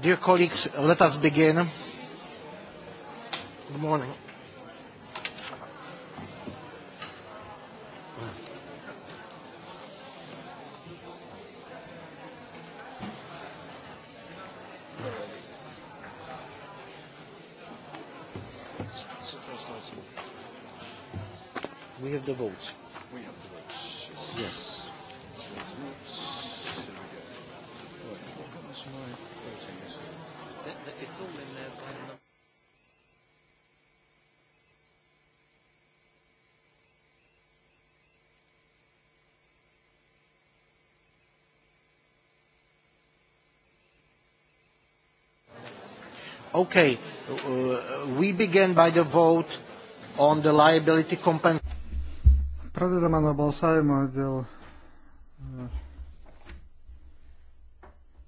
Dear colleagues, let us begin. Good morning. We have the votes. Okay, uh, we begin by the vote on the liability compensation. Pradedame nuo balsavimo dėl uh,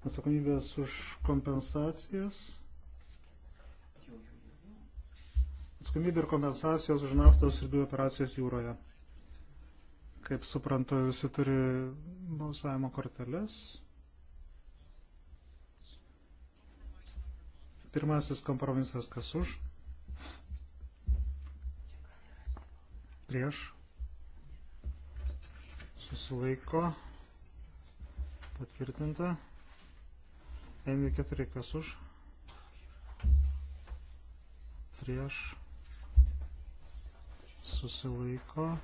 atsakomybės už kompensacijas. Atsakomybė ir kompensacijos už naftos ir dujų operacijas jūroje. Kaip suprantu, visi turi balsavimo korteles. Pirmasis kompromisas kas už? Prieš. Susilaiko. Patvirtinta. NV4 kas už? Prieš. Susilaiko.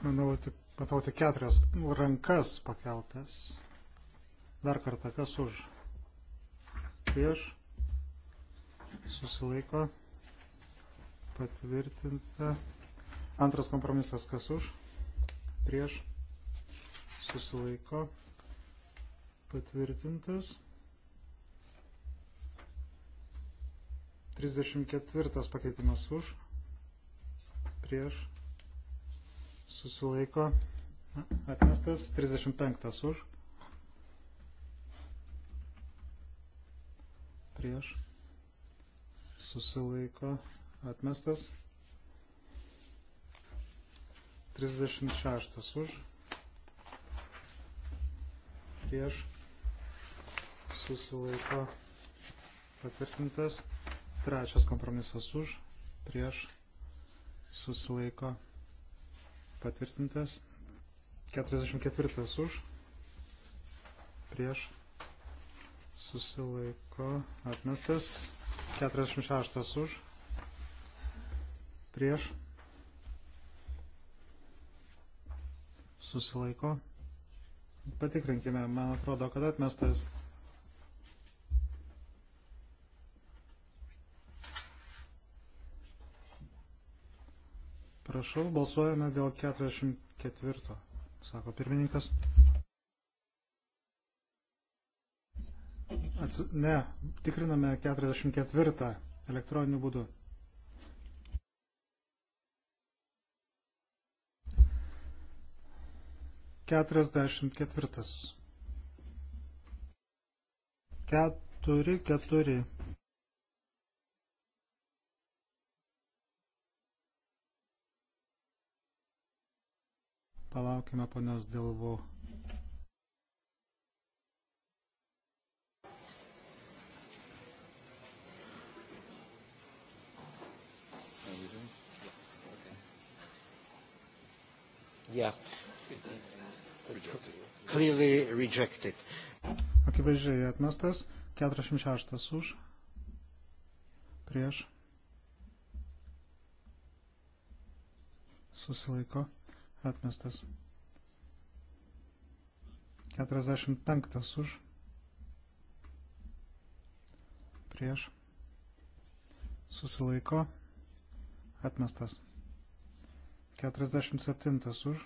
Manau, tik Matau tik keturias rankas pakeltas. Dar kartą, kas už? Prieš. Susilaiko. Patvirtinta. Antras kompromisas, kas už? Prieš. Susilaiko. Patvirtintas. 34 pakeitimas už. Prieš susilaiko atmestas 35 už prieš susilaiko atmestas 36 už prieš susilaiko patvirtintas trečias kompromisas už prieš susilaiko atmestas patvirtintas. 44 už, prieš, susilaiko, atmestas. 46 už, prieš, susilaiko. Patikrinkime, man atrodo, kad atmestas. Prašau, balsuojame dėl 44, sako pirmininkas. Ats... Ne, tikriname 44 elektroniniu būdu. Keturiasdešimt ketvirtas. Keturi, keturi. Palaukime ponios Delvo. Yeah. Clearly rejected. Akivaizdžiai atmestas. 46 už. Prieš. Susilaiko atmestas. 45 už. Prieš. Susilaiko. Atmestas. 47 už.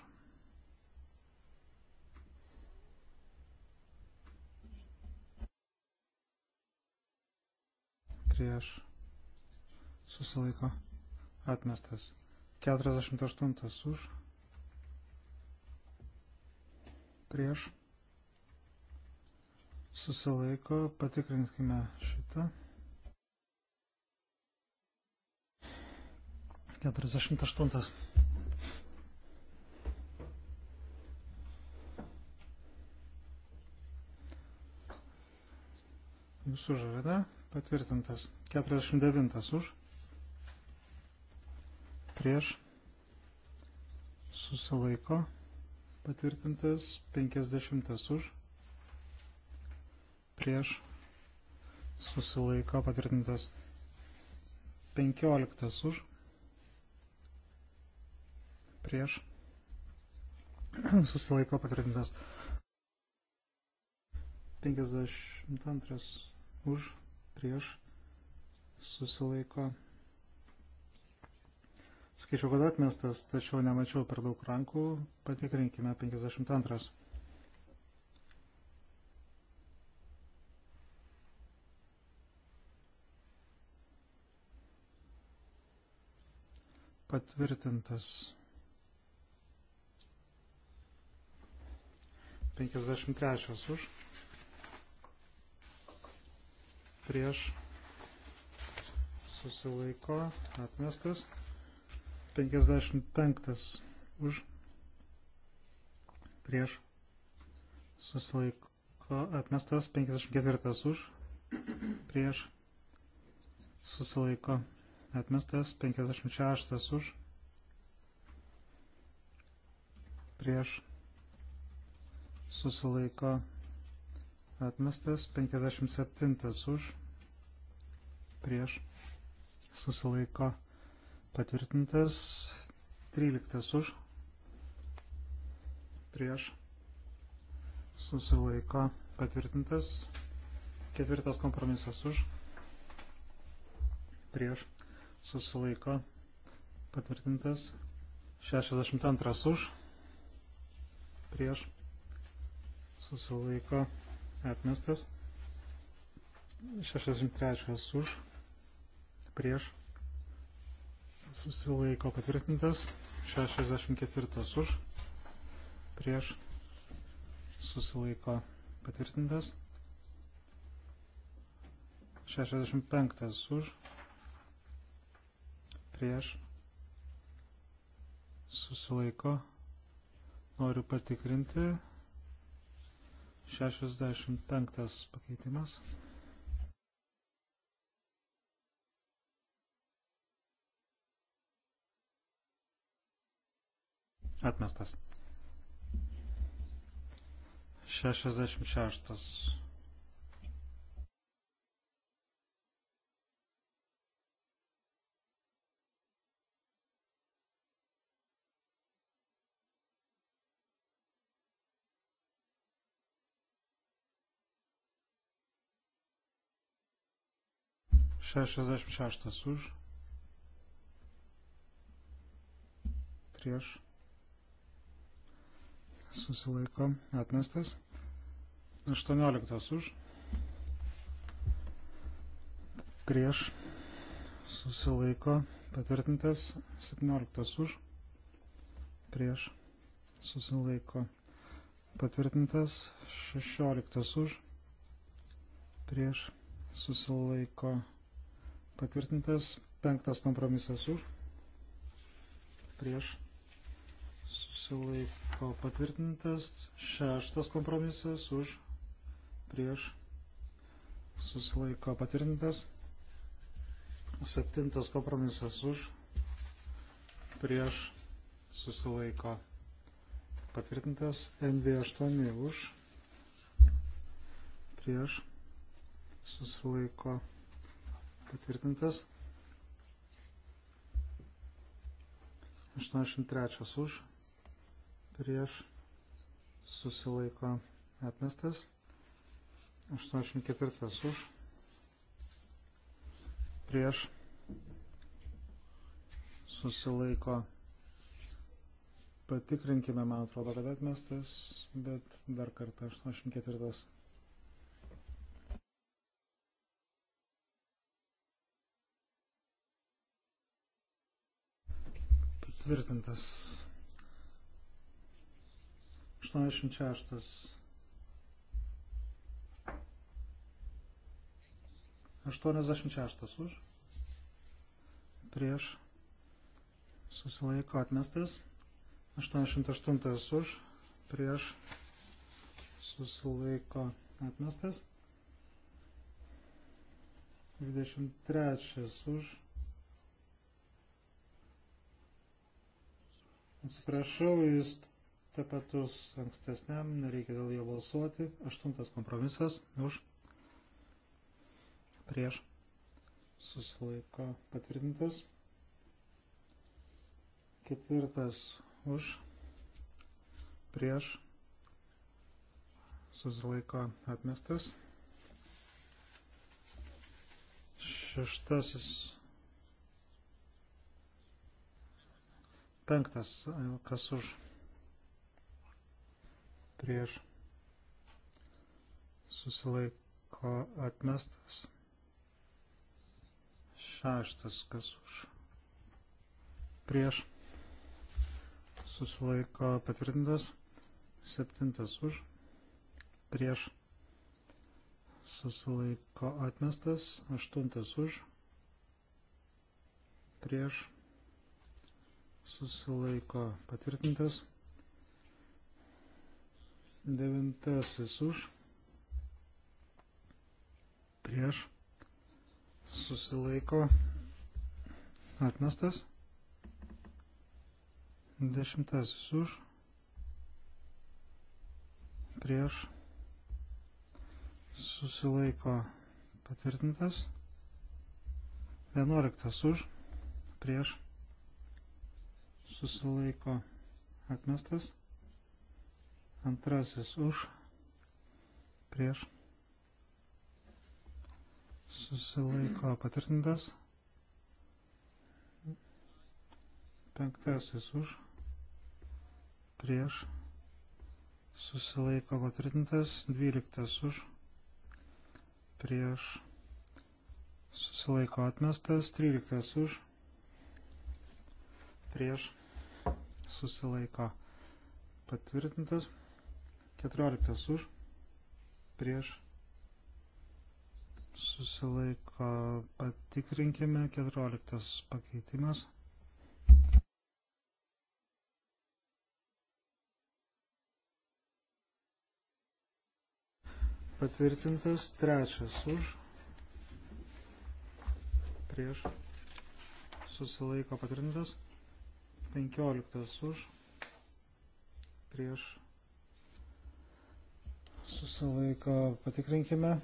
Prieš. Susilaiko. Atmestas. 48 už prieš susilaiko, patikrinkime šitą. 48. Jūsų žaveda patvirtintas. 49 už. Prieš. Susilaiko patvirtintas, 50 už, prieš susilaiko patvirtintas, 15 už, prieš susilaiko patvirtintas, 52 už, prieš susilaiko patvirtintas Skaičiau, kad atmestas, tačiau nemačiau per daug rankų. Patikrinkime 52. Patvirtintas. 53 už. Prieš susilaiko atmestas. 55 už prieš susilaiko atmestas 54 už prieš susilaiko atmestas 56 už prieš susilaiko atmestas 57 už prieš susilaiko atmestas Patvirtintas 13 už. Prieš. Susilaiko. Patvirtintas. Ketvirtas kompromisas už. Prieš. Susilaiko. Patvirtintas. 62 už. Prieš. Susilaiko. Atmestas. 63 už. Prieš susilaiko patvirtintas, 64 už, prieš susilaiko patvirtintas, 65 už, prieš susilaiko, noriu patikrinti, 65 pakeitimas. Atmestas. 66. Šešiasdešimt šeštas už, prieš, susilaiko atmestas. 18 už. Prieš susilaiko patvirtintas. 17 už. Prieš susilaiko patvirtintas. 16 už. Prieš susilaiko patvirtintas. 5 kompromisas už. Prieš susilaiko susilaiko patvirtintas. Šeštas kompromisas už prieš susilaiko patvirtintas. Septintas kompromisas už prieš susilaiko patvirtintas. NV8 už prieš susilaiko patvirtintas. 83 už prieš susilaiko atmestas. 84 už prieš susilaiko patikrinkime, man atrodo, kad atmestas, bet dar kartą 84. Patvirtintas 86. 86 už. Prieš. Susilaiko atmestas. 88 už. Prieš. Susilaiko atmestas. 23 už. Atsiprašau, jis tapatus ankstesniam, nereikia dėl jo balsuoti. Aštuntas kompromisas už prieš susilaiko patvirtintas. Ketvirtas už prieš susilaiko atmestas. Šeštasis. Penktas, kas už prieš susilaiko atmestas. Šeštas, kas už prieš susilaiko patvirtintas. Septintas už prieš susilaiko atmestas. Aštuntas už prieš susilaiko patvirtintas. Devintasis už. Prieš. Susilaiko. Atmestas. Dešimtasis už. Prieš. Susilaiko. Patvirtintas. Vienuoliktas už. Prieš. Susilaiko. Atmestas. Antrasis už, prieš, susilaiko patvirtintas. Penktasis už, prieš, susilaiko patvirtintas. Dvyliktas už, prieš, susilaiko atmestas. Tryliktas už, prieš, susilaiko patvirtintas. 14 už, prieš, susilaiko, patikrinkime, 14 pakeitimas. Patvirtintas trečias už, prieš, susilaiko patvirtintas, penkioliktas už, prieš, susilaiko patikrinkime.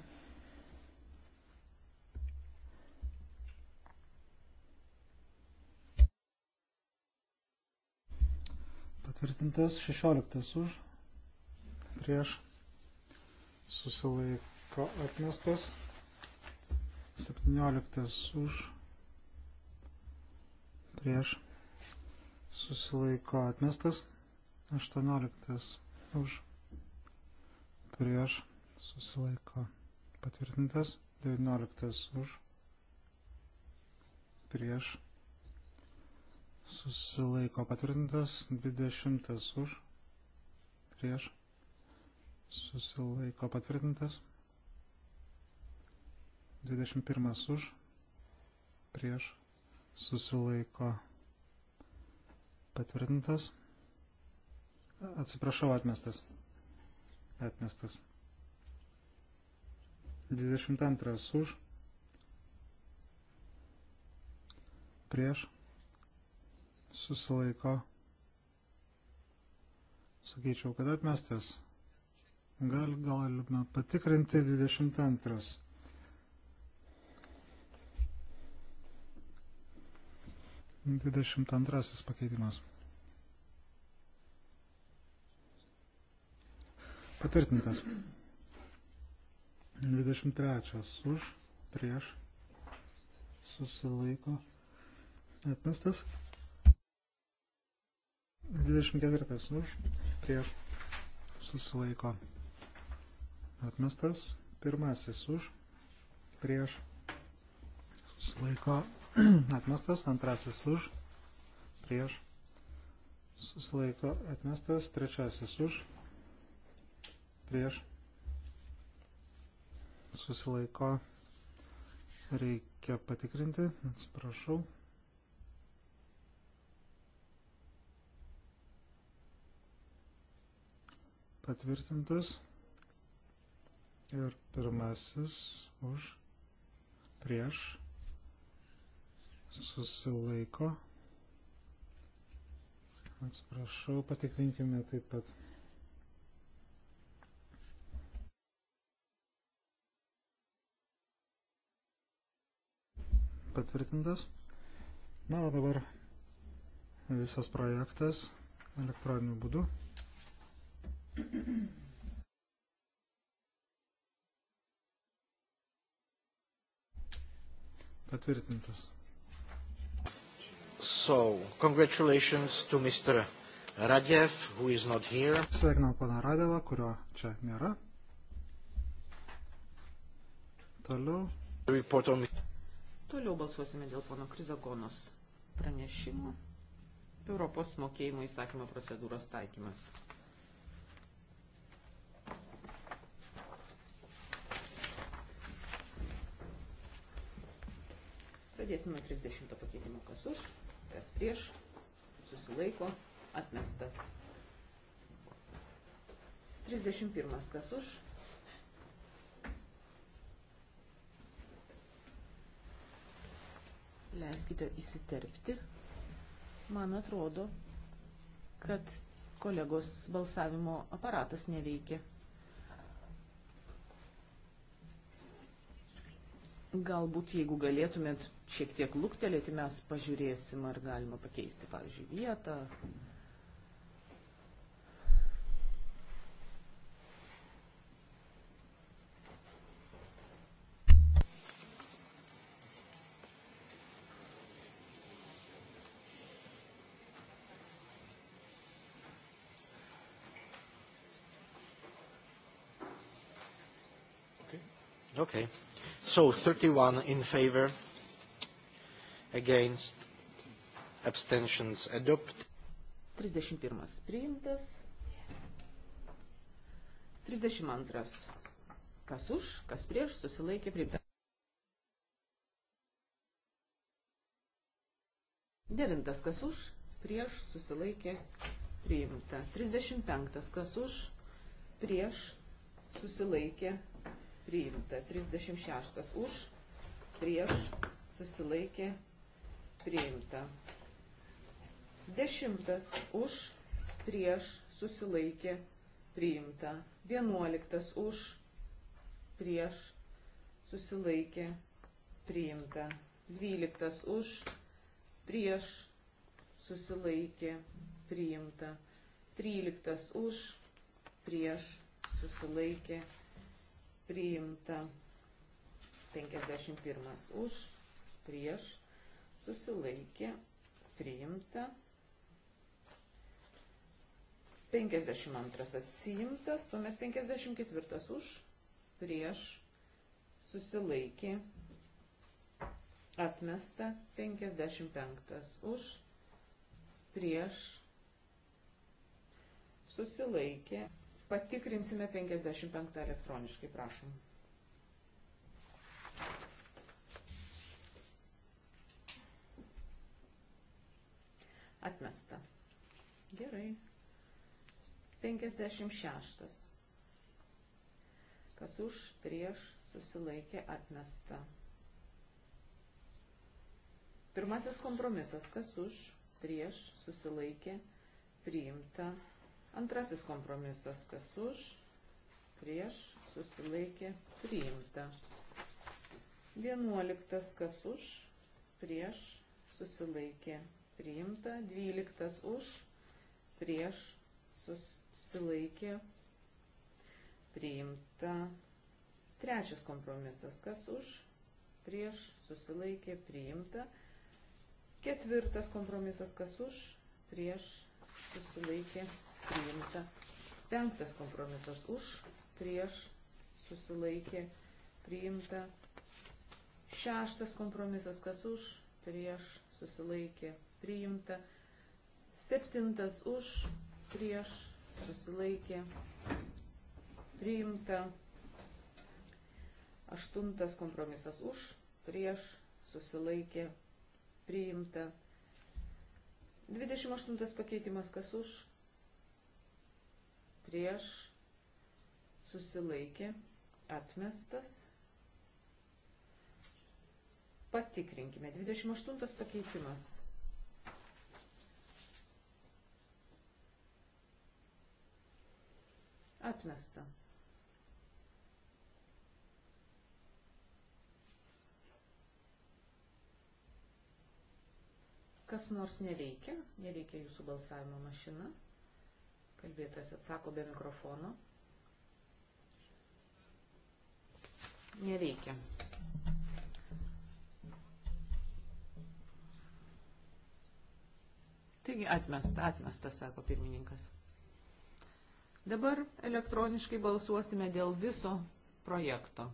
Patvirtintas 16 už, prieš susilaiko atmestas 17 už, prieš susilaiko atmestas 18 už prieš susilaiko patvirtintas, 19 už prieš susilaiko patvirtintas, 20 už prieš susilaiko patvirtintas, 21 už prieš susilaiko patvirtintas, atsiprašau atmestas atmestas. 22 už, prieš, susilaiko, sakyčiau, kad atmestas. Gal, galime patikrinti 22. Dvidešimt antrasis pakeitimas. Patvirtintas. 23 už, prieš, susilaiko, atmestas. 24 už, prieš, susilaiko, atmestas. Pirmasis už, prieš, susilaiko, atmestas. Antrasis už, prieš, susilaiko, atmestas. Trečiasis už, prieš susilaiko reikia patikrinti, atsiprašau. Patvirtintas ir pirmasis už prieš susilaiko. Atsiprašau, patikrinkime taip pat. patvirtintas. Na, o dabar visas projektas elektroniniu būdu. Patvirtintas. So, congratulations to Mr. Radev, who is not here. Sveikinam pana Radevą, kurio čia nėra. Toliau. Report on Toliau balsuosime dėl pono Krizagonos pranešimo. Europos mokėjimo įsakymo procedūros taikymas. Pradėsime 30 pakeitimo, kas už, kas prieš, susilaiko, atmesta. 31 kas už, leiskite įsiterpti. Man atrodo, kad kolegos balsavimo aparatas neveikia. Galbūt, jeigu galėtumėt šiek tiek luktelėti, mes pažiūrėsim, ar galima pakeisti, pavyzdžiui, vietą, Okay. So 31 in favor, against, abstentions adopt. 31 priimtas. 32. Kas už, kas prieš, susilaikė priimta. 9. Kas už, prieš, susilaikė priimta. 35. Kas už, prieš, susilaikė priimta priimta. 36 už, prieš, susilaikė, priimta. 10 už, prieš, susilaikė, priimta. 11 už, prieš, susilaikė, priimta. 12 už, prieš, susilaikė, priimta. 13 už, prieš, susilaikė, priimta priimta. 51 už, prieš, susilaikė, priimta. 52 atsiimtas, tuomet 54 už, prieš, susilaikė, atmesta, 55 už, prieš, susilaikė, atmesta Patikrinsime 55 elektroniškai, prašom. Atmesta. Gerai. 56. Kas už, prieš, susilaikė, atmesta. Pirmasis kompromisas. Kas už, prieš, susilaikė, priimta, atmesta Antrasis kompromisas, kas už, prieš, susilaikė, priimta. Vienuoliktas, kas už, prieš, susilaikė, priimta. Dvyliktas už, prieš, susilaikė, priimta. Trečias kompromisas, kas už, prieš, susilaikė, priimta. Ketvirtas kompromisas, kas už, prieš, susilaikė, priimta priimta. Penktas kompromisas už, prieš, susilaikė, priimta. Šeštas kompromisas kas už, prieš, susilaikė, priimta. Septintas už, prieš, susilaikė, priimta. Aštuntas kompromisas už, prieš, susilaikė, priimta. 28 pakeitimas kas už, prieš susilaikė atmestas. Patikrinkime. 28 pakeitimas. Atmesta. Kas nors neveikia, neveikia jūsų balsavimo mašina. Kalbėtojas atsako be mikrofono. Neveikia. Taigi atmesta, atmesta, sako pirmininkas. Dabar elektroniškai balsuosime dėl viso projekto.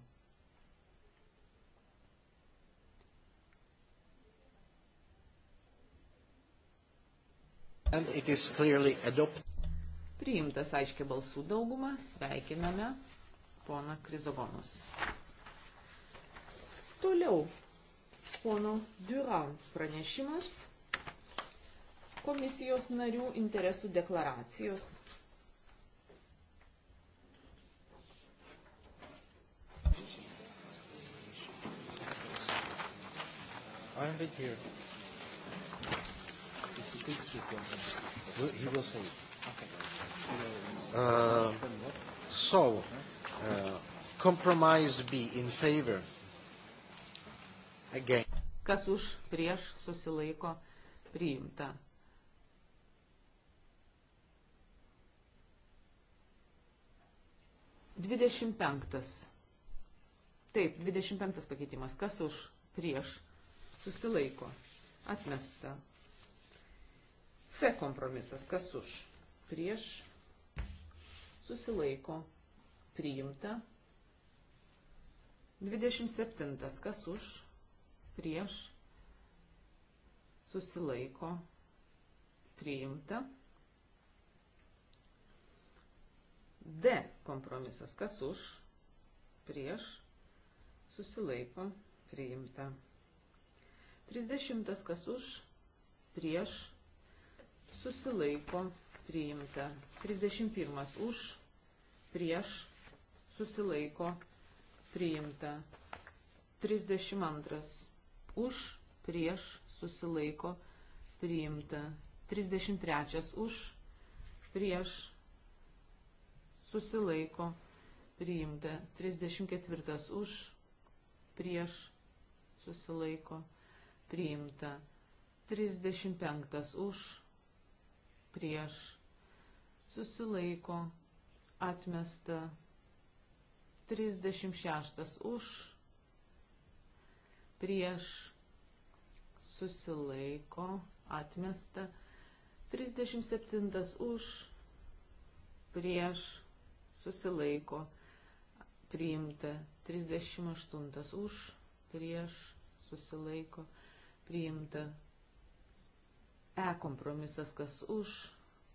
And it is clearly adopted. Priimtas aiškia balsų daugumą. Sveikiname poną Krizogonus. Toliau pono Duran pranešimas komisijos narių interesų deklaracijos. I'm right here. If he takes you, he will say it. Uh, so, uh, compromise B in favor. Again. Kas už prieš susilaiko priimta. Dvidešimt penktas. Taip, dvidešimt penktas pakeitimas. Kas už prieš susilaiko atmesta. C kompromisas. Kas už? prieš susilaiko priimta. 27. Kas už prieš susilaiko priimta. D kompromisas. Kas už prieš susilaiko priimta. 30. Kas už prieš susilaiko priimta susilaiko priimta. 31 už, prieš, susilaiko, priimta. 32 už, prieš, susilaiko, priimta. 33 už, prieš, susilaiko, priimta. 34 už, prieš, susilaiko, priimta. 35 už, prieš, susilaiko atmesta 36 už, prieš susilaiko atmesta 37 už, prieš susilaiko priimta 38 už, prieš susilaiko priimta E kompromisas kas už,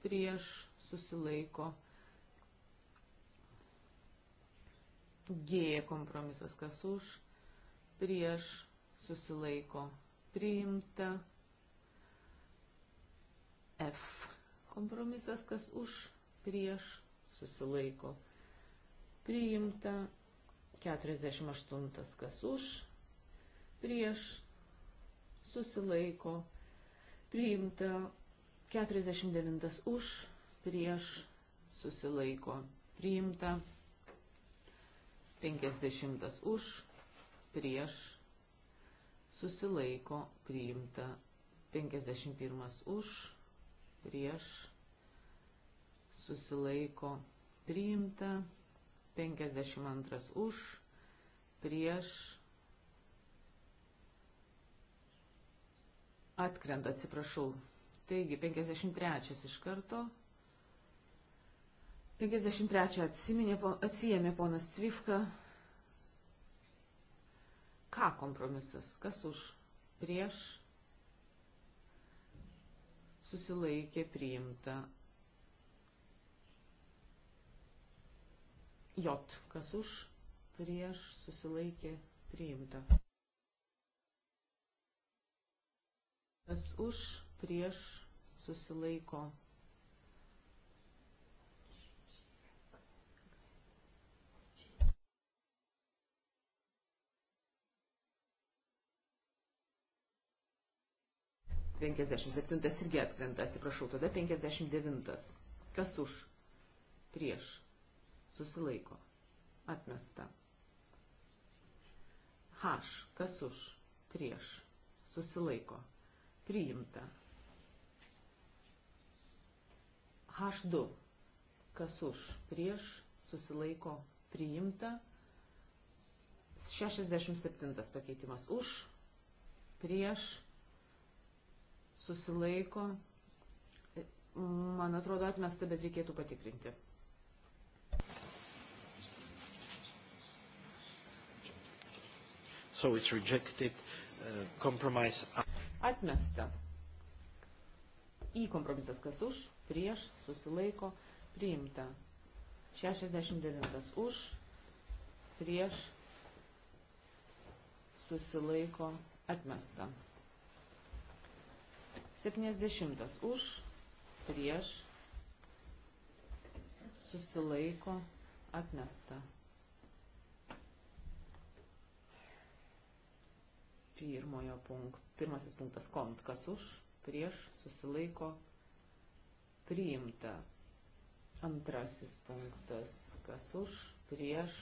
prieš susilaiko. G kompromisas kas už, prieš susilaiko priimta. F kompromisas kas už, prieš susilaiko priimta. 48 kas už, prieš susilaiko priimta. 49 už, prieš susilaiko priimta, 50 už prieš susilaiko priimta, 51 už prieš susilaiko priimta, 52 už prieš atkrenta, atsiprašau. Taigi, 53 iš karto 53 atsiminė, atsijėmė ponas Cvifka. Ką kompromisas? Kas už? Prieš? Susilaikė priimta. Jot. Kas už? Prieš? Susilaikė priimta. Kas už? Prieš? Susilaiko priimta 57 irgi atkrenta, atsiprašau, tada 59. Kas už? Prieš. Susilaiko. Atmesta. H. Kas už? Prieš. Susilaiko. Priimta. H2. Kas už? Prieš. Susilaiko. Priimta. 67 pakeitimas už. Prieš susilaiko, man atrodo atmesta, bet reikėtų patikrinti. So it's rejected, uh, compromise. Atmesta. Į kompromisas kas už, prieš, susilaiko, priimta. 69 už, prieš, susilaiko, atmesta. 70 už, prieš, susilaiko, atmesta. Pirmojo punkt, pirmasis punktas kont, kas už, prieš, susilaiko, priimta. Antrasis punktas, kas už, prieš,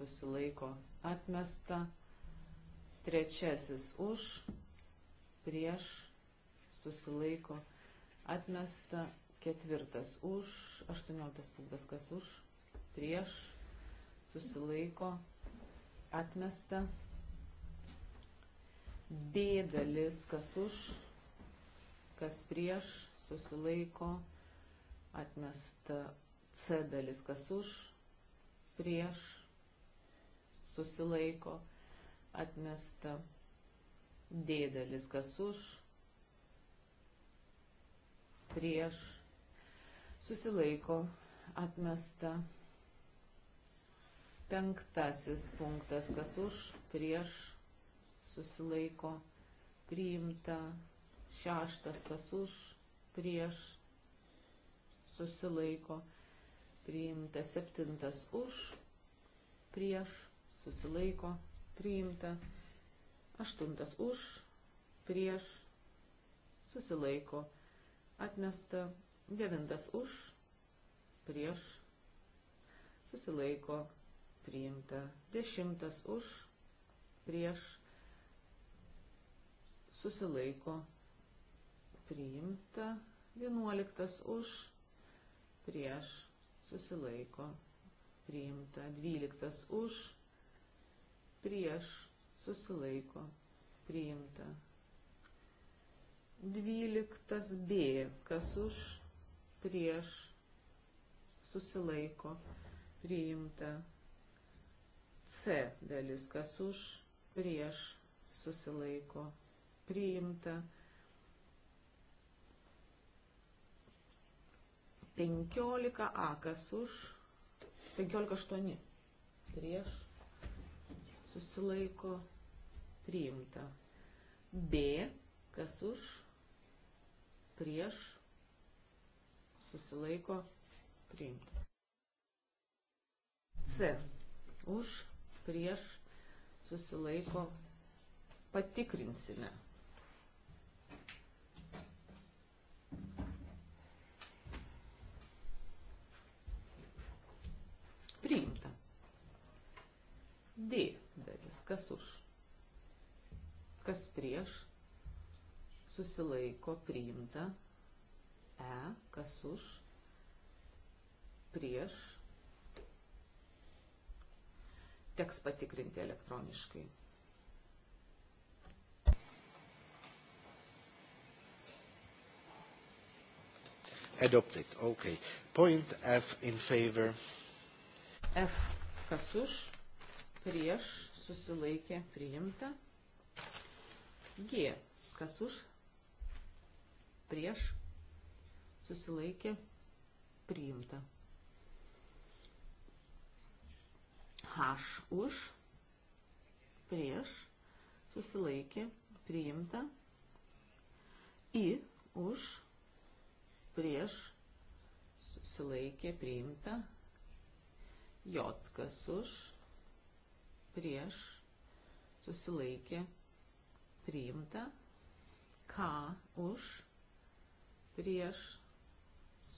susilaiko, atmesta. Trečiasis už, prieš, susilaiko atmesta ketvirtas už, 18 punktas kas už, prieš, susilaiko atmesta. B dalis kas už, kas prieš, susilaiko atmesta. C dalis kas už, prieš, susilaiko atmesta. D dalis kas už, prieš, susilaiko, atmesta. Penktasis punktas, kas už, prieš, susilaiko, priimta. Šeštas, kas už, prieš, susilaiko, priimta. Septintas, už, prieš, susilaiko, priimta. Aštuntas, už, prieš, susilaiko, priimta susilaiko atmesta, devintas už, prieš, susilaiko, priimta, dešimtas už, prieš, susilaiko, priimta, vienuoliktas už, prieš, susilaiko, priimta, dvyliktas už, prieš, susilaiko, priimta, 12b, kas už, prieš, susilaiko, priimta. C dalis, kas už, prieš, susilaiko, priimta. 15a, kas už, 15.8, prieš, susilaiko, priimta. B, kas už, prieš, susilaiko, priimta. C. Už, prieš, susilaiko, patikrinsime. Priimta. D. Dalis. Kas už? Kas prieš? susilaiko priimta, E, kas už, prieš, teks patikrinti elektroniškai. Adopted, okay. Point F in favor. F, kas už, prieš, susilaikė, priimta. G, kas už, prieš, susilaikė, priimta. H už, prieš, susilaikė, priimta. I už, prieš, susilaikė, priimta. J kas už, prieš, susilaikė, priimta. K už, prieš prieš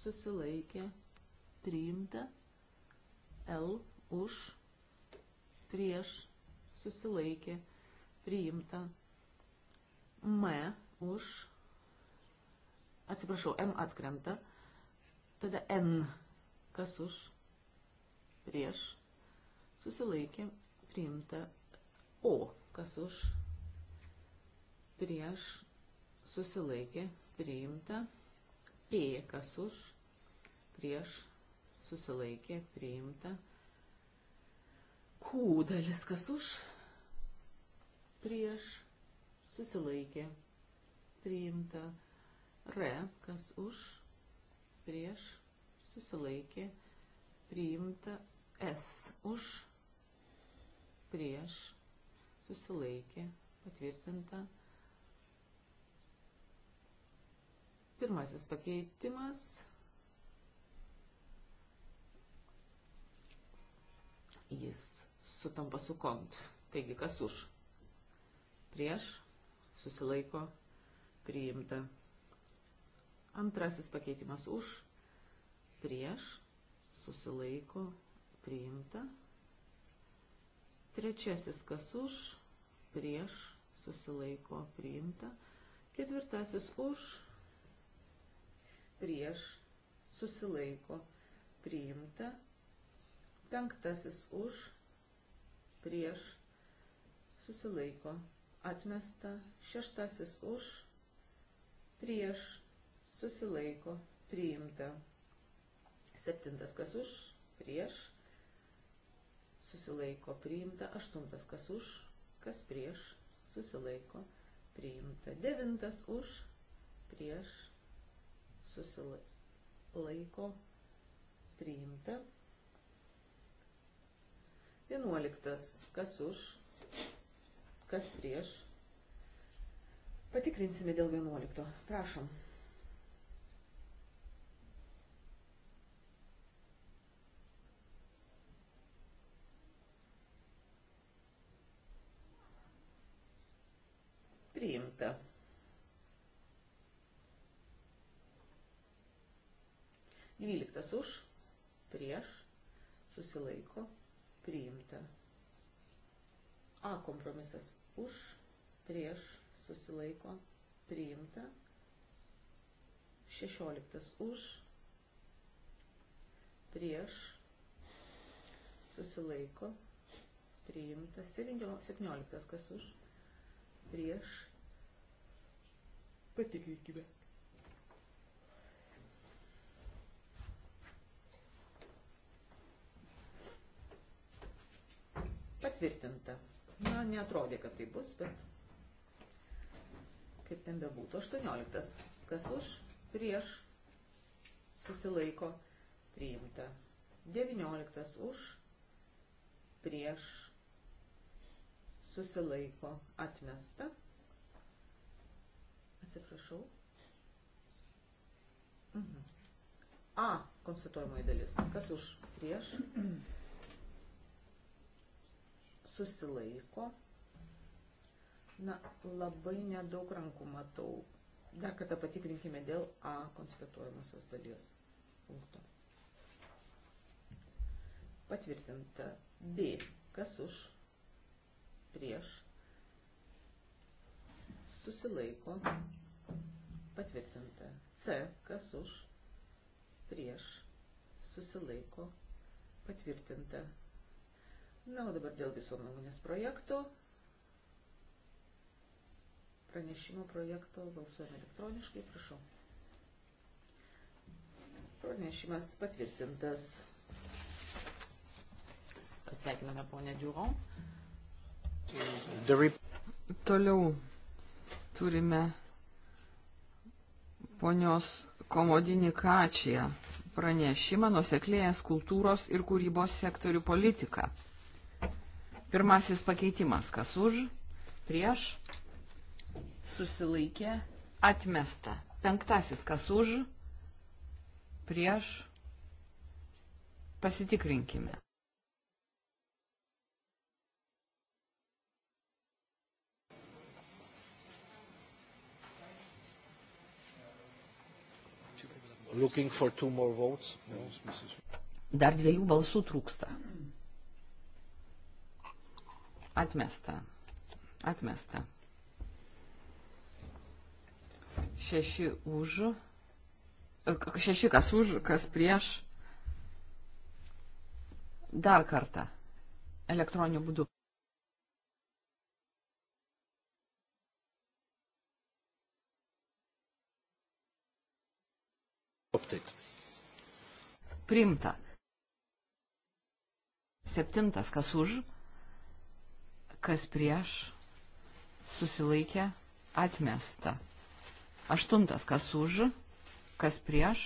susilaikė priimta, L už prieš susilaikė priimta, M už, atsiprašau, M atkrenta, tada N kas už prieš susilaikė priimta, O kas už prieš susilaikė priimta. P, kas už, prieš, susilaikė, priimta. Q dalis, kas už, prieš, susilaikė, priimta. R, kas už, prieš, susilaikė, priimta. S, už, prieš, susilaikė, patvirtinta. Pirmasis pakeitimas. Jis sutampa su kont. Taigi, kas už? Prieš susilaiko priimta. Antrasis pakeitimas už. Prieš susilaiko priimta. Trečiasis kas už. Prieš susilaiko priimta. Ketvirtasis už prieš, susilaiko, priimta. Penktasis už, prieš, susilaiko, atmesta. Šeštasis už, prieš, susilaiko, priimta. Septintas kas už, prieš, susilaiko, priimta. Aštuntas kas už, kas prieš, susilaiko, priimta. Devintas už, prieš, susilaiko priimta. Vienuoliktas, kas už, kas prieš. Patikrinsime dėl vienuolikto. Prašom. Priimta. Dvyliktas už, prieš, susilaiko, priimta. A kompromisas už, prieš, susilaiko, priimta. Šešioliktas už, prieš, susilaiko, priimta. Septynioliktas kas už, prieš, patikrinkime. patvirtinta. Na, netrodė, kad tai bus, bet kaip ten bebūtų. 18. Kas už, prieš, susilaiko, priimta. 19. Už, prieš, susilaiko, atmesta. Atsiprašau. Mhm. A konstatuojamoji dalis. Kas už, prieš, susilaiko. Na, labai nedaug rankų matau. Dar kartą patikrinkime dėl A konstatuojamosios dalies punkto. Patvirtinta B. Kas už? Prieš. Susilaiko. Patvirtinta. C. Kas už? Prieš. Susilaiko. Patvirtinta. Na, o dabar dėl viso nuomonės projekto. Pranešimo projekto balsuojame elektroniškai, prašau. Pranešimas patvirtintas. Pasveikiname ponę Diuron. Toliau turime ponios Komodinį Kačiją pranešimą nuseklėjęs kultūros ir kūrybos sektorių politiką. Pirmasis pakeitimas, kas už, prieš, susilaikė, atmesta. Penktasis, kas už, prieš, pasitikrinkime. Dar dviejų balsų trūksta. Atmesta. Atmesta. Šeši už. E, šeši kas už, kas prieš. Dar kartą. Elektroniniu būdu. Optit. Primta. Septintas kas už kas prieš, susilaikė, atmesta. Aštuntas, kas už, kas prieš,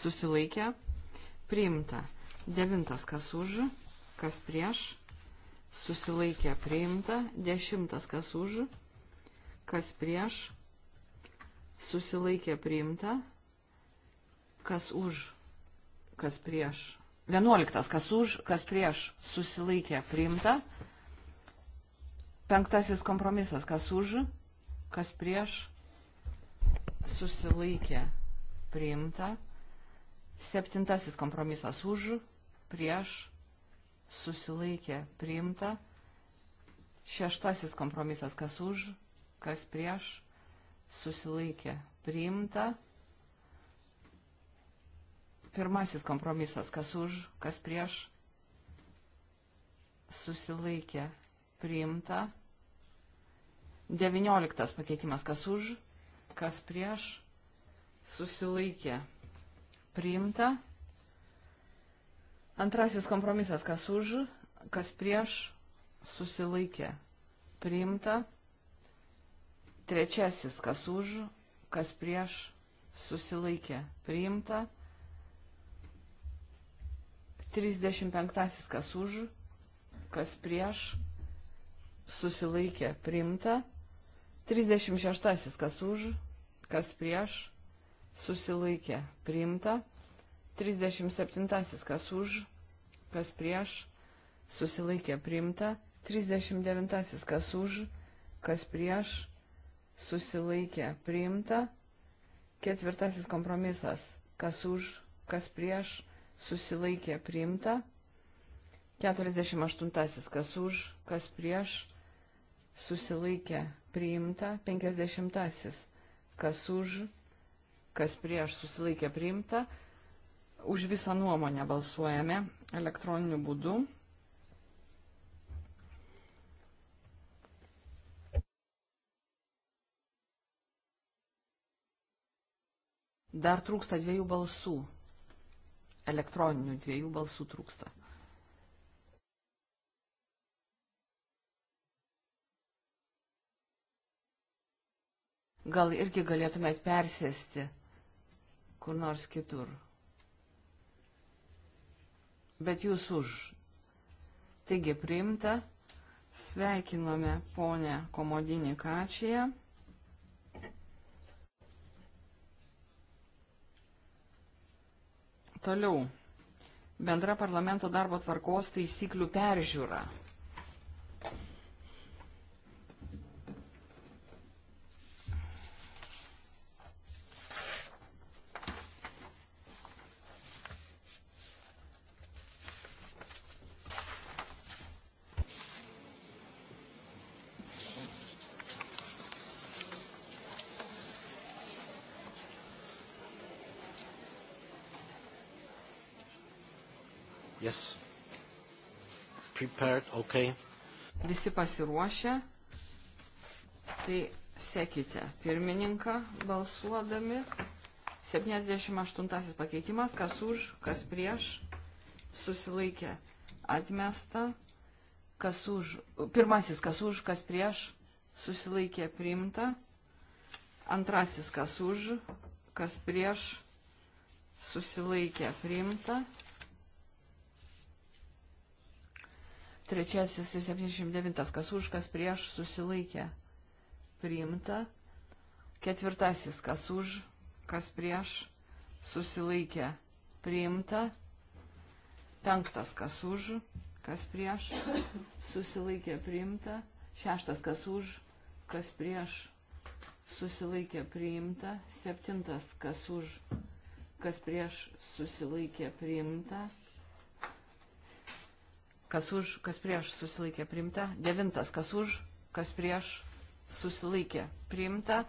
susilaikė, priimta. Devintas, kas už, kas prieš, susilaikė, priimta. Dešimtas, kas už, kas prieš, susilaikė, priimta. Kas už, kas prieš. Vienuoliktas, kas už, kas prieš, susilaikė, priimta. Penktasis kompromisas. Kas už, kas prieš, susilaikė, priimta. Septintasis kompromisas. Už, prieš, susilaikė, priimta. Šeštasis kompromisas. Kas už, kas prieš, susilaikė, priimta. Pirmasis kompromisas. Kas už, kas prieš, susilaikė, priimta. 19 pakeitimas, kas už, kas prieš, susilaikė, priimta. Antrasis kompromisas, kas už, kas prieš, susilaikė, priimta. Trečiasis, kas už, kas prieš, susilaikė, priimta. 35. kas už, kas prieš, susilaikė, priimta. 36. Kas už, kas prieš, susilaikė, priimta. 37. Kas už, kas prieš, susilaikė, priimta. 39. Kas už, kas prieš, susilaikė, priimta. Ketvirtasis kompromisas. Kas už, kas prieš, susilaikė, priimta. 48. Kas už, kas prieš, susilaikė priimta, 50-asis, kas už, kas prieš susilaikė priimta, už visą nuomonę balsuojame elektroniniu būdu. Dar trūksta dviejų balsų, elektroninių dviejų balsų trūksta. gal irgi galėtumėt persėsti kur nors kitur. Bet jūs už. Taigi priimta. Sveikinome ponę Komodinį Kačiją. Toliau. Bendra parlamento darbo tvarkos taisyklių peržiūra. okay? Visi pasiruošę. Tai sekite pirmininką balsuodami. 78 pakeitimas, kas už, kas prieš, susilaikė atmesta, kas už, pirmasis, kas už, kas prieš, susilaikė priimta, antrasis, kas už, kas prieš, susilaikė priimta. trečiasis ir 79, kas už, kas prieš susilaikė priimta. Ketvirtasis, kas už, kas prieš susilaikė priimta. Penktas, kas už, kas prieš susilaikė priimta. Šeštas, kas už, kas prieš susilaikė priimta. Septintas, kas už, kas prieš susilaikė priimta kas už, kas prieš susilaikė priimta. Devintas, kas už, kas prieš susilaikė priimta.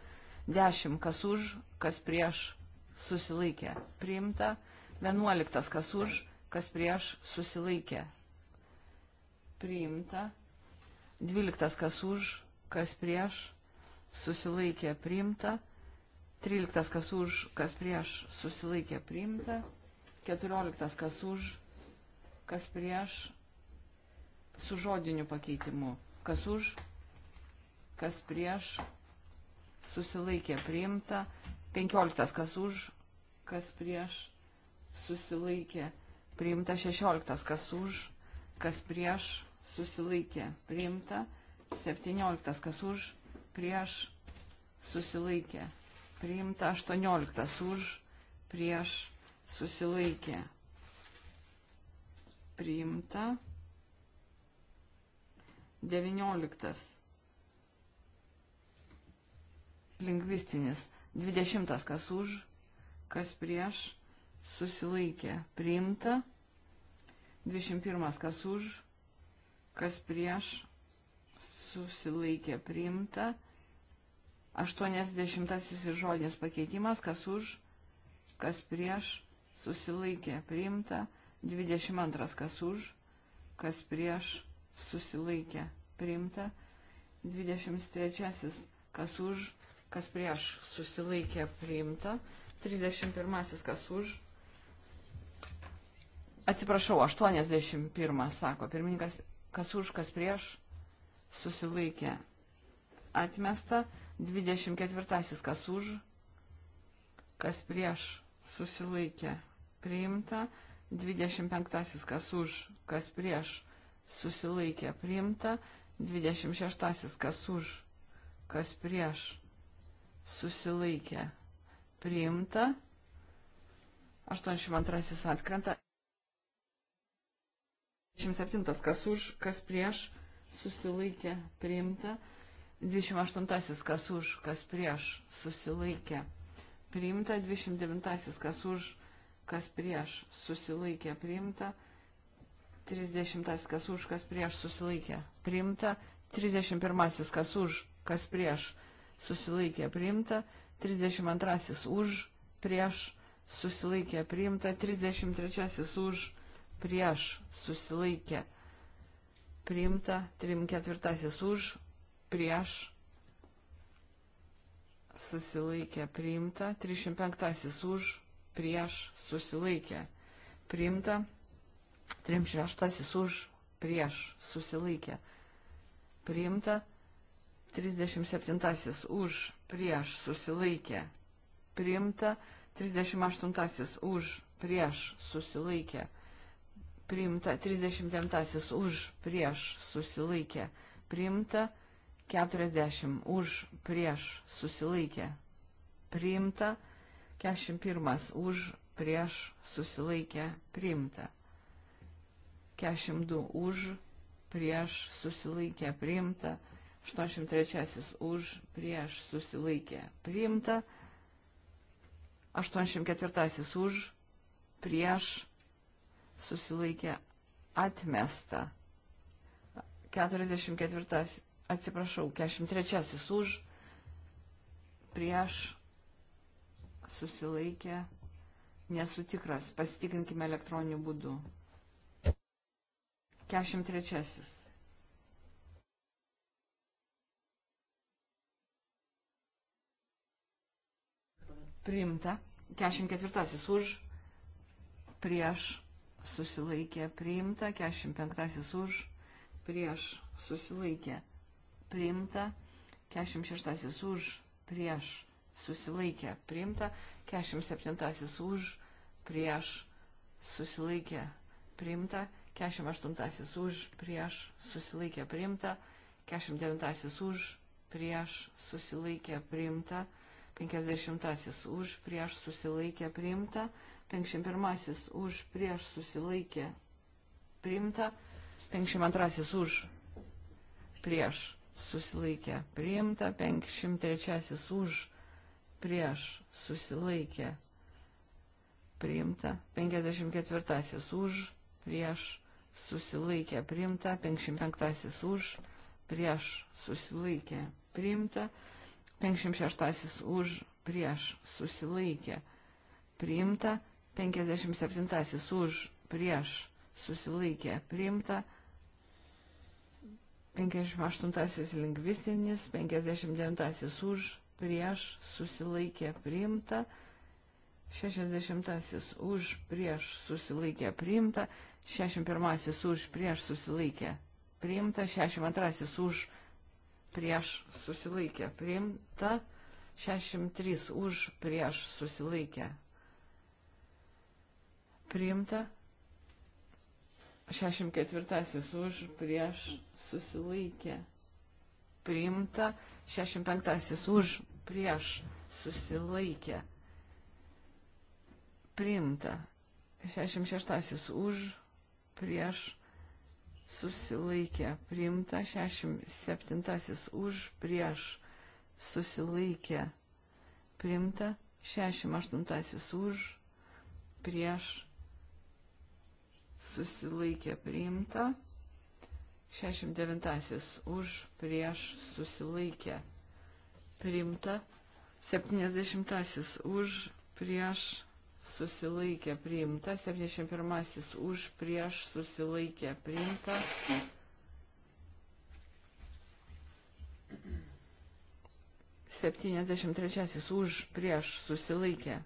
Dešimt, kas už, kas prieš susilaikė priimta. Vienuoliktas, kas už, kas prieš susilaikė priimta. Dvyliktas, kas už, kas prieš susilaikė priimta. Tryliktas, kas už, kas prieš susilaikė priimta. Keturioliktas, kas už, kas prieš su žodiniu pakeitimu. Kas už, kas prieš, susilaikė priimta. 15. Kas už, kas prieš, susilaikė priimta. 16. Kas už, kas prieš, susilaikė priimta. 17. Kas už, prieš, susilaikė priimta. 18. Už, prieš, susilaikė priimta. 19. Lingvistinis. 20. Kas už, kas prieš, susilaikė, priimta. 21. Kas už, kas prieš, susilaikė, priimta. 80. žodis pakeitimas, kas už, kas prieš, susilaikė, priimta. 22. Kas už, kas prieš, susilaikė, priimta. 23. Kas už, kas prieš susilaikė priimta. 31. Kas už. Atsiprašau, 81. Sako pirmininkas, kas už, kas prieš susilaikė atmesta. 24. Kas už, kas prieš susilaikė priimta. 25. Kas už, kas prieš susilaikė priimta. 26. Kas už, kas prieš, susilaikė, priimta. 82. Atkrenta. 27. Kas už, kas prieš, susilaikė, priimta. 28. Kas už, kas prieš, susilaikė, priimta. 29. Kas už, kas prieš, susilaikė, priimta. 30 kas už, kas prieš susilaikė priimta, 31 kas už, kas prieš susilaikė priimta, 32 už, prieš susilaikė priimta, 33 už, prieš susilaikė priimta, 34 už, prieš susilaikė priimta, 305 už, prieš susilaikė priimta. 36 už, prieš, susilaikė, priimta. 37 už, prieš, susilaikė, priimta. 38 už, prieš, susilaikė, priimta. 39 už, prieš, susilaikė, priimta. 40 už, prieš, susilaikė, priimta. 41 už, prieš, susilaikė, priimta. 42 už, prieš susilaikę priimta, 83 už, prieš susilaikę priimta, 84 už, prieš susilaikę atmesta, 44, atsiprašau, 43 už, prieš susilaikę nesutikras, pasitikrinkime elektroniniu būdu. 43. Priimta. 44. Už. Prieš. Susilaikė. Priimta. 45. Už. Prieš. Susilaikė. Priimta. 46. Už. Prieš. Susilaikė. Priimta. 47. Už. Prieš. Susilaikė. Priimta. 48 už, prieš, susilaikė priimta, 49 už, prieš, susilaikė priimta, 50 už, prieš, susilaikė priimta, 51 už, prieš, susilaikė priimta, 52 už, prieš, susilaikė priimta, 53 už, prieš, susilaikė priimta, 54 už, prieš, susilaikė priimta, 55 už, prieš susilaikė priimta, 56 už, prieš susilaikė priimta, 57 už, prieš susilaikė priimta, 58 lingvistinis, 59 už, prieš susilaikė priimta, 59 60 už prieš susilaikė priimta, 61 už prieš susilaikė priimta, 62 už prieš susilaikė priimta, 63 už prieš susilaikė priimta, 64 už prieš susilaikė priimta, 65 už prieš susilaikė priimta priimta. 66 už, prieš, susilaikė, priimta. 67 už, prieš, susilaikė, priimta. 68 už, prieš, susilaikė, priimta. 69 už, prieš, susilaikė, priimta. 70 už, prieš, susilaikė priimta, 71 už prieš susilaikė priimta. Septyniasdešimt trečiasis už prieš susilaikė.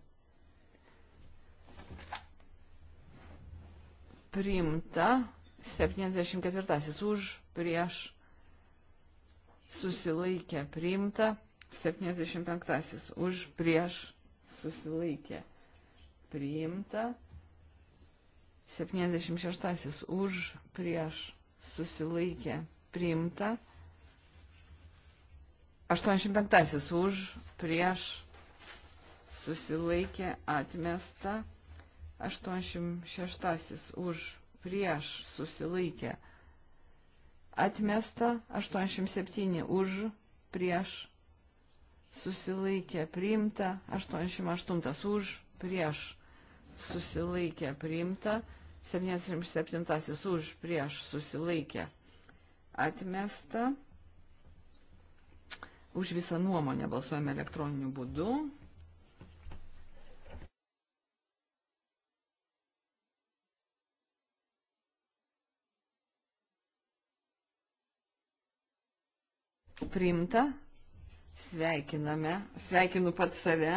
Priimta. Septyniasdešimt ketvirtasis už prieš susilaikė. Priimta. Septyniasdešimt penktasis už prieš susilaikė priimta. 76 už, prieš, susilaikė, priimta. 85 už, prieš, susilaikė, atmesta. 86 už, prieš, susilaikė, atmesta. 87 už, prieš, susilaikė, priimta. 88 už, prieš, susilaikė priimta, 77 už prieš susilaikė atmesta. Už visą nuomonę balsuojame elektroniniu būdu. Priimta. Sveikiname. Sveikinu pat save.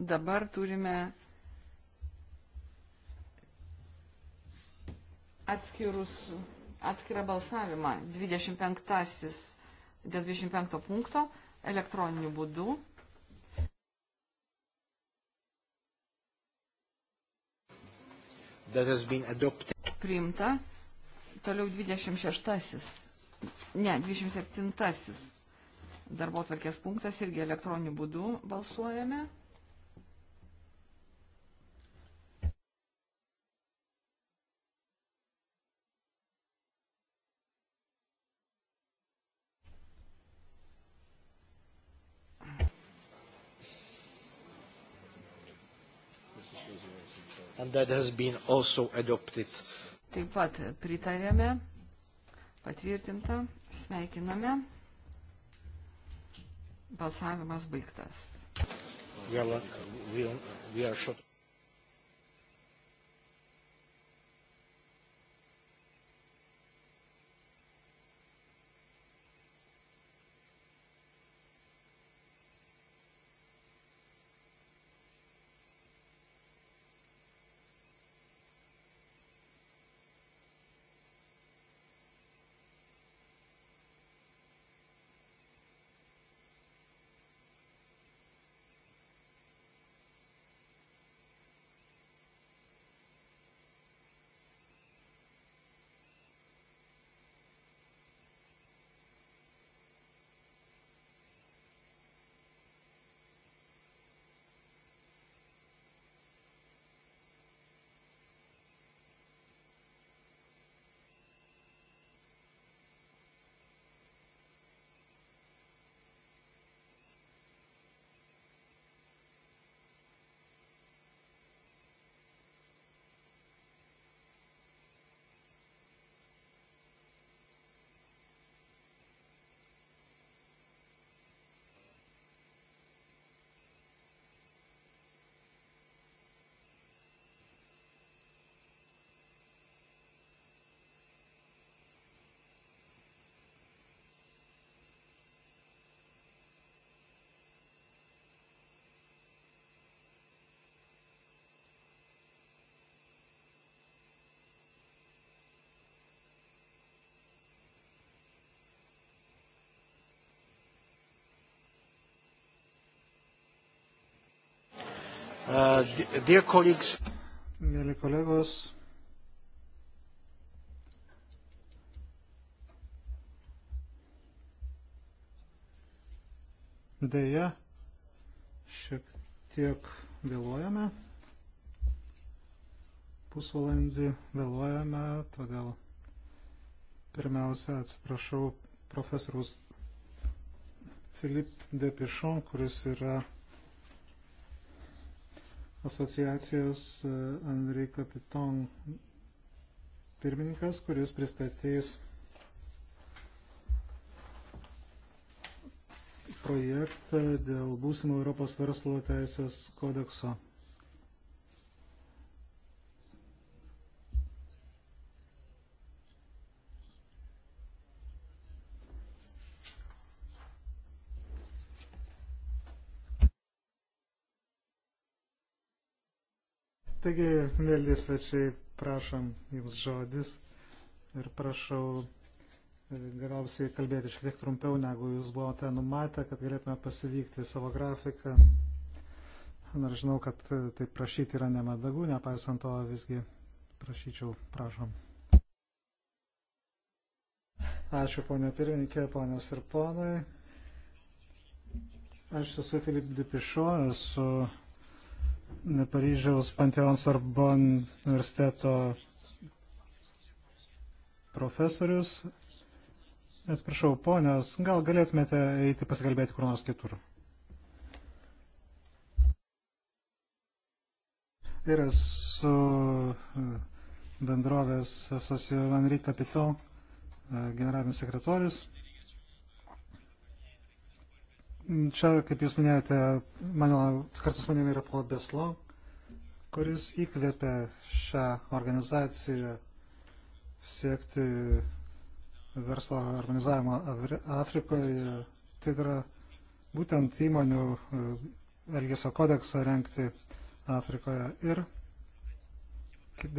dabar turime atskirus, atskirą balsavimą 25, dėl 25 punkto elektroniniu būdu. Priimta. Toliau 26. Ne, 27. Darbo tvarkės punktas irgi elektroniniu būdu balsuojame. Taip pat pritarėme, patvirtinta, sveikiname. Balsavimas baigtas. We are, we are, we are short. Uh, Mėly kolegos, dėja, šiek tiek vėluojame, pusvalandį vėluojame, todėl pirmiausia atsiprašau profesorius Filip Depišon, kuris yra asociacijos Andrei e, Kapiton pirmininkas, kuris pristatys projektą dėl būsimo Europos verslo teisės kodekso. Taigi, mėly svečiai, prašom jums žodis ir prašau e, galiausiai kalbėti šiek tiek trumpiau, negu jūs buvote numatę, kad galėtume pasivykti savo grafiką. Nors žinau, kad tai prašyti yra nemadagu, nepaisant to visgi prašyčiau, prašom. Ačiū, ponė pirmininkė, ponios ir ponai. Aš esu Filip Dipišo, esu Paryžiaus Panteon Sorbon universiteto profesorius. Atsiprašau, ponios, gal galėtumėte eiti pasikalbėti kur nors kitur? Ir su e, bendrovės Sosio Van Ryt Kapito e, generalinis sekretorius. Čia, kaip jūs minėjote, mano, kartu su manimi yra Paul Beslo, kuris įkvėpė šią organizaciją siekti verslo organizavimo Afrikoje. Tai yra būtent įmonių e, elgesio kodeksą renkti Afrikoje. Ir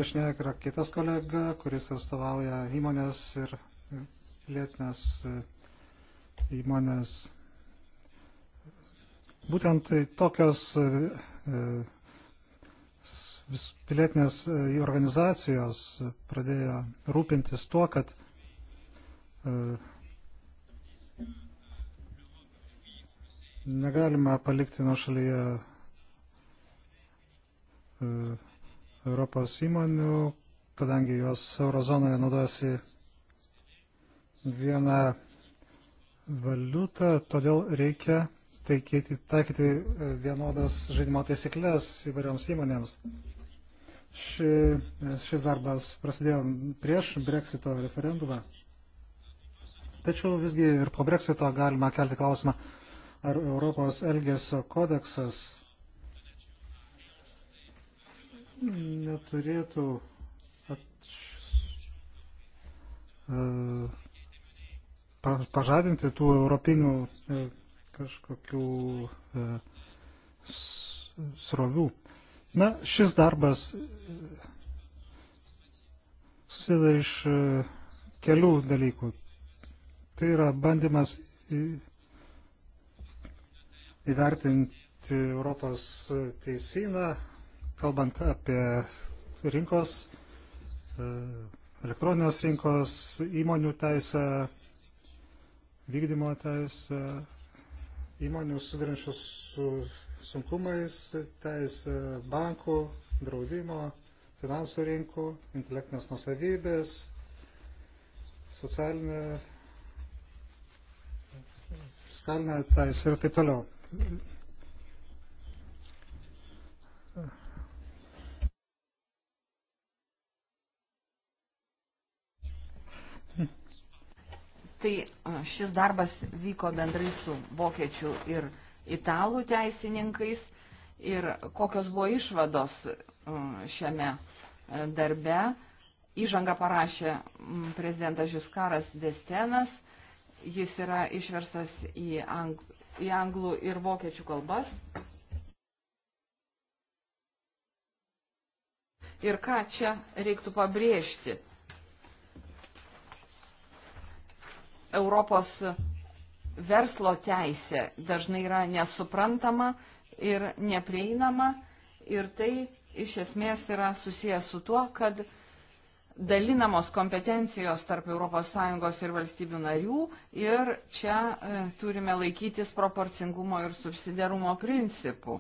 dešinėje yra kitas kolega, kuris atstovauja įmonės ir e, lietinės e, įmonės Būtent tai tokios e, e, pilietinės e, organizacijos pradėjo rūpintis tuo, kad negalima palikti nuo šalyje Europos įmonių, kadangi jos eurozonoje naudojasi vieną valiutą, todėl reikia taikyti, taikyti e, vienodas žaidimo taisyklės įvairioms įmonėms. Ši, e, šis darbas prasidėjo prieš Brexito referendumą. Tačiau visgi ir po Brexito galima kelti klausimą, ar Europos elgesio kodeksas neturėtų atš... E, pažadinti tų europinių kažkokių e, srovių. Na, šis darbas e, susideda iš e, kelių dalykų. Tai yra bandymas į, įvertinti Europos teisyną, kalbant apie rinkos, e, elektroninės rinkos, įmonių teisę, vykdymo teisę, įmonių sudarinčių su sunkumais, teisė bankų, draudimo, finansų rinkų, intelektinės nusavybės, socialinė, fiskalinė teisė ir taip toliau. Tai šis darbas vyko bendrai su vokiečių ir italų teisininkais. Ir kokios buvo išvados šiame darbe. Įžanga parašė prezidentas Žiskaras Destenas. Jis yra išverstas į, ang į anglų ir vokiečių kalbas. Ir ką čia reiktų pabrėžti? Europos verslo teisė dažnai yra nesuprantama ir neprieinama ir tai iš esmės yra susijęs su tuo, kad dalinamos kompetencijos tarp ES ir valstybių narių ir čia e, turime laikytis proporcingumo ir subsidiarumo principų.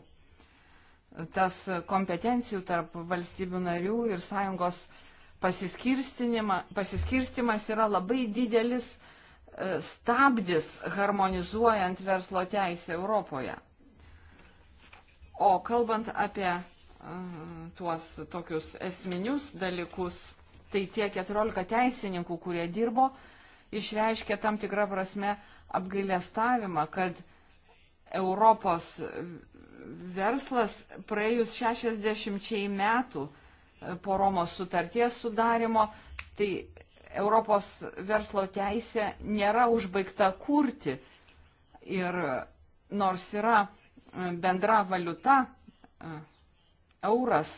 Tas kompetencijų tarp valstybių narių ir sąjungos pasiskirstimas yra labai didelis stabdis harmonizuojant verslo teisę Europoje. O kalbant apie tuos tokius esminius dalykus, tai tie 14 teisininkų, kurie dirbo, išreiškė tam tikrą prasme apgailestavimą, kad Europos verslas praėjus 60 metų po Romos sutarties sudarimo, tai Europos verslo teisė nėra užbaigta kurti. Ir nors yra e, bendra valiuta, e, euras,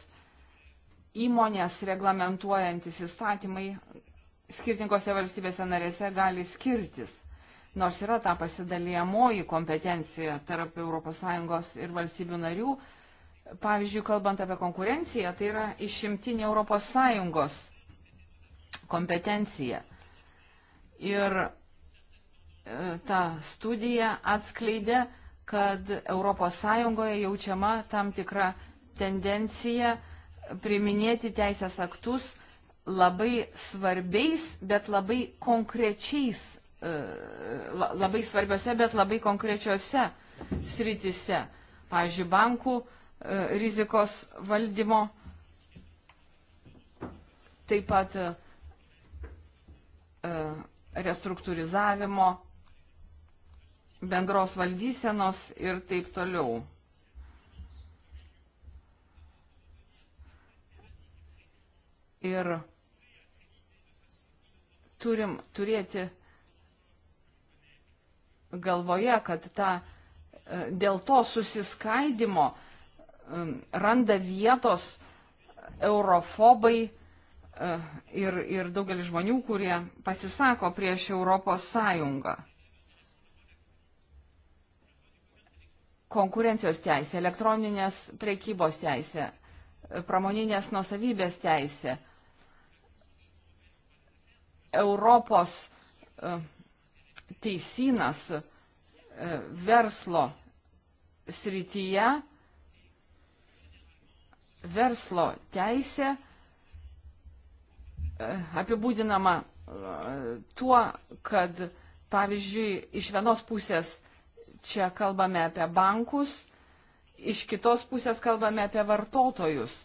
įmonės reglamentuojantis įstatymai skirtingose valstybėse narėse gali skirtis. Nors yra ta pasidalėjamoji kompetencija tarp ES ir valstybių narių, pavyzdžiui, kalbant apie konkurenciją, tai yra išimtinė ES kompetencija. Ir e, ta studija atskleidė, kad ES jaučiama tam tikra tendencija priminėti teisės aktus labai svarbiais, bet labai konkrečiais, e, labai svarbiose, bet labai konkrečiose sritise. Pavyzdžiui, bankų e, rizikos valdymo, taip pat E, restruktūrizavimo, bendros valdysenos ir taip toliau. Ir turim turėti galvoje, kad ta e, dėl to susiskaidimo e, randa vietos eurofobai, Eh, ir, ir daugelis žmonių, kurie pasisako prieš Europos Sąjungą. Konkurencijos teisė, elektroninės prekybos teisė, eh, pramoninės nusavybės teisė, Europos eh, teisinas verslo srityje, verslo teisė, apibūdinama e, tuo, kad pavyzdžiui iš vienos pusės čia kalbame apie bankus, iš kitos pusės kalbame apie vartotojus.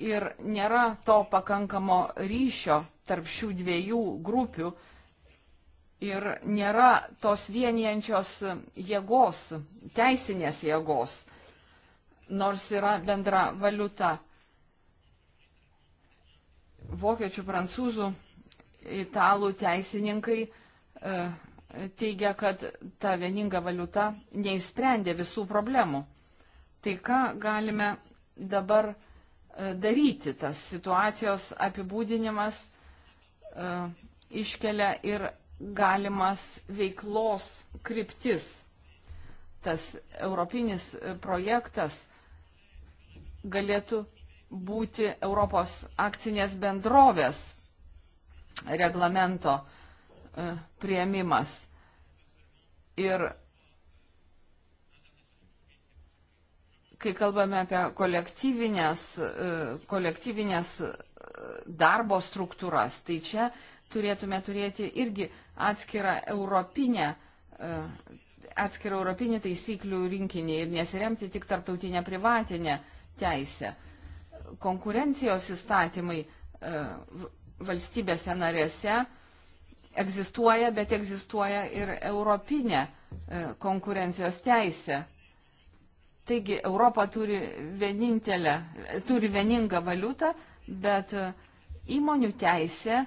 Ir nėra to pakankamo ryšio tarp šių dviejų grupių ir nėra tos vienijančios jėgos, teisinės jėgos, nors yra bendra valiuta vokiečių, prancūzų, italų teisininkai e, teigia, kad ta vieninga valiuta neišsprendė visų problemų. Tai ką galime dabar e, daryti? Tas situacijos apibūdinimas e, iškelia ir galimas veiklos kryptis. Tas europinis projektas galėtų būti Europos akcinės bendrovės reglamento e, prieimimas. Ir kai kalbame apie kolektyvinės, e, kolektyvinės e, darbo struktūras, tai čia turėtume turėti irgi atskirą europinę atskirą europinį taisyklių rinkinį ir nesiremti tik tarptautinę privatinę teisę konkurencijos įstatymai e, valstybėse narėse egzistuoja, bet egzistuoja ir europinė e, konkurencijos teisė. Taigi Europa turi, turi vieningą valiutą, bet e, įmonių teisė,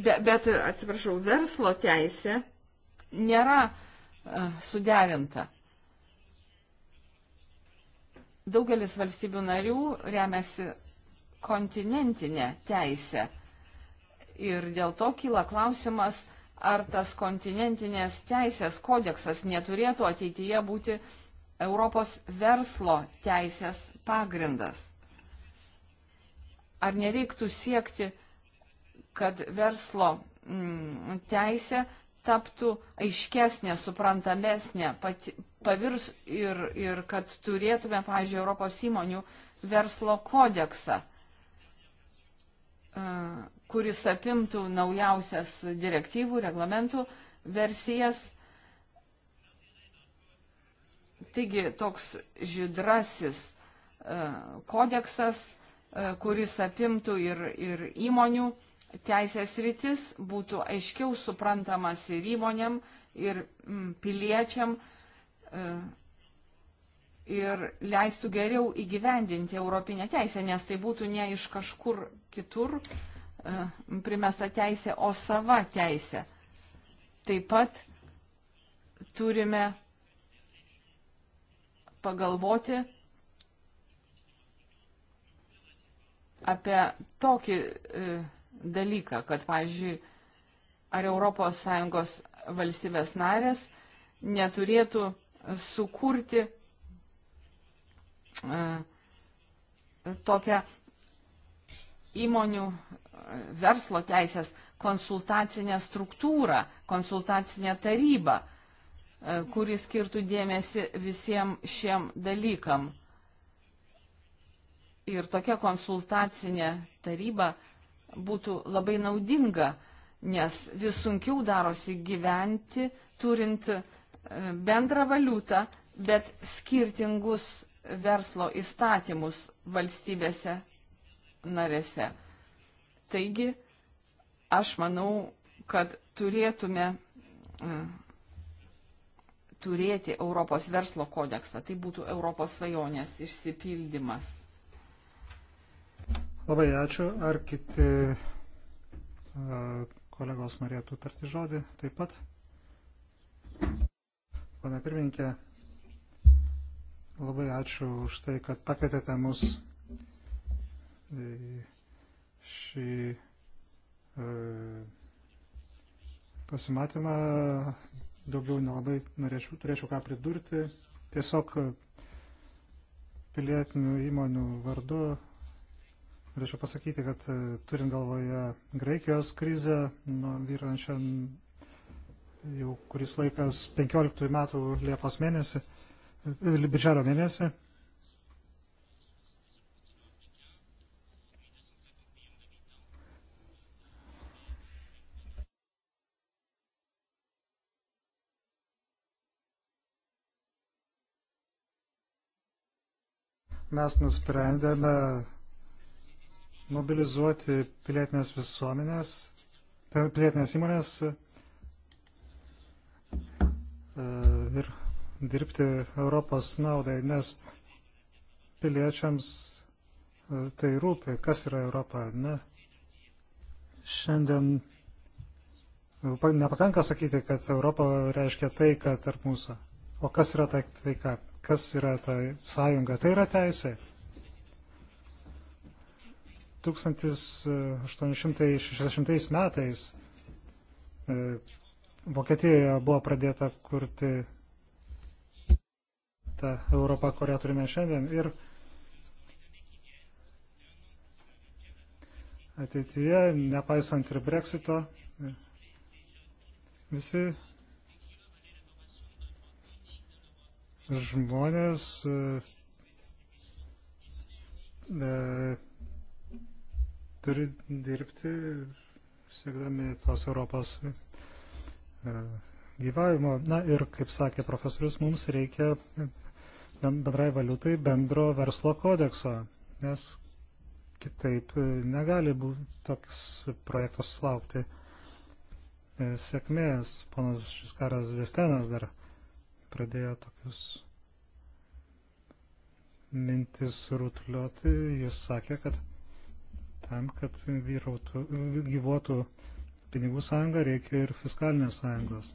bet, bet atsiprašau, verslo teisė nėra suderinta. Daugelis valstybių narių remiasi kontinentinė teisė. Ir dėl to kyla klausimas, ar tas kontinentinės teisės kodeksas neturėtų ateityje būti Europos verslo teisės pagrindas. Ar nereiktų siekti, kad verslo mm, teisė taptų aiškesnė, suprantamesnė, pati, pavirs ir, ir kad turėtume, pavyzdžiui, Europos įmonių verslo kodeksą, e, kuris apimtų naujausias direktyvų, reglamentų versijas. Taigi toks žydrasis e, kodeksas, e, kuris apimtų ir, ir įmonių teisės rytis būtų aiškiau suprantamas ir įmonėm, ir mm, piliečiam, e, ir leistų geriau įgyvendinti europinę teisę, nes tai būtų ne iš kažkur kitur e, primesta teisė, o sava teisė. Taip pat turime pagalvoti apie tokį e, dalyką, kad, pavyzdžiui, ar ES valstybės narės neturėtų sukurti uh, tokią įmonių e, verslo teisės konsultacinę struktūrą, konsultacinę tarybą, e, kuris skirtų dėmesį visiems šiem dalykam. Ir tokia konsultacinė taryba uh, būtų labai naudinga, nes vis sunkiau darosi gyventi, turint e, bendrą valiutą, bet skirtingus verslo įstatymus valstybėse narėse. Taigi, aš manau, kad turėtume e, turėti Europos verslo kodeksą. Tai būtų Europos svajonės išsipildymas. Labai ačiū. Ar kiti kolegos norėtų tarti žodį taip pat? Pane pirmininkė, labai ačiū už tai, kad pakvietėte mus į šį pasimatymą. Daugiau nelabai norėčiau, turėčiau ką pridurti. Tiesiog pilietinių įmonių vardu Norėčiau pasakyti, kad e, turint galvoje Graikijos krizę, nu, vyrančią jau kuris laikas 15 metų Liepos mėnesį, e, Birželio mėnesį, mes nusprendėme mobilizuoti pilietinės visuomenės, tai pilietinės įmonės e, ir dirbti Europos naudai, nes piliečiams e, tai rūpi, kas yra Europa. Ne? Šiandien nepakanka sakyti, kad Europa reiškia taiką tarp mūsų. O kas yra ta taika? Kas yra ta sąjunga? Tai yra teisė. 1860 metais e, Vokietijoje buvo pradėta kurti tą Europą, kurią turime šiandien. Ir ateityje, nepaisant ir breksito, visi žmonės e, e turi dirbti, siekdami tos Europos e, gyvavimo. Na ir, kaip sakė profesorius, mums reikia bendrai valiutai bendro verslo kodekso, nes kitaip e, negali būti toks projektas sulaukti e, sėkmės. Ponas Žiskaras Destenas dar pradėjo tokius mintis rutuliuoti. Jis sakė, kad Tam, kad vyrautų, gyvuotų pinigų sąjunga, reikia ir fiskalinės sąjungos.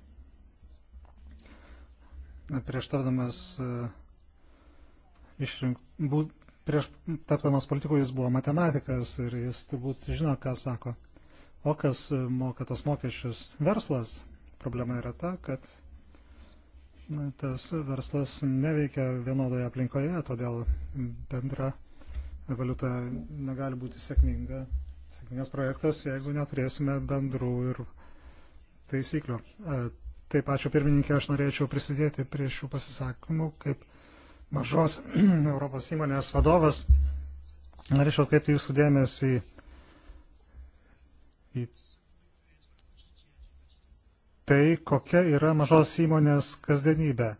Prieš tardamas e, išrink, bū, prieš tapdamas politiku jis buvo matematikas ir jis turbūt žino, ką sako. O kas moka tas mokesčius? Verslas. Problema yra ta, kad tas verslas neveikia vienodoje aplinkoje, todėl bendra valiuta negali būti sėkminga, sėkmingas projektas, jeigu neturėsime bendrų ir taisyklių. E, taip, ačiū pirmininkė, aš norėčiau prisidėti prie šių pasisakymų kaip mažos Europos įmonės vadovas. Norėčiau atkreipti jūsų dėmesį į tai, kokia yra mažos įmonės kasdienybė.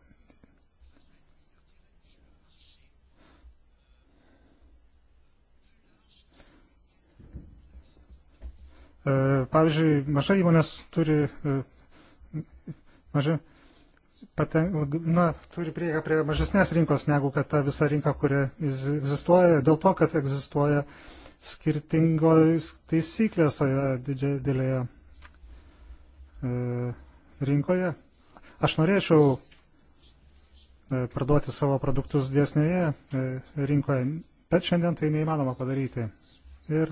E, pavyzdžiui, mažai įmonės turi, e, mažai, paten, na, turi prieigą prie mažesnės rinkos negu kad ta visa rinka, kuri egzistuoja, dėl to, kad egzistuoja skirtingos taisyklės toje didelėje e, rinkoje. Aš norėčiau parduoti savo produktus dėsnėje rinkoje, bet šiandien tai neįmanoma padaryti. Ir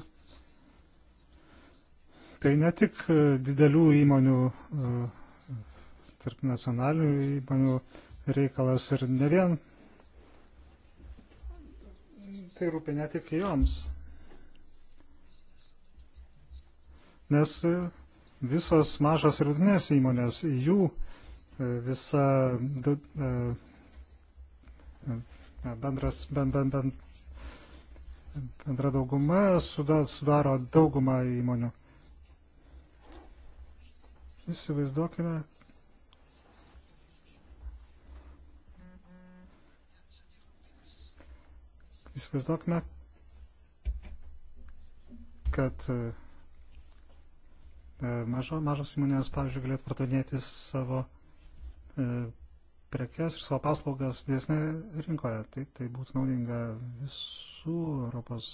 tai ne tik e, didelių įmonių, e, tarp nacionalinių įmonių reikalas ir ne vien. Tai rūpi ne tik joms. Nes e, visos mažos ir vidutinės įmonės, jų visa bendras, bend, bend, bend, bendra dauguma sudaro daugumą įmonių. Įsivaizduokime, Įsivaizduokime, kad e, mažo, mažos įmonės, pavyzdžiui, galėtų pardavinėti savo e, prekes ir savo paslaugas didesnė rinkoje. Tai, tai būtų naudinga visų Europos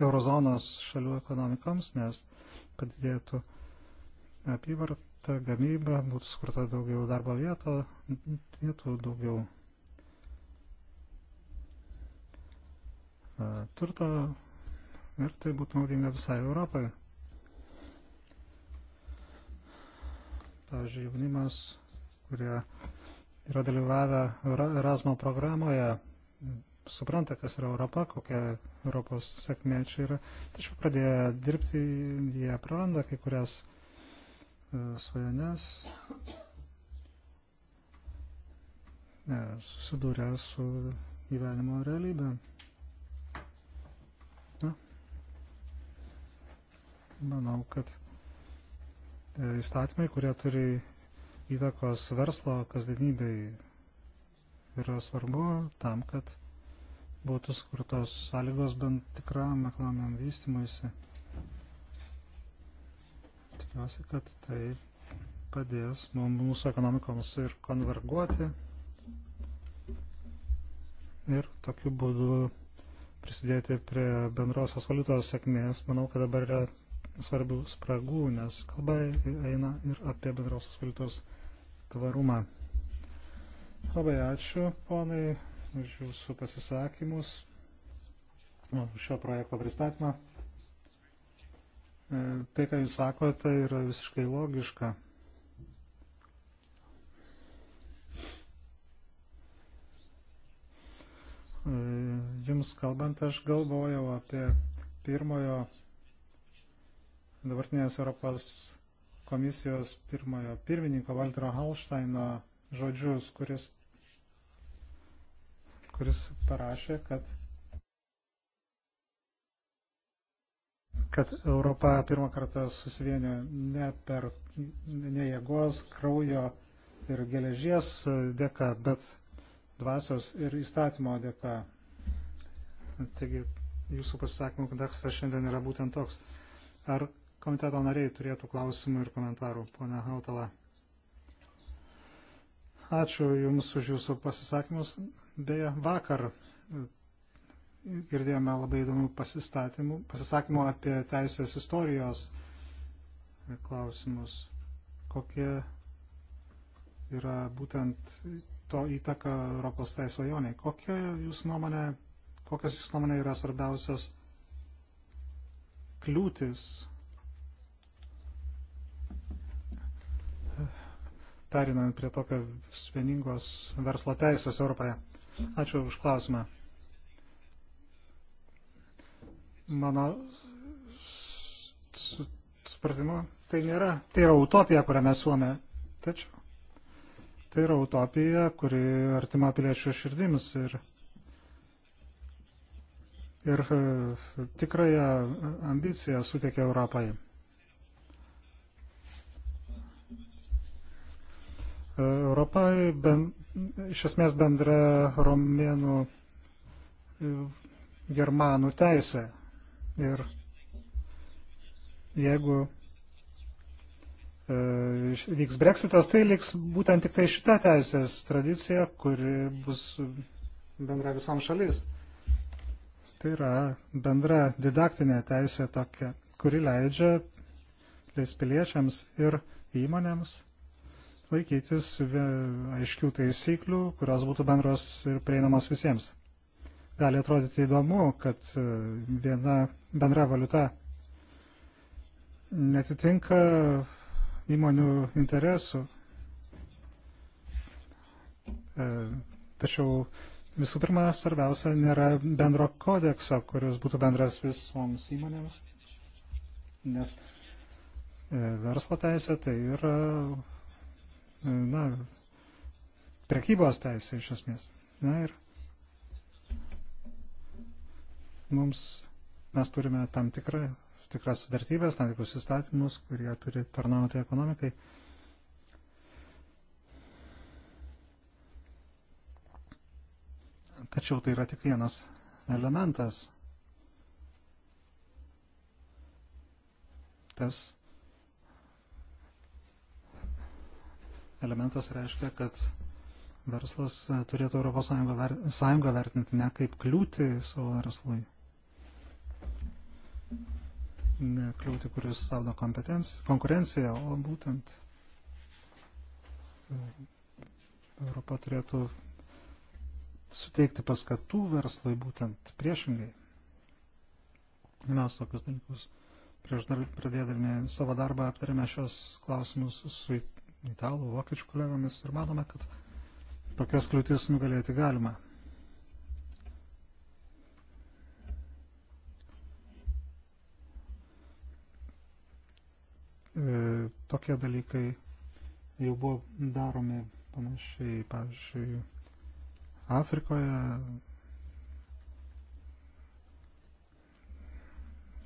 eurozonos šalių ekonomikoms, nes padidėtų uh, apyvarta, gamyba, būtų skurta daugiau darbo vieto, vietų, daugiau turto ir tai būtų naudinga visai Europai. Pavyzdžiui, jaunimas, kurie yra dalyvavę Erasmo programoje, supranta, kas yra Europa, kokia Europos sėkmė čia yra. Tačiau pradėję dirbti, jie praranda kai kurias E, svajones e, susidūrę su gyvenimo realybė. Na, manau, kad e, įstatymai, kurie turi įtakos verslo kasdienybei, yra svarbu tam, kad būtų skurtos sąlygos bent tikram ekonominiam vystimuisi. Tikiuosi, kad tai padės mūsų ekonomikoms ir konverguoti ir tokiu būdu prisidėti prie bendrosios valiutos sėkmės. Manau, kad dabar yra svarbių spragų, nes kalba eina ir apie bendrosios valiutos tvarumą. Labai ačiū, ponai, už jūsų pasisakymus, už šio projekto pristatymą. E, tai, ką jūs sakote, yra visiškai logiška. E, jums kalbant, aš galvojau apie pirmojo dabartinės Europos komisijos pirmojo pirmininko Valtero Halštaino žodžius, kuris, kuris parašė, kad kad Europa pirmą kartą susivienio ne per ne jėgos, kraujo ir geležies dėka, bet dvasios ir įstatymo dėka. Taigi jūsų pasisakymų kontekstas šiandien yra būtent toks. Ar komiteto nariai turėtų klausimų ir komentarų, ponia Hautala? Ačiū Jums už Jūsų pasisakymus. Beje, vakar girdėjome labai įdomių pasisakymų apie teisės istorijos klausimus. Kokie yra būtent to įtaka Europos teisės svajoniai? Kokia jūs nuomonė, kokias jūs nuomonė yra svarbiausios kliūtis perinant prie tokios vieningos verslo teisės Europoje? Ačiū už klausimą. Mano supratimu, tai nėra, tai yra utopija, kurią mes suome. Tačiau tai yra utopija, kuri artima piliečių širdims ir, ir e, tikrąją ambiciją suteikia Europai. E, Europai ben, iš esmės bendra romėnų e, germanų teisė. Ir jeigu e, vyks breksitas, tai liks būtent tik tai šita teisės tradicija, kuri bus bendra visom šalis. Tai yra bendra didaktinė teisė tokia, kuri leidžia leis piliečiams ir įmonėms laikytis aiškių taisyklių, kurios būtų bendros ir prieinamos visiems gali atrodyti įdomu, kad e, viena bendra valiuta netitinka įmonių interesų. E, tačiau visų pirma, svarbiausia, nėra bendro kodekso, kuris būtų bendras visoms įmonėms, nes e, verslo teisė tai yra na, prekybos teisė iš esmės. Na ir mums mes turime tam tikrą, tikras vertybės, tam tikrus įstatymus, kurie turi tarnauti ekonomikai. Tačiau tai yra tik vienas elementas. Tas elementas reiškia, kad verslas turėtų ES ver, vertinti ne kaip kliūti savo verslui ne kliūtį, kuris stabdo konkurenciją, o būtent e, Europa turėtų suteikti paskatų verslui būtent priešingai. Mes tokius dalykus prieš dar pradėdami savo darbą aptarėme šios klausimus su italų, vokiečių kolegomis ir manome, kad tokias kliūtis nugalėti galima. E, tokie dalykai jau buvo daromi panašiai, pavyzdžiui, Afrikoje.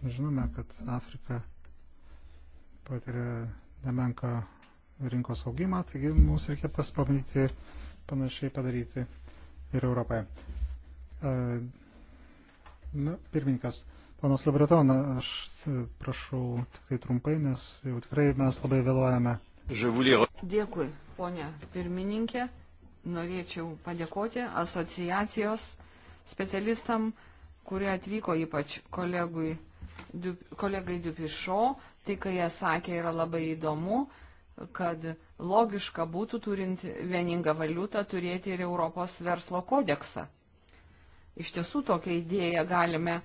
Žinome, kad Afrika patiria nemenką rinkos augimą, taigi mums reikia paspabandyti panašiai padaryti ir Europoje. E, na, pirmininkas, Panas Lebreton, aš prašau tik tai trumpai, nes jau tikrai mes labai vėluojame. Dėkui, ponė pirmininkė. Norėčiau padėkoti asociacijos specialistam, kurie atvyko ypač kolegui, du, kolegai Dupišo. Tai, ką jie sakė, yra labai įdomu, kad logiška būtų turint vieningą valiutą turėti ir Europos verslo kodeksą. Iš tiesų tokią idėją galime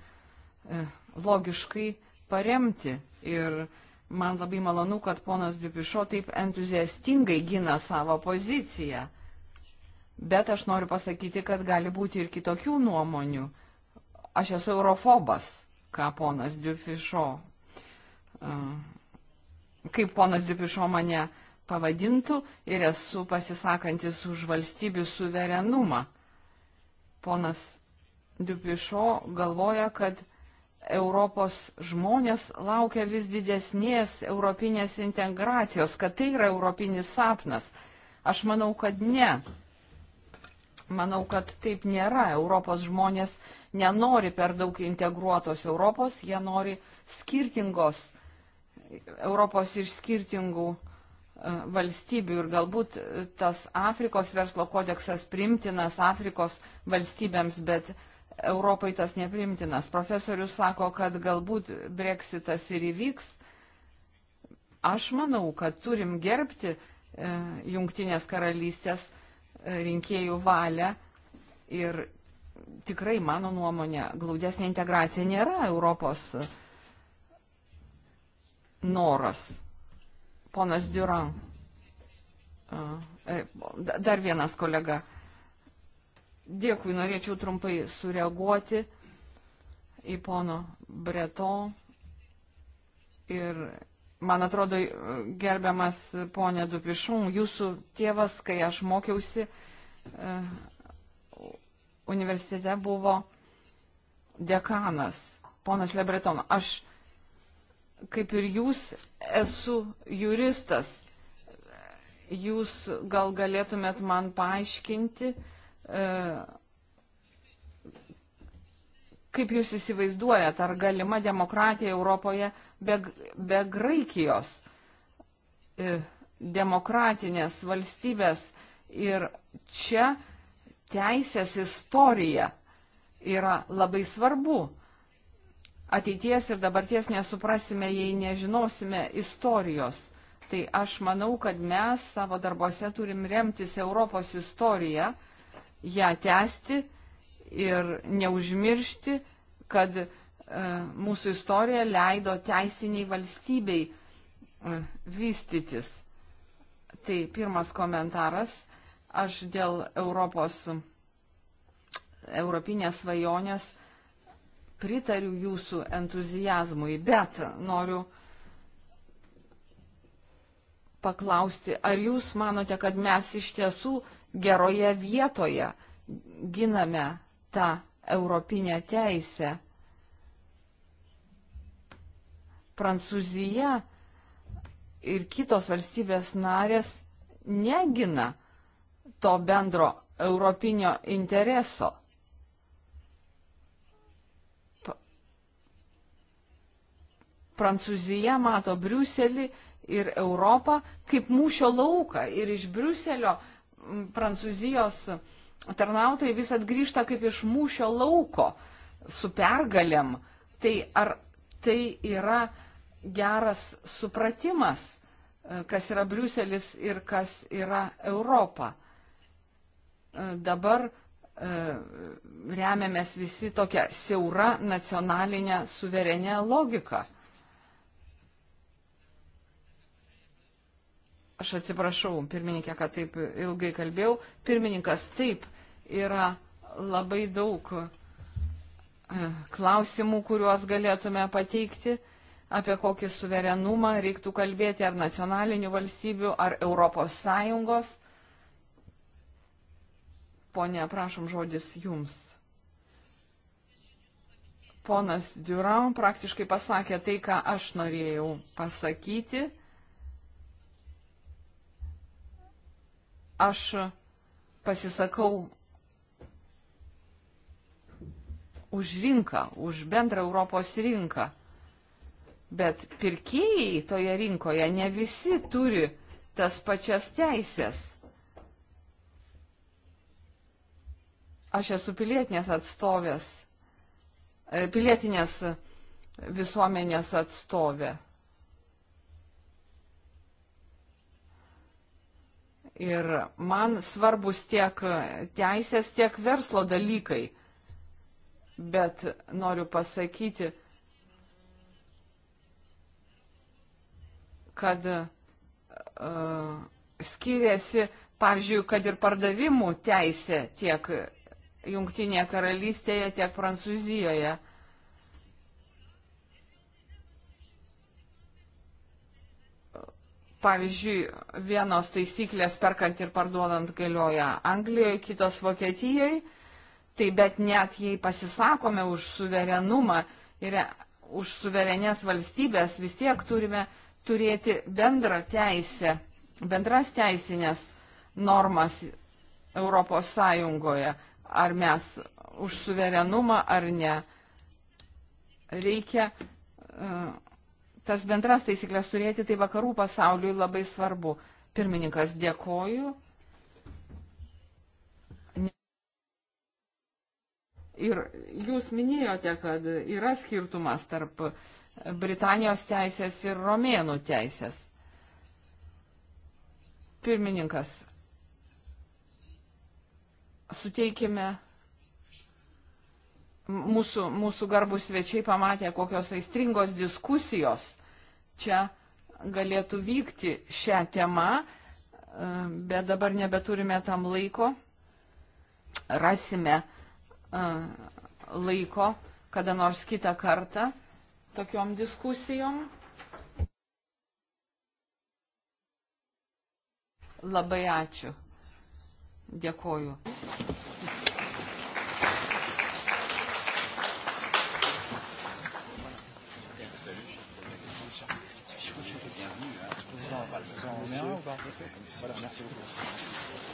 E, logiškai paremti. Ir man labai malonu, kad ponas Dupišo taip entuziastingai gina savo poziciją. Bet aš noriu pasakyti, kad gali būti ir kitokių nuomonių. Aš esu eurofobas, ką ponas Dupišo. E, kaip ponas Dupišo mane pavadintų ir esu pasisakantis už valstybių suverenumą. Ponas Dupišo galvoja, kad Europos žmonės laukia vis didesnės europinės integracijos, kad tai yra europinis sapnas. Aš manau, kad ne. Manau, kad taip nėra. Europos žmonės nenori per daug integruotos Europos, jie nori skirtingos Europos iš skirtingų e, valstybių ir galbūt e, tas Afrikos verslo kodeksas primtinas Afrikos valstybėms, bet Europai tas neprimtinas. Profesorius sako, kad galbūt breksitas ir įvyks. Aš manau, kad turim gerbti e, jungtinės karalystės e, rinkėjų valią ir tikrai, mano nuomonė, glaudesnė integracija nėra Europos noras. Ponas Duran. E, e, dar vienas kolega Dėkui, norėčiau trumpai sureaguoti į pono Breton. Ir man atrodo, gerbiamas ponė Dupišum, jūsų tėvas, kai aš mokiausi e, universitete, buvo dekanas, ponas Lebreton. Aš, kaip ir jūs, esu juristas. Jūs gal galėtumėt man paaiškinti, uh, E, kaip jūs įsivaizduojat, ar galima demokratija Europoje be, be Graikijos e, demokratinės valstybės ir čia teisės istorija yra labai svarbu. Ateities ir dabarties nesuprasime, jei nežinosime istorijos. Tai aš manau, kad mes savo darbose turim remtis Europos istoriją ją tęsti ir neužmiršti, kad e, mūsų istorija leido teisiniai valstybei e, vystytis. Tai pirmas komentaras. Aš dėl Europos, europinės svajonės pritariu jūsų entuzijazmui, bet noriu paklausti, ar jūs manote, kad mes iš tiesų geroje vietoje giname tą europinę teisę. Prancūzija ir kitos valstybės narės negina to bendro europinio intereso. Prancūzija mato Briuselį ir Europą kaip mūšio lauką ir iš Briuselio uh, prancūzijos tarnautojai vis atgrįžta kaip iš mūšio lauko su pergalėm. Tai ar tai yra geras supratimas, e, kas yra Briuselis ir kas yra Europa? E, dabar e, remiamės visi tokią siaurą nacionalinę suverenę logiką. Aš atsiprašau, pirmininkė, kad taip ilgai kalbėjau. Pirmininkas, taip, yra labai daug e, klausimų, kuriuos galėtume pateikti, apie kokį suverenumą reiktų kalbėti, ar nacionalinių valstybių, ar Europos Sąjungos. Pone, prašom žodis jums. Ponas Duran praktiškai pasakė tai, ką aš norėjau pasakyti. Aš pasisakau už rinką, už bendrą Europos rinką. Bet pirkėjai toje rinkoje ne visi turi tas pačias teisės. Aš esu pilietinės atstovės, e, pilietinės visuomenės atstovė. Ir man svarbus tiek teisės, tiek verslo dalykai. Bet noriu pasakyti, kad uh, skiriasi, pavyzdžiui, kad ir pardavimų teisė tiek Junktinėje karalystėje, tiek Prancūzijoje. Uh, pavyzdžiui, vienos taisyklės perkant ir parduodant galioja Anglijoje, kitos Vokietijoje. Tai bet net jei pasisakome už suverenumą ir už suverenės valstybės, vis tiek turime turėti bendrą teisę, bendras teisinės normas Europos Sąjungoje. Ar mes už suverenumą ar ne. Reikia uh, tas bendras taisyklės turėti, tai vakarų pasauliui labai svarbu. Pirmininkas, dėkoju. Ir jūs minėjote, kad yra skirtumas tarp Britanijos teisės ir Romėnų teisės. Pirmininkas, suteikime mūsų, mūsų garbus svečiai pamatė, kokios aistringos diskusijos čia galėtų vykti šią temą, e, bet dabar nebeturime tam laiko. Rasime e, laiko kada nors kitą kartą tokiom diskusijom. Labai ačiū. Dėkoju. Voilà, merci beaucoup.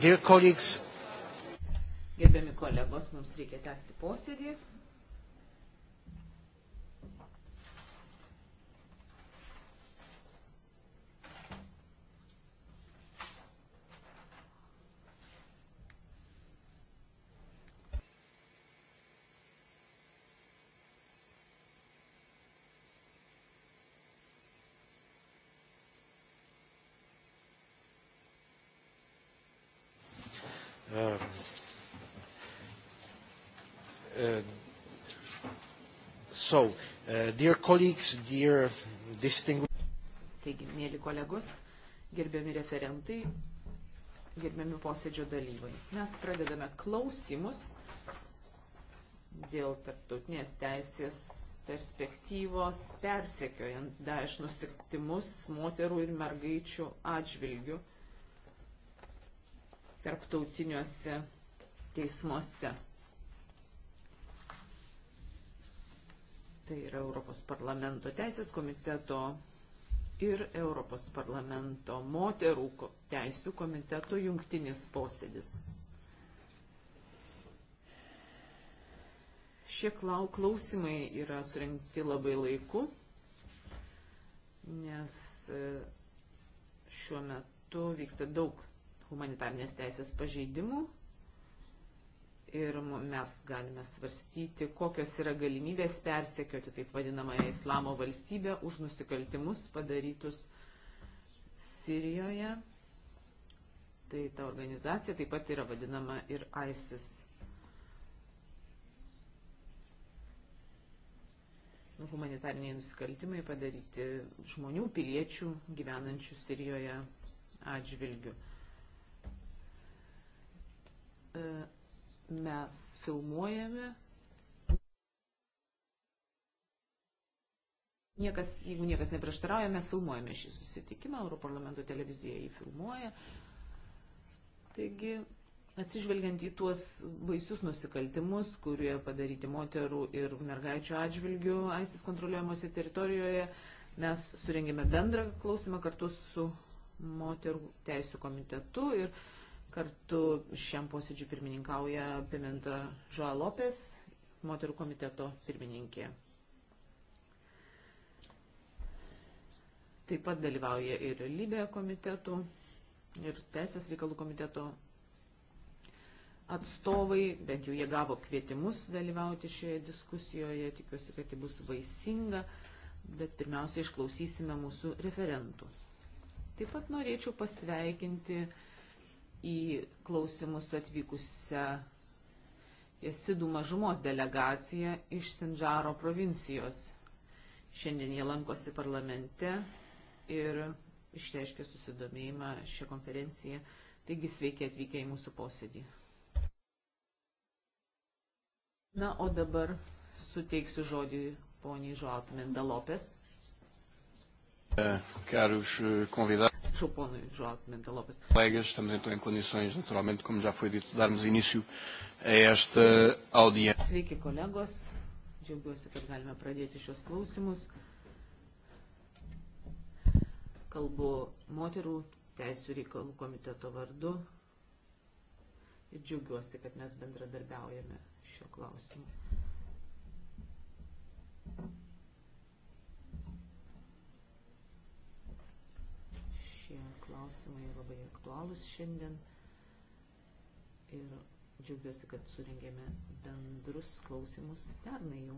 Dear colleagues. Gerbiami kolegos, mums reikia tęsti posėdį. So, uh, dear colleagues, dear distinguished. Taigi, mėly kolegos, gerbiami referentai, gerbiami posėdžio dalyvai. Mes pradedame klausimus dėl tarptautinės teisės perspektyvos persekiojant daž nusistimus moterų ir mergaičių atžvilgių tarptautiniuose teismuose. Tai yra Europos parlamento teisės komiteto ir Europos parlamento moterų teisų komiteto jungtinis posėdis. Šie klausimai yra surinkti labai laiku, nes e, šiuo metu vyksta daug humanitarnės teisės pažeidimų ir mes galime svarstyti, kokios yra galimybės persekioti taip vadinamąją islamo valstybę už nusikaltimus padarytus Sirijoje. Tai ta organizacija taip pat yra vadinama ir ISIS. Humanitariniai nusikaltimai padaryti žmonių, piliečių gyvenančių Sirijoje atžvilgių e, mes filmuojame. Niekas, jeigu niekas neprieštarauja, mes filmuojame šį susitikimą, Europarlamento televizija jį filmuoja. Taigi, atsižvelgiant į tuos baisius nusikaltimus, kurie padaryti moterų ir mergaičių atžvilgių ISIS kontroliuojamosi teritorijoje, mes surengėme bendrą klausimą kartu su moterų teisų komitetu ir uh, Kartu šiam posėdžiu pirmininkauja Pimenta Žoa Lopes, moterų komiteto pirmininkė. Taip pat dalyvauja ir Libė komitetų, ir Teisės reikalų komiteto atstovai, bent jau jie gavo kvietimus dalyvauti šioje diskusijoje, tikiuosi, kad ji tai bus vaisinga, bet pirmiausia išklausysime mūsų referentų. Taip pat norėčiau pasveikinti uh, į klausimus atvykusią Jesidų mažumos delegaciją iš Sinžaro provincijos. Šiandien jie lankosi parlamente ir išreiškė susidomėjimą šią konferenciją. Taigi sveiki atvykę į mūsų posėdį. Na, o dabar suteiksiu žodį poniai Žoapmenda Lopes. Caros eh, convidados. Sou Paulo João Pimenta Lopes. Colegas, estamos então em condições, naturalmente, como já foi dito, darmos início a esta audiência. Sveiki, kolegos. Džiaugiuosi, kad galime pradėti šios klausimus. Kalbu moterų teisų reikalų komiteto vardu ir džiaugiuosi, kad mes bendradarbiaujame šio klausimu. Šie klausimai labai aktualūs šiandien ir džiaugiuosi, kad surengėme bendrus klausimus. Pernai jau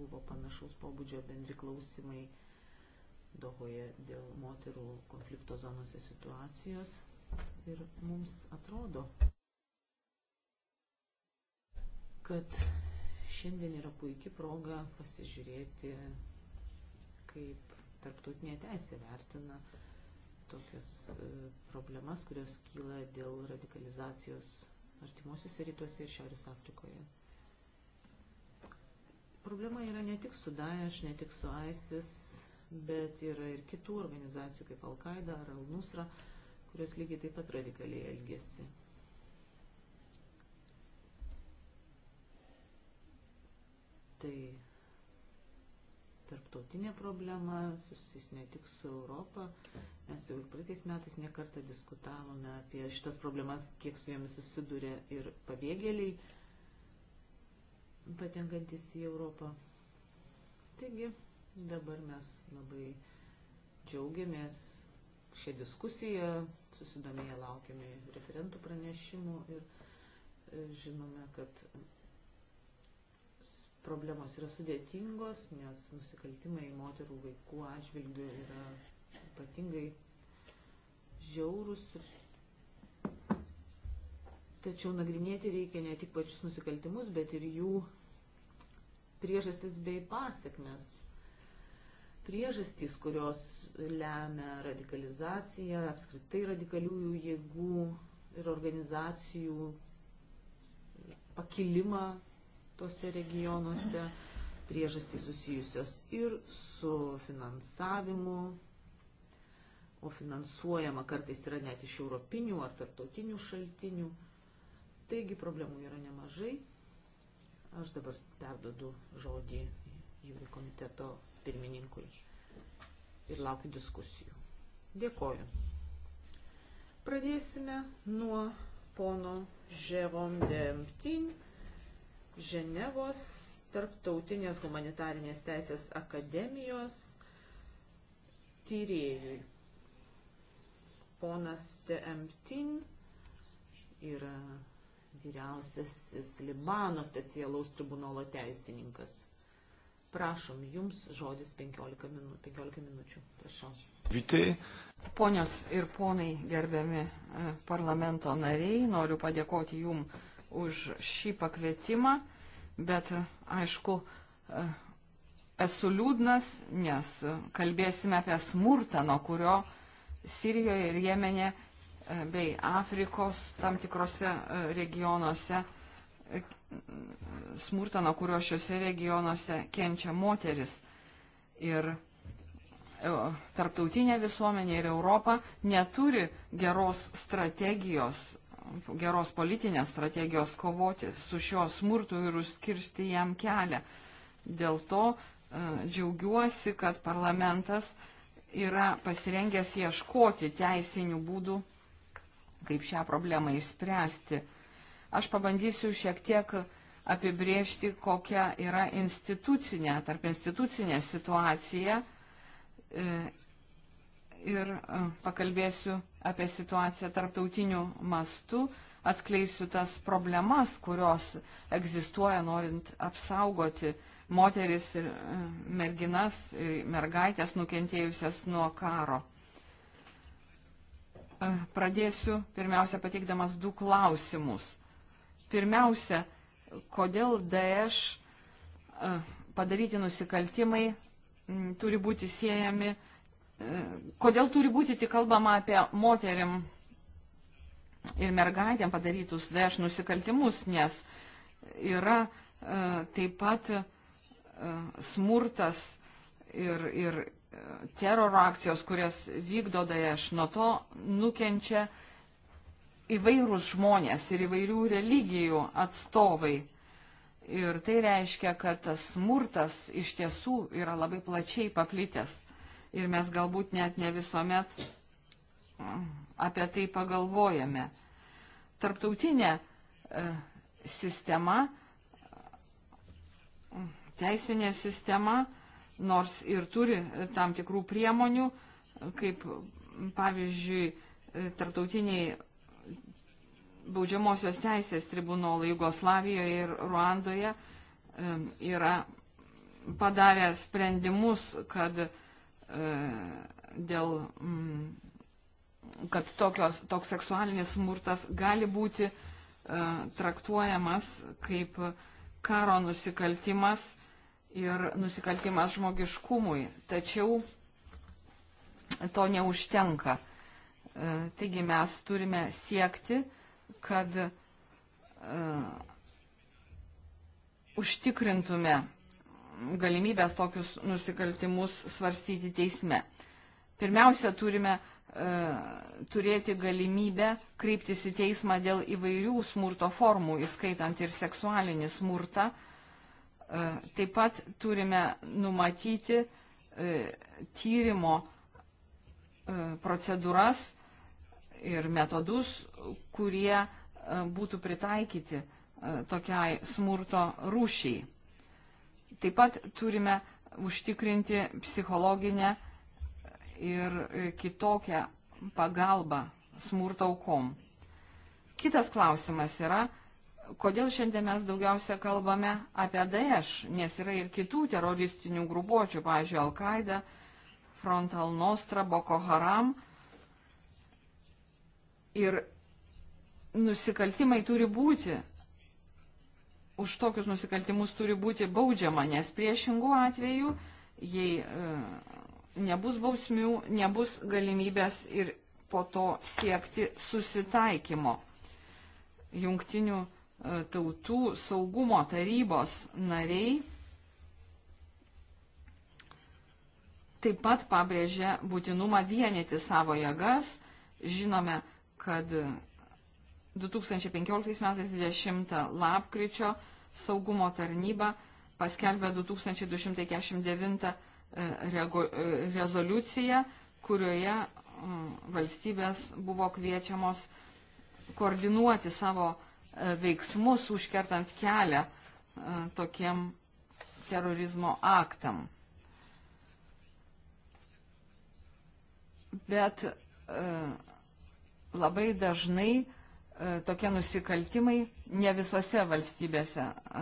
buvo panašaus pobūdžio bendri klausimai Dohoje dėl moterų konflikto zonose situacijos ir mums atrodo, kad šiandien yra puikia proga pasižiūrėti, kaip tarptautinė teisė vertina uh, tokias e, problemas, kurios kyla dėl radikalizacijos artimuosiuose rytuose ir Šiaurės Afrikoje. Problema yra ne tik su Daesh, ne tik su ISIS, bet yra ir kitų organizacijų kaip Al-Qaeda ar Al-Nusra, kurios lygiai taip pat radikaliai elgesi. Tai tarptautinė problema, susijusi ne tik su Europą. Mes jau ir praeitais metais nekartą diskutavome apie šitas problemas, kiek su jomis susiduria ir pabėgėliai patenkantis į Europą. Taigi dabar mes labai džiaugiamės šią diskusiją, susidomėję laukiame referentų pranešimų ir e, žinome, kad problemos yra sudėtingos, nes nusikaltimai moterų vaikų atžvilgių yra ypatingai žiaurus. Tačiau nagrinėti reikia ne tik pačius nusikaltimus, bet ir jų priežastis bei pasiekmes. Priežastys, kurios lemia radikalizaciją, apskritai radikaliųjų jėgų ir organizacijų pakilimą tose regionuose, priežastys susijusios ir su finansavimu, o finansuojama kartais yra net iš europinių ar tarptautinių šaltinių. Taigi problemų yra nemažai. Aš dabar perdodu žodį jūrių komiteto pirmininkui ir laukiu diskusijų. Dėkoju. Pradėsime nuo pono Jérôme Demtin Ženevos tarptautinės humanitarinės teisės akademijos tyrėjui. Ponas Temtin yra vyriausiasis Libano specialaus tribunolo teisininkas. Prašom, jums žodis 15, minu, 15 minučių. Prašau. Ponios ir ponai, gerbiami e, parlamento nariai, noriu padėkoti jums už šį pakvietimą, bet aišku, e, esu liūdnas, nes kalbėsime apie smurtą, nuo kurio Sirijoje ir Jemenė e, bei Afrikos tam tikrose e, regionuose, smurtą, nuo kurio šiuose regionuose kenčia moteris. Ir tarptautinė visuomenė ir Europa neturi geros strategijos geros politinės strategijos kovoti su šiuo smurtu ir užkirsti jam kelią. Dėl to e, džiaugiuosi, kad parlamentas yra pasirengęs ieškoti teisinių būdų, kaip šią problemą išspręsti. Aš pabandysiu šiek tiek apibriežti, kokia yra institucinė, tarp institucinė situacija e, ir e, pakalbėsiu apie situaciją tarptautinių mastų, atskleisiu tas problemas, kurios egzistuoja norint apsaugoti moteris ir e, merginas, e, mergaitės nukentėjusias nuo karo. Pradėsiu pirmiausia pateikdamas du klausimus. Pirmiausia, kodėl DŠ padaryti nusikaltimai m, turi būti siejami kodėl turi būti tik kalbama apie moterim ir mergaitėm padarytus daž nusikaltimus, nes yra e, taip pat e, smurtas ir, ir e, teroro akcijos, kurias vykdo daž, nuo to nukenčia įvairūs žmonės ir įvairių religijų atstovai. Ir tai reiškia, kad tas smurtas iš tiesų yra labai plačiai paplitęs ir mes galbūt net ne visuomet apie tai pagalvojame. Tarptautinė e, sistema, teisinė sistema, nors ir turi e, tam tikrų priemonių, e, kaip pavyzdžiui, tarptautiniai baudžiamosios teisės tribunolai Jugoslavijoje ir Ruandoje yra padarę sprendimus, kad E, dėl, mm, kad tokios, toks seksualinis smurtas gali būti e, traktuojamas kaip karo nusikaltimas ir nusikaltimas žmogiškumui. Tačiau to neužtenka. E, taigi mes turime siekti, kad uh, užtikrintume galimybės tokius nusikaltimus svarstyti teisme. Pirmiausia, turime e, turėti galimybę kryptis į teismą dėl įvairių smurto formų, įskaitant ir seksualinį smurtą. E, taip pat turime numatyti e, tyrimo procedūras ir metodus, kurie būtų pritaikyti tokiai smurto rūšiai. Taip pat turime užtikrinti psichologinę ir kitokią pagalbą smurto aukom. Kitas klausimas yra, kodėl šiandien mes daugiausia kalbame apie Daesh, nes yra ir kitų teroristinių grupuočių, pavyzdžiui, Al-Qaeda, Front al-Nostra, Boko Haram. Ir nusikaltimai turi būti už tokius nusikaltimus turi būti baudžiama, nes priešingų atveju, jei e, nebus bausmių, nebus galimybės ir po to siekti susitaikymo. Jungtinių e, tautų saugumo tarybos nariai taip pat pabrėžia būtinumą vienyti savo jėgas. Žinome, kad 2015 metais 20 lapkričio saugumo tarnyba paskelbė 2249 e, e, rezoliuciją, kurioje valstybės buvo kviečiamos koordinuoti savo e, veiksmus, užkertant kelią tokiem terorizmo aktam. Bet labai dažnai E, tokie nusikaltimai ne visose valstybėse e,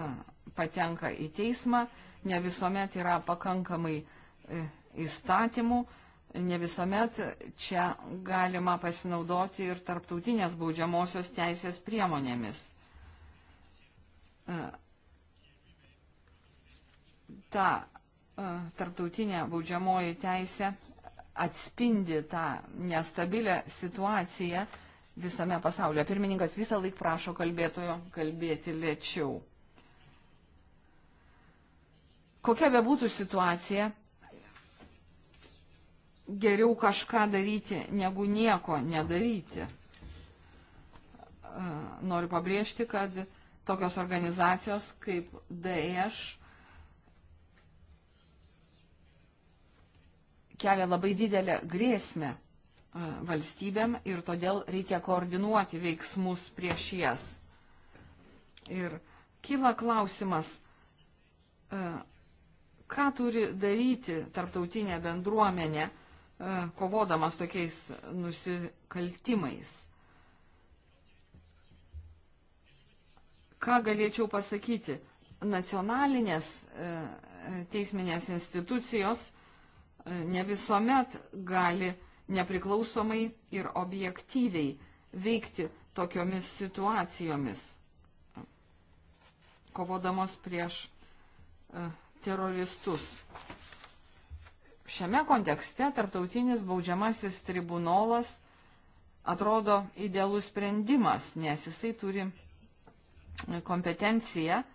patenka į teismą, ne visuomet yra pakankamai e, įstatymų, ne visuomet čia galima pasinaudoti ir tarptautinės baudžiamosios teisės priemonėmis. Ta tarptautinė baudžiamoji teisė atspindi tą nestabilę situaciją, visame pasaulyje. Pirmininkas visą laiką prašo kalbėtojo kalbėti lėčiau. Kokia bebūtų situacija, geriau kažką daryti, negu nieko nedaryti. Noriu pabrėžti, kad tokios organizacijos kaip DEŠ kelia labai didelę grėsmę valstybėm ir todėl reikia koordinuoti veiksmus prieš jas. Ir kyla klausimas, ką turi daryti tarptautinė bendruomenė, kovodamas tokiais nusikaltimais. Ką galėčiau pasakyti? Nacionalinės teisminės institucijos ne visuomet gali nepriklausomai ir objektyviai veikti tokiomis situacijomis, kovodamos prieš e, teroristus. Šiame kontekste tarptautinis baudžiamasis tribunolas atrodo idealus sprendimas, nes jisai turi e, kompetenciją e,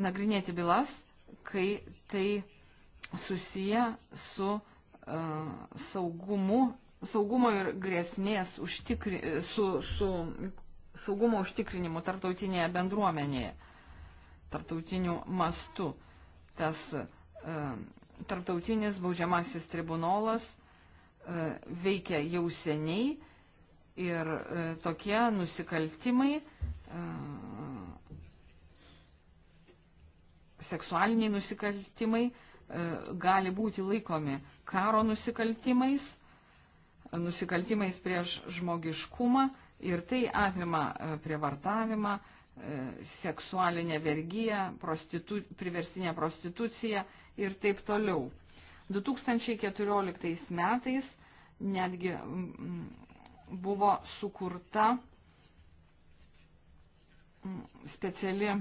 nagrinėti bylas, kai tai susiję su saugumu, saugumo ir grėsmės užtikri, su, su saugumo užtikrinimu tarptautinėje bendruomenėje, tarptautiniu mastu. Tas e, tarptautinis baudžiamasis tribunolas e, veikia jau seniai ir e, tokie nusikaltimai, e, seksualiniai nusikaltimai, e, E, gali būti laikomi karo nusikaltimais, nusikaltimais prieš žmogiškumą ir tai apima e, prievartavimą, e, seksualinę vergyją, prostitu, priverstinę prostituciją ir taip toliau. 2014 metais netgi mm, buvo sukurta mm, speciali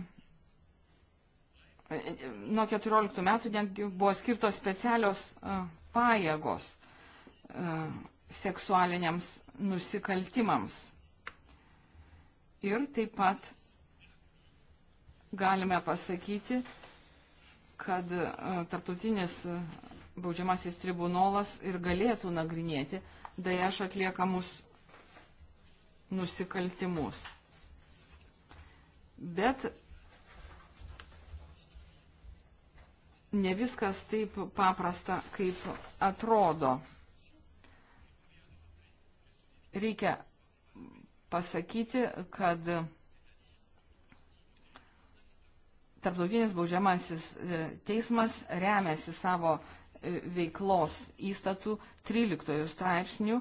nuo 14 metų netgi buvo skirtos specialios e, pajėgos e, seksualiniams nusikaltimams. Ir taip pat galime pasakyti, kad e, tarptautinis baudžiamasis tribunolas ir galėtų nagrinėti DAEŠ atliekamus nusikaltimus. Bet ne viskas taip paprasta, kaip atrodo. Reikia pasakyti, kad Tarptautinis baudžiamasis e, teismas remiasi savo e, veiklos įstatų 13 straipsnių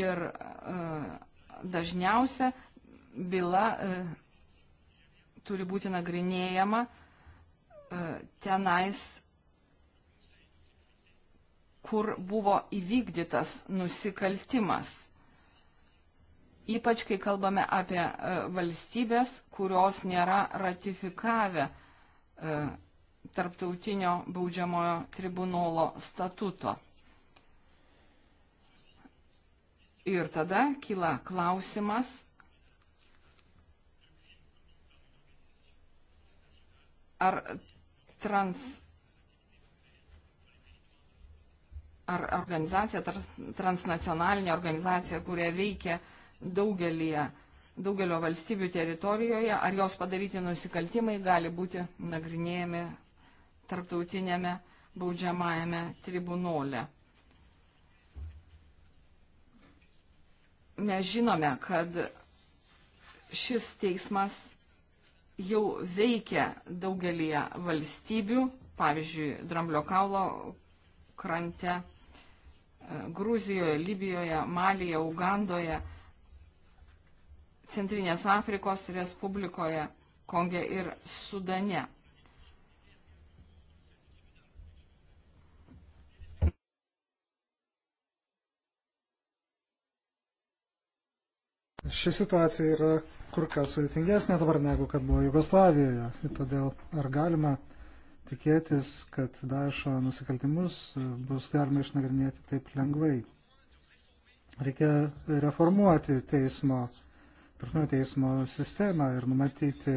ir e, dažniausia byla turi būti nagrinėjama E, tenais, kur buvo įvykdytas nusikaltimas. Ypač kai kalbame apie e, valstybės, kurios nėra ratifikavę e, tarptautinio baudžiamojo tribunolo statuto. Ir tada kyla klausimas, ar trans ar organizacija, trans, transnacionalinė organizacija, kurie veikia daugelie, daugelio valstybių teritorijoje, ar jos padaryti nusikaltimai gali būti nagrinėjami tarptautinėme baudžiamajame tribunole. Mes žinome, kad šis teismas jau veikia daugelie valstybių, pavyzdžiui, Dramblio kaulo krante, e, Gruzijoje, Libijoje, Malyje, Ugandoje, Centrinės Afrikos Respublikoje, Konge ir Sudane. Ši situacija yra kur kas sudėtingesnė dabar negu kad buvo Jugoslavijoje. Ir todėl ar galima tikėtis, kad Daešo nusikaltimus e, bus galima išnagrinėti taip lengvai. Reikia reformuoti teismo, pirminio teismo sistemą ir numatyti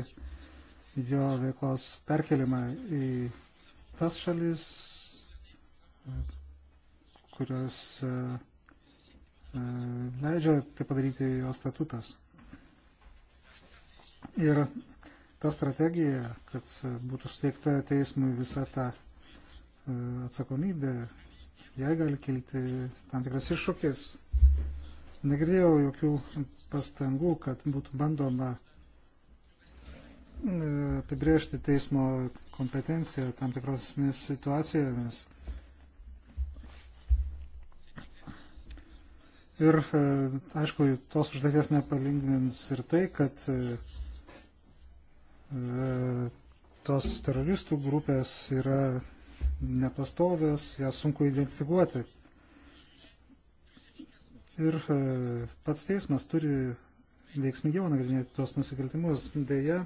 jo veiklos perkelimą į tas šalis, kurios e, e, leidžia tai padaryti jo statutas. Ir ta strategija, kad būtų suteikta teismui visa ta e, atsakomybė, jai gali kilti tam tikras iššūkis. Negirdėjau jokių pastangų, kad būtų bandoma e, apibriežti teismo kompetenciją tam tikrosmis situacijomis. Ir e, aišku, tos užduoties nepalengvins ir tai, kad E, tos teroristų grupės yra nepastovės, jas sunku identifikuoti. Ir e, pats teismas turi veiksmingiau nagrinėti tos nusikaltimus. Deja,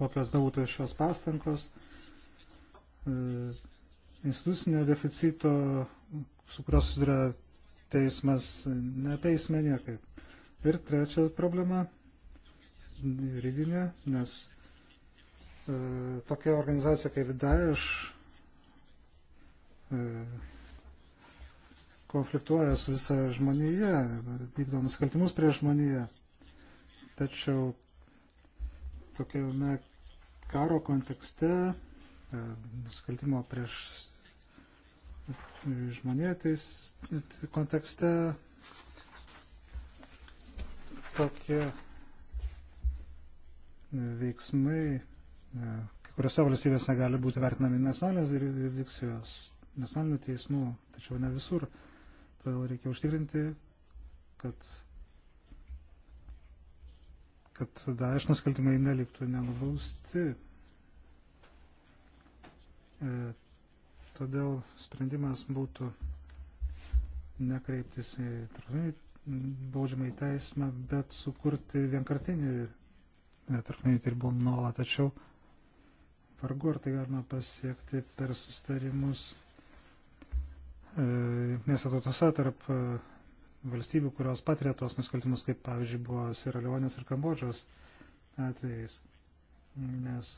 kokios būtų šios pastangos, e, institucinio deficito, su kurios susiduria teismas, neteisme niekaip. Ir trečia problema juridinė, nes e, tokia organizacija kaip Daesh e, konfliktuoja su visa žmonija, vykdo nusikaltimus prie žmoniją. Tačiau tokiame karo kontekste e, nusikaltimo prieš žmonėje tais kontekste tokie veiksmai, e, kai kuriuose valstybėse gali būti vertinami nacionalinės jurisdikcijos, nacionalinių teismų, tačiau ne visur. Todėl reikia užtikrinti, kad, kad daž nusikaltimai neliktų nenubausti. E, todėl sprendimas būtų nekreiptis į baudžiamą į teismą, bet sukurti vienkartinį tarptautinių tribunolą, tačiau vargu ar tai galima pasiekti per sustarimus e, jungtinėse tautose tarp e, valstybių, kurios patiria tuos nusikaltimus, kaip pavyzdžiui buvo Sierra Leonės ir Kambodžos atvejais. Nes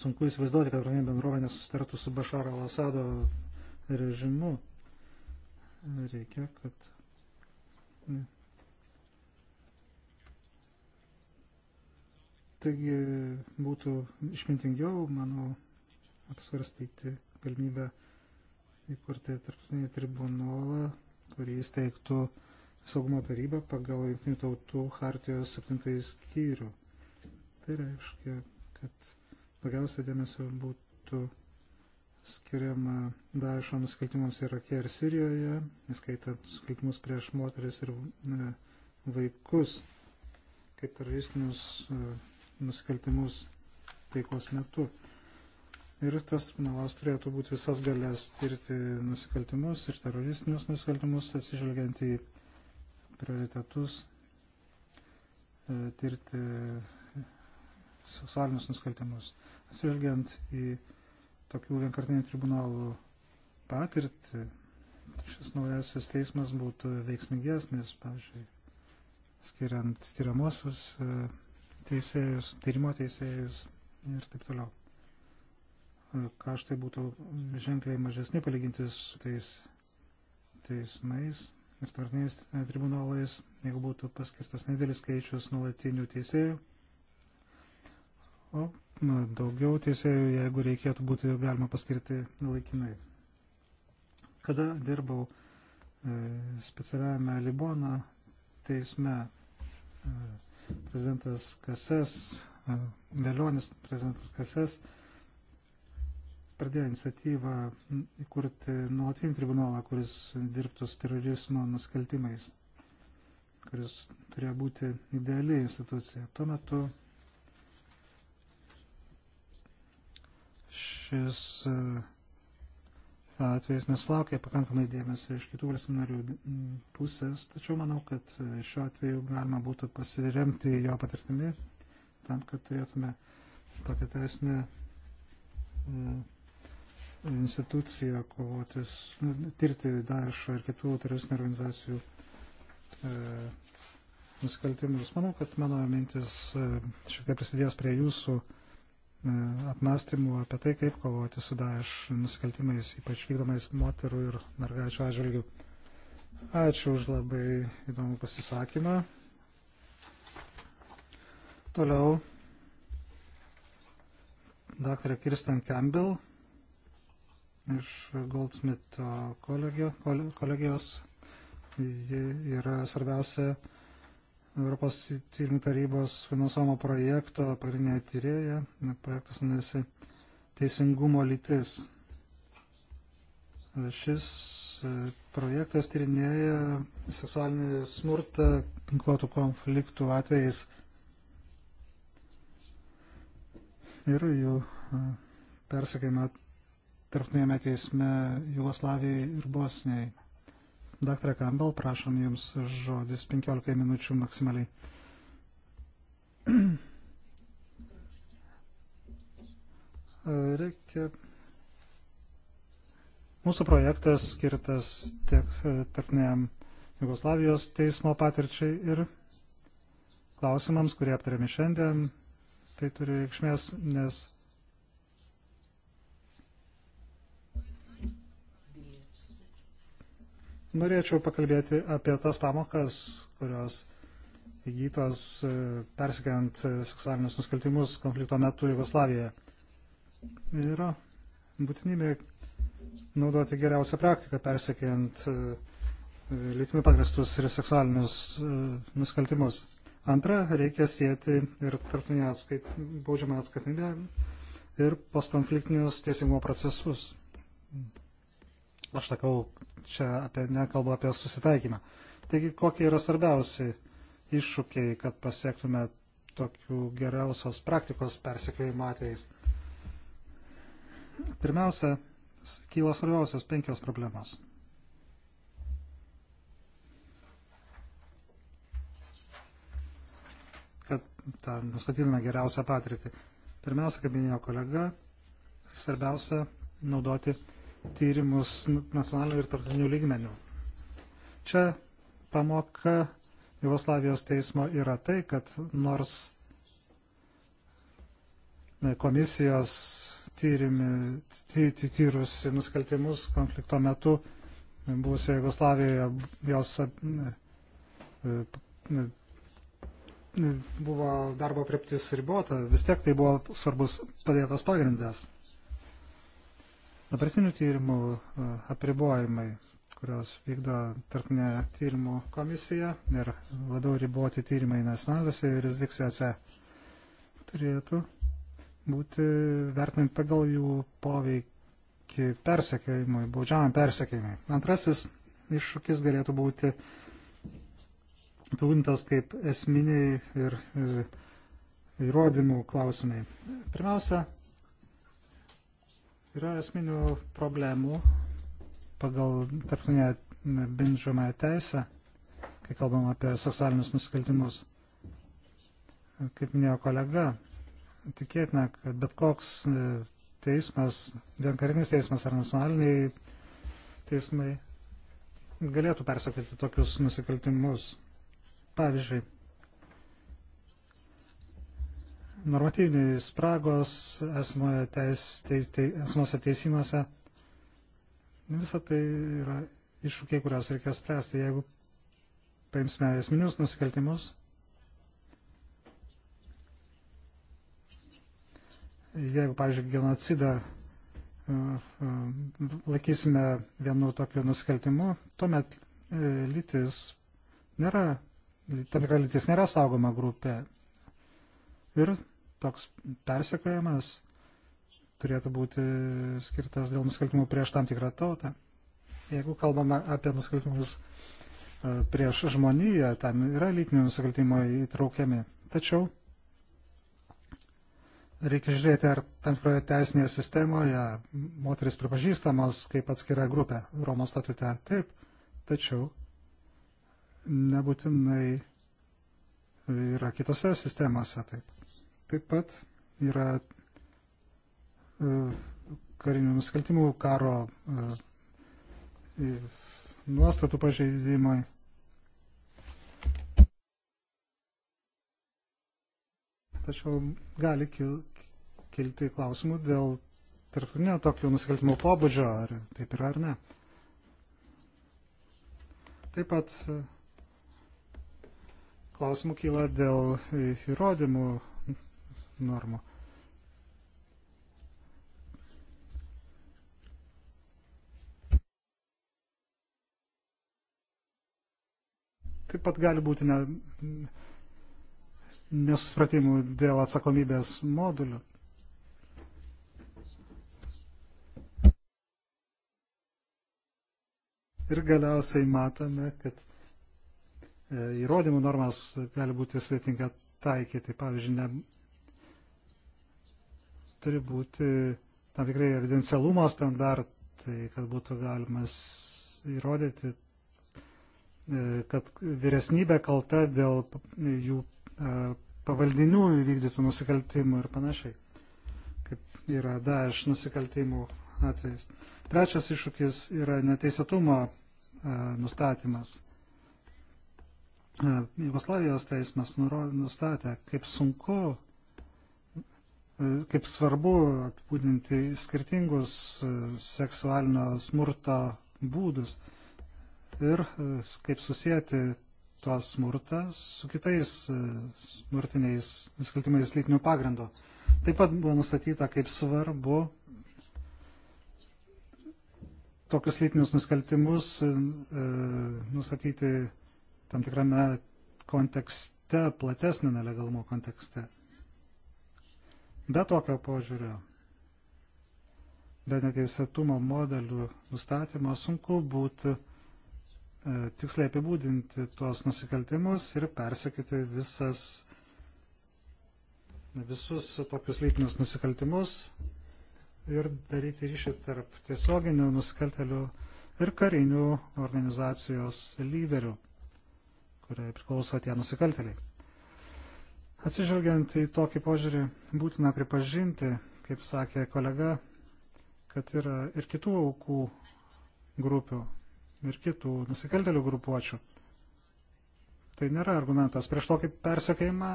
sunku įsivaizduoti, kad Romė bendruomenė susitartų su Bašaro Al-Asado režimu. Reikia, kad Taigi būtų išmintingiau, manau, apsvarstyti galimybę įkurti tarptautinį tribunolą, kurį įsteigtų saugumo taryba pagal Junktinių tautų hartijos 7 skyrių. Tai reiškia, kad daugiausia dėmesio būtų skiriama Daešo nusikaltimams Irake ir Sirijoje, įskaitant nusikaltimus prieš moteris ir e, vaikus, kaip teroristinius uh, nusikaltimus taikos metu. Ir tas kanalas turėtų būti visas galės tirti nusikaltimus ir teroristinius nusikaltimus, atsižvelgiant į prioritetus, e, tirti seksualinius nusikaltimus, atsižvelgiant į tokių vienkartinių tribunalų patirtį, šis naujasis teismas būtų veiksmingesnis, pavyzdžiui, skiriant tyriamosius e, teisėjus, tyrimo teisėjus ir taip toliau. Kaštai būtų ženkliai mažesni palyginti su tais teismais ir tvarkiniais e, tribunolais, jeigu būtų paskirtas nedėlis skaičius nuolatinių teisėjų. O na, daugiau teisėjų, jeigu reikėtų būti, galima paskirti laikinai. Kada dirbau e, specialiame Libona teisme, e, prezidentas Kases, Velionis prezidentas Kases pradėjo iniciatyvą įkurti nuolatinį tribunolą, kuris dirbtų su terorizmo nusikaltimais, kuris turėjo būti ideali institucija. Tuo metu šis uh, atvejais nesulaukia pakankamai dėmesio iš kitų valstybių narių pusės, tačiau manau, kad šiuo atveju galima būtų pasiremti jo patirtimi tam, kad turėtume tokią teisinę e, instituciją kovotis, nu, tirti Daešo ir kitų teroristinių organizacijų e, nusikaltimus. Manau, kad mano mintis e, šiek tiek prisidės prie jūsų e, E, apmastymų apie tai, kaip kovoti su Daesh nusikaltimais, ypač vykdomais moterų ir mergaičių atžvilgių. Ačiū už labai įdomų pasisakymą. Toliau dr. Kirsten Campbell iš Goldsmith kolegijos. Ji yra svarbiausia Europos tyrimų tarybos finansuojamo projekto pagrindinė tyrėja. Projektas vadinasi Teisingumo lytis. Šis e, projektas tyrinėja seksualinį smurtą ginkluotų konfliktų atvejais ir jų e, persekėjimą tarptautinėme teisme Jugoslavijai ir Bosnijai. Dr. Campbell, prašom Jums žodis 15 minučių maksimaliai. Reikia. Mūsų projektas skirtas tiek tarpniam Jugoslavijos teismo patirčiai ir klausimams, kurie aptarėme šiandien. Tai turi reikšmės, nes Norėčiau pakalbėti apie tas pamokas, kurios įgytos e, persikant e, seksualinius nusikaltimus konflikto metu Jugoslavijoje. Yra būtinybė naudoti geriausią praktiką persikant e, lytimi pagristus ir seksualinius nusikaltimus. Antra, reikia sėti ir tarptautinę atskait, baudžiamą atskaitinę ir postkonfliktinius teisingumo procesus. Aš sakau, čia apie, nekalbu apie susitaikymą. Taigi, kokie yra svarbiausi iššūkiai, kad pasiektume tokių geriausios praktikos persikėjimo atvejais? Pirmiausia, kyla svarbiausios penkios problemos. Kad tą nustatytume geriausią patirtį. Pirmiausia, kaip minėjo kolega, svarbiausia naudoti tyrimus nacionaliniu ir tarptautiniu lygmeniu. Čia pamoka Jugoslavijos teismo yra tai, kad nors komisijos tyrimi, ty, ty, tyrusi nusikaltimus konflikto metu buvusioje Jugoslavijoje, jos e, e, e, buvo darbo prieptis ribota, vis tiek tai buvo svarbus padėtas pagrindas. Dabartinių tyrimų e, apribojimai, kurios vykdo tarpinė tyrimų komisija ir labiau riboti tyrimai nacionaliniuose jurisdikcijose, turėtų būti vertinami pagal jų poveikį persekiojimui, baudžiamam persekiojimui. Antrasis iššūkis galėtų būti apibūdintas kaip esminiai ir e, įrodymų klausimai. Pirmiausia, Yra esminių problemų pagal tarptautinę bendžiamąją teisę, kai kalbam apie socialinius nusikaltimus. Kaip minėjo kolega, tikėtina, kad bet koks e, teismas, vienkarinis teismas ar nacionaliniai teismai galėtų persekyti tokius nusikaltimus. Pavyzdžiui, normatyviniai spragos esmose teis, te, te, teisimuose. Visą tai yra iššūkiai, kurios reikės spręsti. Jeigu paimsime esminius nusikaltimus, jeigu, pavyzdžiui, genocidą e, e, laikysime vienu tokiu nusikaltimu, tuomet e, lytis nėra, tam tikra lytis nėra saugoma grupė. Ir toks persekiojimas turėtų būti skirtas dėl nusikaltimų prieš tam tikrą tautą. Jeigu kalbame apie nusikaltimus e, prieš žmoniją, ten yra lytinių nusikaltimų įtraukiami. Tačiau reikia žiūrėti, ar tam tikroje teisinėje sistemoje moteris pripažįstamos kaip atskira grupė Romos statute. Taip, tačiau nebūtinai yra kitose sistemose taip. Taip pat yra e, karinių nusikaltimų karo e, nuostatų pažeidimai. Tačiau gali kilti klausimų dėl tarptautinio tokio nusikaltimo pobūdžio, ar taip yra ar ne. Taip pat e, klausimų kyla dėl įrodymų normų. Taip pat gali būti ne, nesusipratimų dėl atsakomybės modulių. Ir galiausiai matome, kad e, įrodymų normas gali būti sudėtinga taikyti. Pavyzdžiui, ne, turi būti tam tikrai evidencialumo standartai, kad būtų galimas įrodyti, e, kad vyresnybė kalta dėl jų e, pavaldinių įvykdytų nusikaltimų ir panašiai, kaip yra daž nusikaltimų atvejais. Trečias iššūkis yra neteisėtumo e, nustatymas. Jugoslavijos teismas nustatė, kaip sunku kaip svarbu apibūdinti skirtingus e, seksualinio smurto būdus ir e, kaip susijęti tą smurtą su kitais e, smurtiniais nusikaltimais lytinių pagrindų. Taip pat buvo nustatyta, kaip svarbu tokius lytinius nusikaltimus e, nustatyti tam tikrame kontekste, platesnio nelegalumo kontekste. Be tokio požiūrio, be neteisėtumo modelių nustatymo sunku būtų e, tiksliai apibūdinti tuos nusikaltimus ir persekyti visas, visus tokius lytinius nusikaltimus ir daryti ryšį tarp tiesioginių nusikaltelių ir karinių organizacijos lyderių, kuriai priklauso tie nusikalteliai. Atsižvelgiant į tokį požiūrį, būtina pripažinti, kaip sakė kolega, kad yra ir kitų aukų grupių, ir kitų nusikaltelių grupuočių. Tai nėra argumentas prieš tokį persekėjimą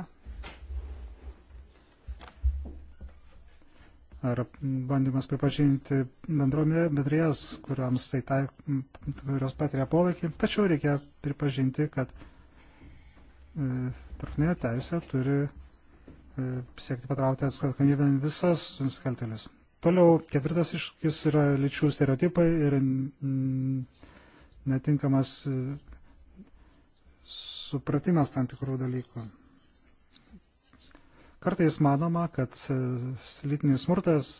ar bandymas pripažinti bendrijas, kuriams tai tai, kurios patiria poveikį. Tačiau reikia pripažinti, kad Mm, tarptautinė teisė turi e, siekti patraukti atsakomybę visas nusikaltėlius. Toliau ketvirtas iššūkis yra lyčių stereotipai ir mm, netinkamas e, supratimas tam tikrų dalykų. Kartais manoma, kad e, lytinis smurtas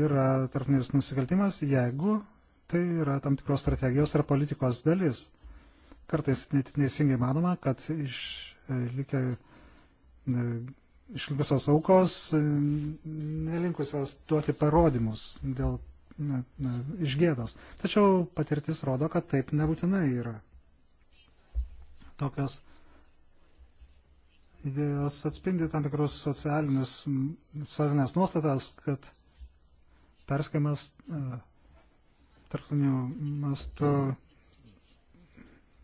yra tarptautinis nusikaltimas, jeigu tai yra tam tikros strategijos ar politikos dalis kartais neteisingai manoma, kad išlikę e, e, išlikusios aukos e, nelinkusios duoti parodymus dėl ne, ne, išgėdos. Tačiau patirtis rodo, kad taip nebūtinai yra. Tokios idėjos atspindi tam tikrus socialinius, socialinės nuostatas, kad perskimas tarptautiniu mastu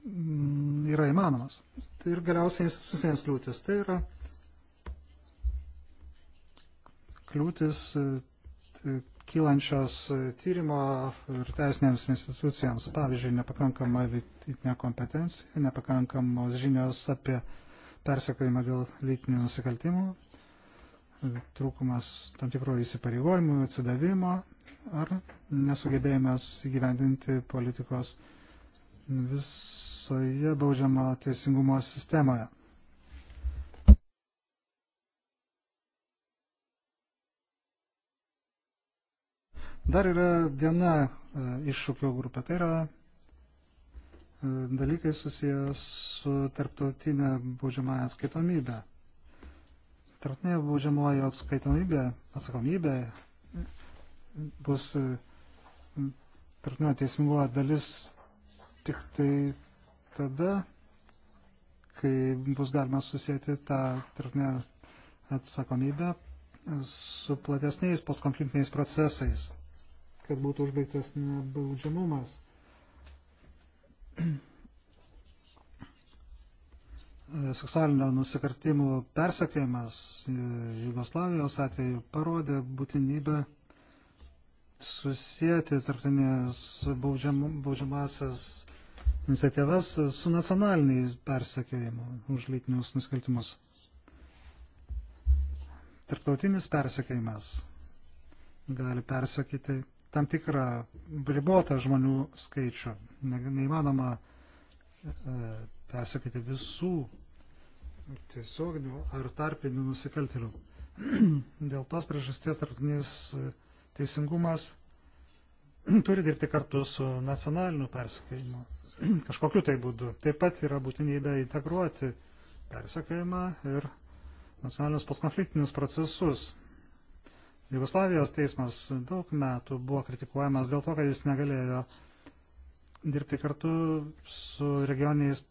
Mm, yra įmanomas. Tai ir galiausiai institucinės kliūtis. Tai yra kliūtis e, kylančios e, tyrimo ir teisinėms institucijams. Pavyzdžiui, nepakankama lytinė kompetencija, nepakankamos žinios apie persekojimą dėl lytinių nusikaltimų, e, trūkumas tam tikro įsipareigojimų, atsidavimo ar nesugebėjimas įgyvendinti politikos uh, visoje baudžiamo teisingumo sistemoje. Dar yra viena e, iššūkio grupė, tai yra e, dalykai susijęs su tarptautinė baudžiamąją atskaitomybę. Tarptautinė baudžiamoji atskaitomybė, atsakomybė bus e, tarptautinio teisingumo dalis tik tai tada, kai bus galima susijęti tą tarpinę atsakomybę su platesniais postkonfliktiniais procesais, kad būtų užbaigtas nebaudžiamumas. seksualinio nusikartimų persekėjimas Jugoslavijos atveju parodė būtinybę susijęti tarptautinės baudžiam, baudžiamasias iniciatyvas su nacionaliniai persekiojimu už lytinius nusikaltimus. Tarptautinis persekiojimas gali persekyti tam tikrą ribotą žmonių skaičių. Ne, neįmanoma e, persekyti visų tiesioginių ar tarpinių nusikaltėlių. Dėl tos priežasties tarptautinis e, Teisingumas turi dirbti kartu su nacionaliniu persekiojimu kažkokiu tai būdu. Taip pat yra būtinybė integruoti persekiojimą ir nacionalinius postkonfliktinius procesus. Jugoslavijos teismas daug metų buvo kritikuojamas dėl to, kad jis negalėjo dirbti kartu su regioniais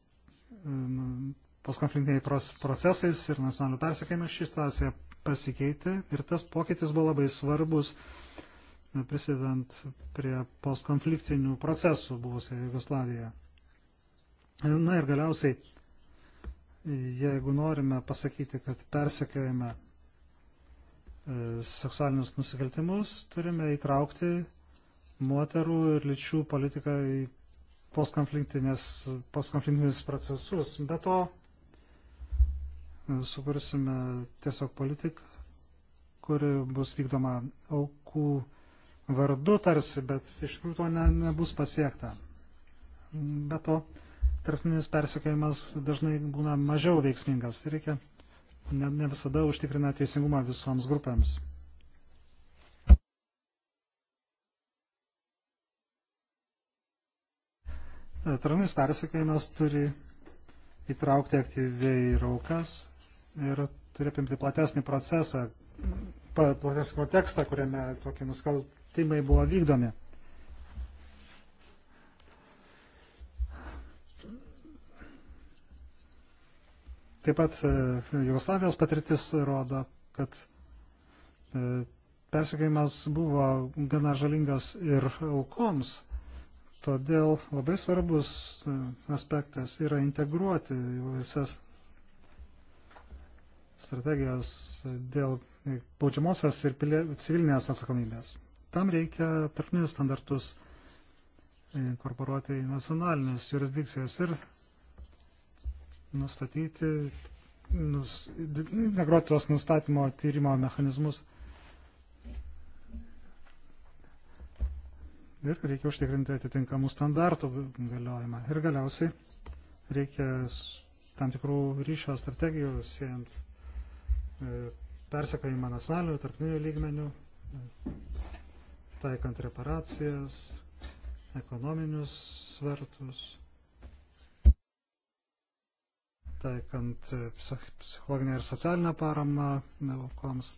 mm, postkonfliktiniai procesais ir nacionaliniu persekėjimu. Ši situacija pasikeitė ir tas pokytis buvo labai svarbus prisidant prie postkonfliktinių procesų buvusioje Jugoslavijoje. Na ir galiausiai, jeigu norime pasakyti, kad persekiojame e, seksualinius nusikaltimus, turime įtraukti moterų ir lyčių politiką į postkonfliktinius procesus. Be to, e, sukursime tiesiog politiką, kuri bus vykdoma aukų vardu tarsi, bet iš tikrųjų to ne, nebus pasiekta. Be to, tarptautinis persikėjimas dažnai būna mažiau veiksmingas. Reikia ne, ne visada užtikrina teisingumą visoms grupėms. Tarnais persikėjimas turi įtraukti aktyviai raukas ir turi apimti platesnį procesą, platesnį kontekstą, kuriame tokie nuskal, kirtimai buvo vykdomi. Taip pat e, Jugoslavijos patirtis rodo, kad e, persikėjimas buvo gana žalingas ir aukoms. Todėl labai svarbus e, aspektas yra integruoti visas strategijos dėl baudžiamosios ir civilinės atsakomybės tam reikia tarpinius standartus e, inkorporuoti į nacionalinius jurisdikcijas ir nustatyti, nus, integruoti tuos nustatymo tyrimo mechanizmus. Ir reikia užtikrinti atitinkamų standartų galiojimą. Ir galiausiai reikia tam tikrų ryšio strategijų siejant e, persekvėjimą nacionalinių, tarpinių lygmenių, taikant reparacijas, ekonominius svertus, taikant psichologinę ir socialinę paramą aukoms.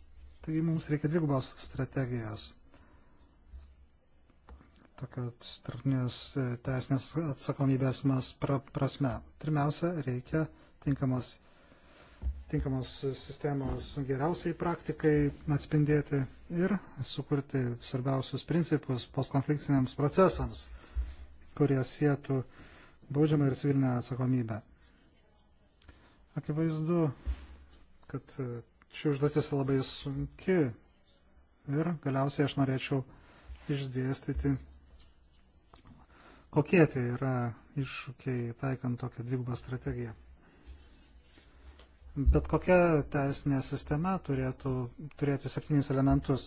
Taigi mums reikia dvigubos strategijos tokios tarpinės e, teisinės atsakomybės mes pra, prasme. Pirmiausia, reikia tinkamos tinkamos sistemos geriausiai praktikai atspindėti ir sukurti svarbiausius principus postkonfliktiniams procesams, kurie sėtų baudžiamą ir civilinę atsakomybę. Akivaizdu, kad ši užduotis labai sunki ir galiausiai aš norėčiau išdėstyti, kokie tai yra iššūkiai taikant tokią dvigubą strategiją. Bet kokia teisinė sistema turėtų turėti septynis elementus.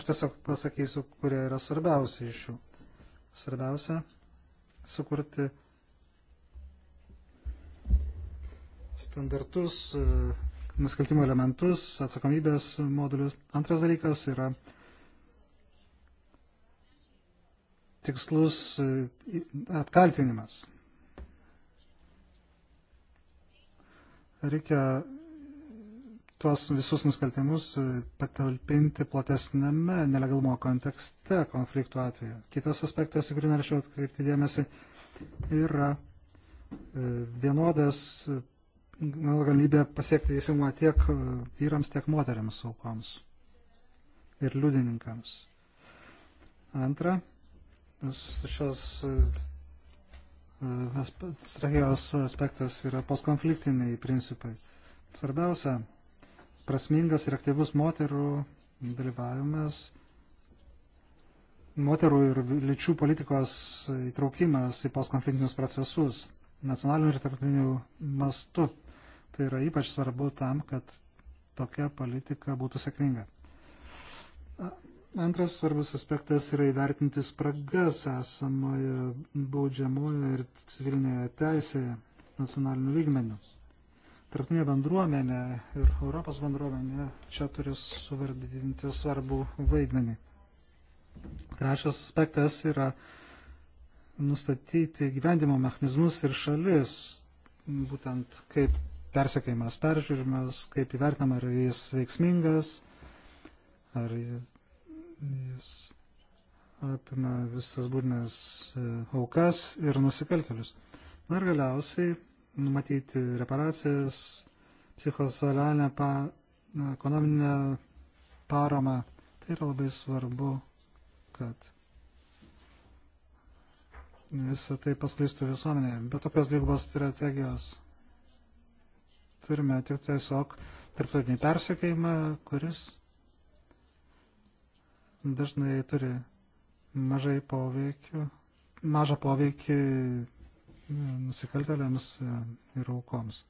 Aš tiesiog pasakysiu, kurie yra svarbiausi iš jų. Svarbiausia - sukurti standartus, e, nusikaltimo elementus, atsakomybės modulius. Antras dalykas yra tikslus e, apkaltinimas. Reikia tuos visus nusikaltimus e, patalpinti platesnėme nelegalumo kontekste konfliktų atveju. Kitas aspektas, į kurį norėčiau atkreipti dėmesį, yra e, vienodas e, galimybė pasiekti teisimą tiek vyrams, tiek moteriams aukoms ir liudininkams. Antra, šios strategijos aspektas yra postkonfliktiniai principai. Svarbiausia, prasmingas ir aktyvus moterų dalyvavimas, moterų ir lyčių politikos įtraukimas į postkonfliktinius procesus nacionaliniu ir tarptautiniu mastu. Tai yra ypač svarbu tam, kad tokia politika būtų sėkminga. Antras svarbus aspektas yra įvertinti spragas esamoje baudžiamojo ir civilinėje teisėje nacionalinių lygmenių. Tarptinė bendruomenė ir Europos bendruomenė čia turi suvardinti svarbų vaidmenį. Trečias aspektas yra nustatyti gyvendimo mechanizmus ir šalis, būtent kaip persekėjimas peržiūrimas, kaip įvertinama, ar jis veiksmingas, ar Jis apima visas būdinės e, aukas ir nusikaltelius. Na ir galiausiai numatyti reparacijas, psichosocialinę, pa, ekonominę paramą. Tai yra labai svarbu, kad visą tai paskleistų visuomenėje. Bet tokios dvigubos strategijos turime tik tiesiog tarptautinį persekėjimą, kuris dažnai turi mažai poveikių, mažą poveikį e, nusikaltelėms e, ir aukoms.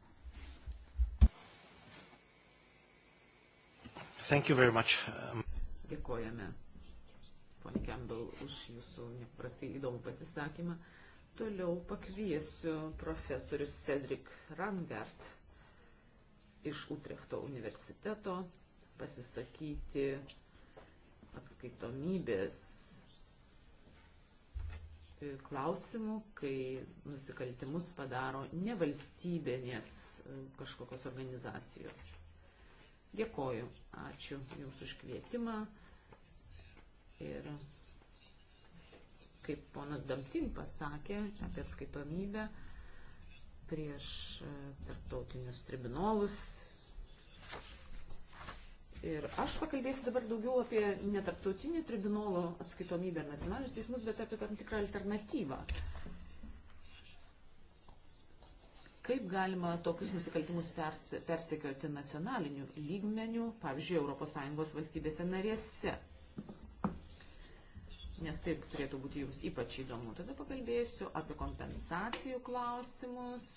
Um, Dėkojame, ponė Campbell, už jūsų neprastai įdomų pasisakymą. Toliau pakviesiu profesorius Cedric Rangert iš Utrechto universiteto pasisakyti atskaitomybės e, klausimų, kai nusikaltimus padaro ne valstybinės e, kažkokios organizacijos. Dėkoju, ačiū Jums už kvietimą ir kaip ponas Damtin pasakė apie atskaitomybę prieš e, tarptautinius tribunolus Ir aš pakalbėsiu dabar daugiau apie netarptautinį tribunolo atskaitomybę ir nacionalinius teismus, bet apie tam tikrą alternatyvą. Kaip galima tokius nusikaltimus pers, persekioti nacionaliniu lygmeniu, pavyzdžiui, ES valstybėse narėse? Nes taip turėtų būti jums ypač įdomu. Tada pakalbėsiu apie kompensacijų klausimus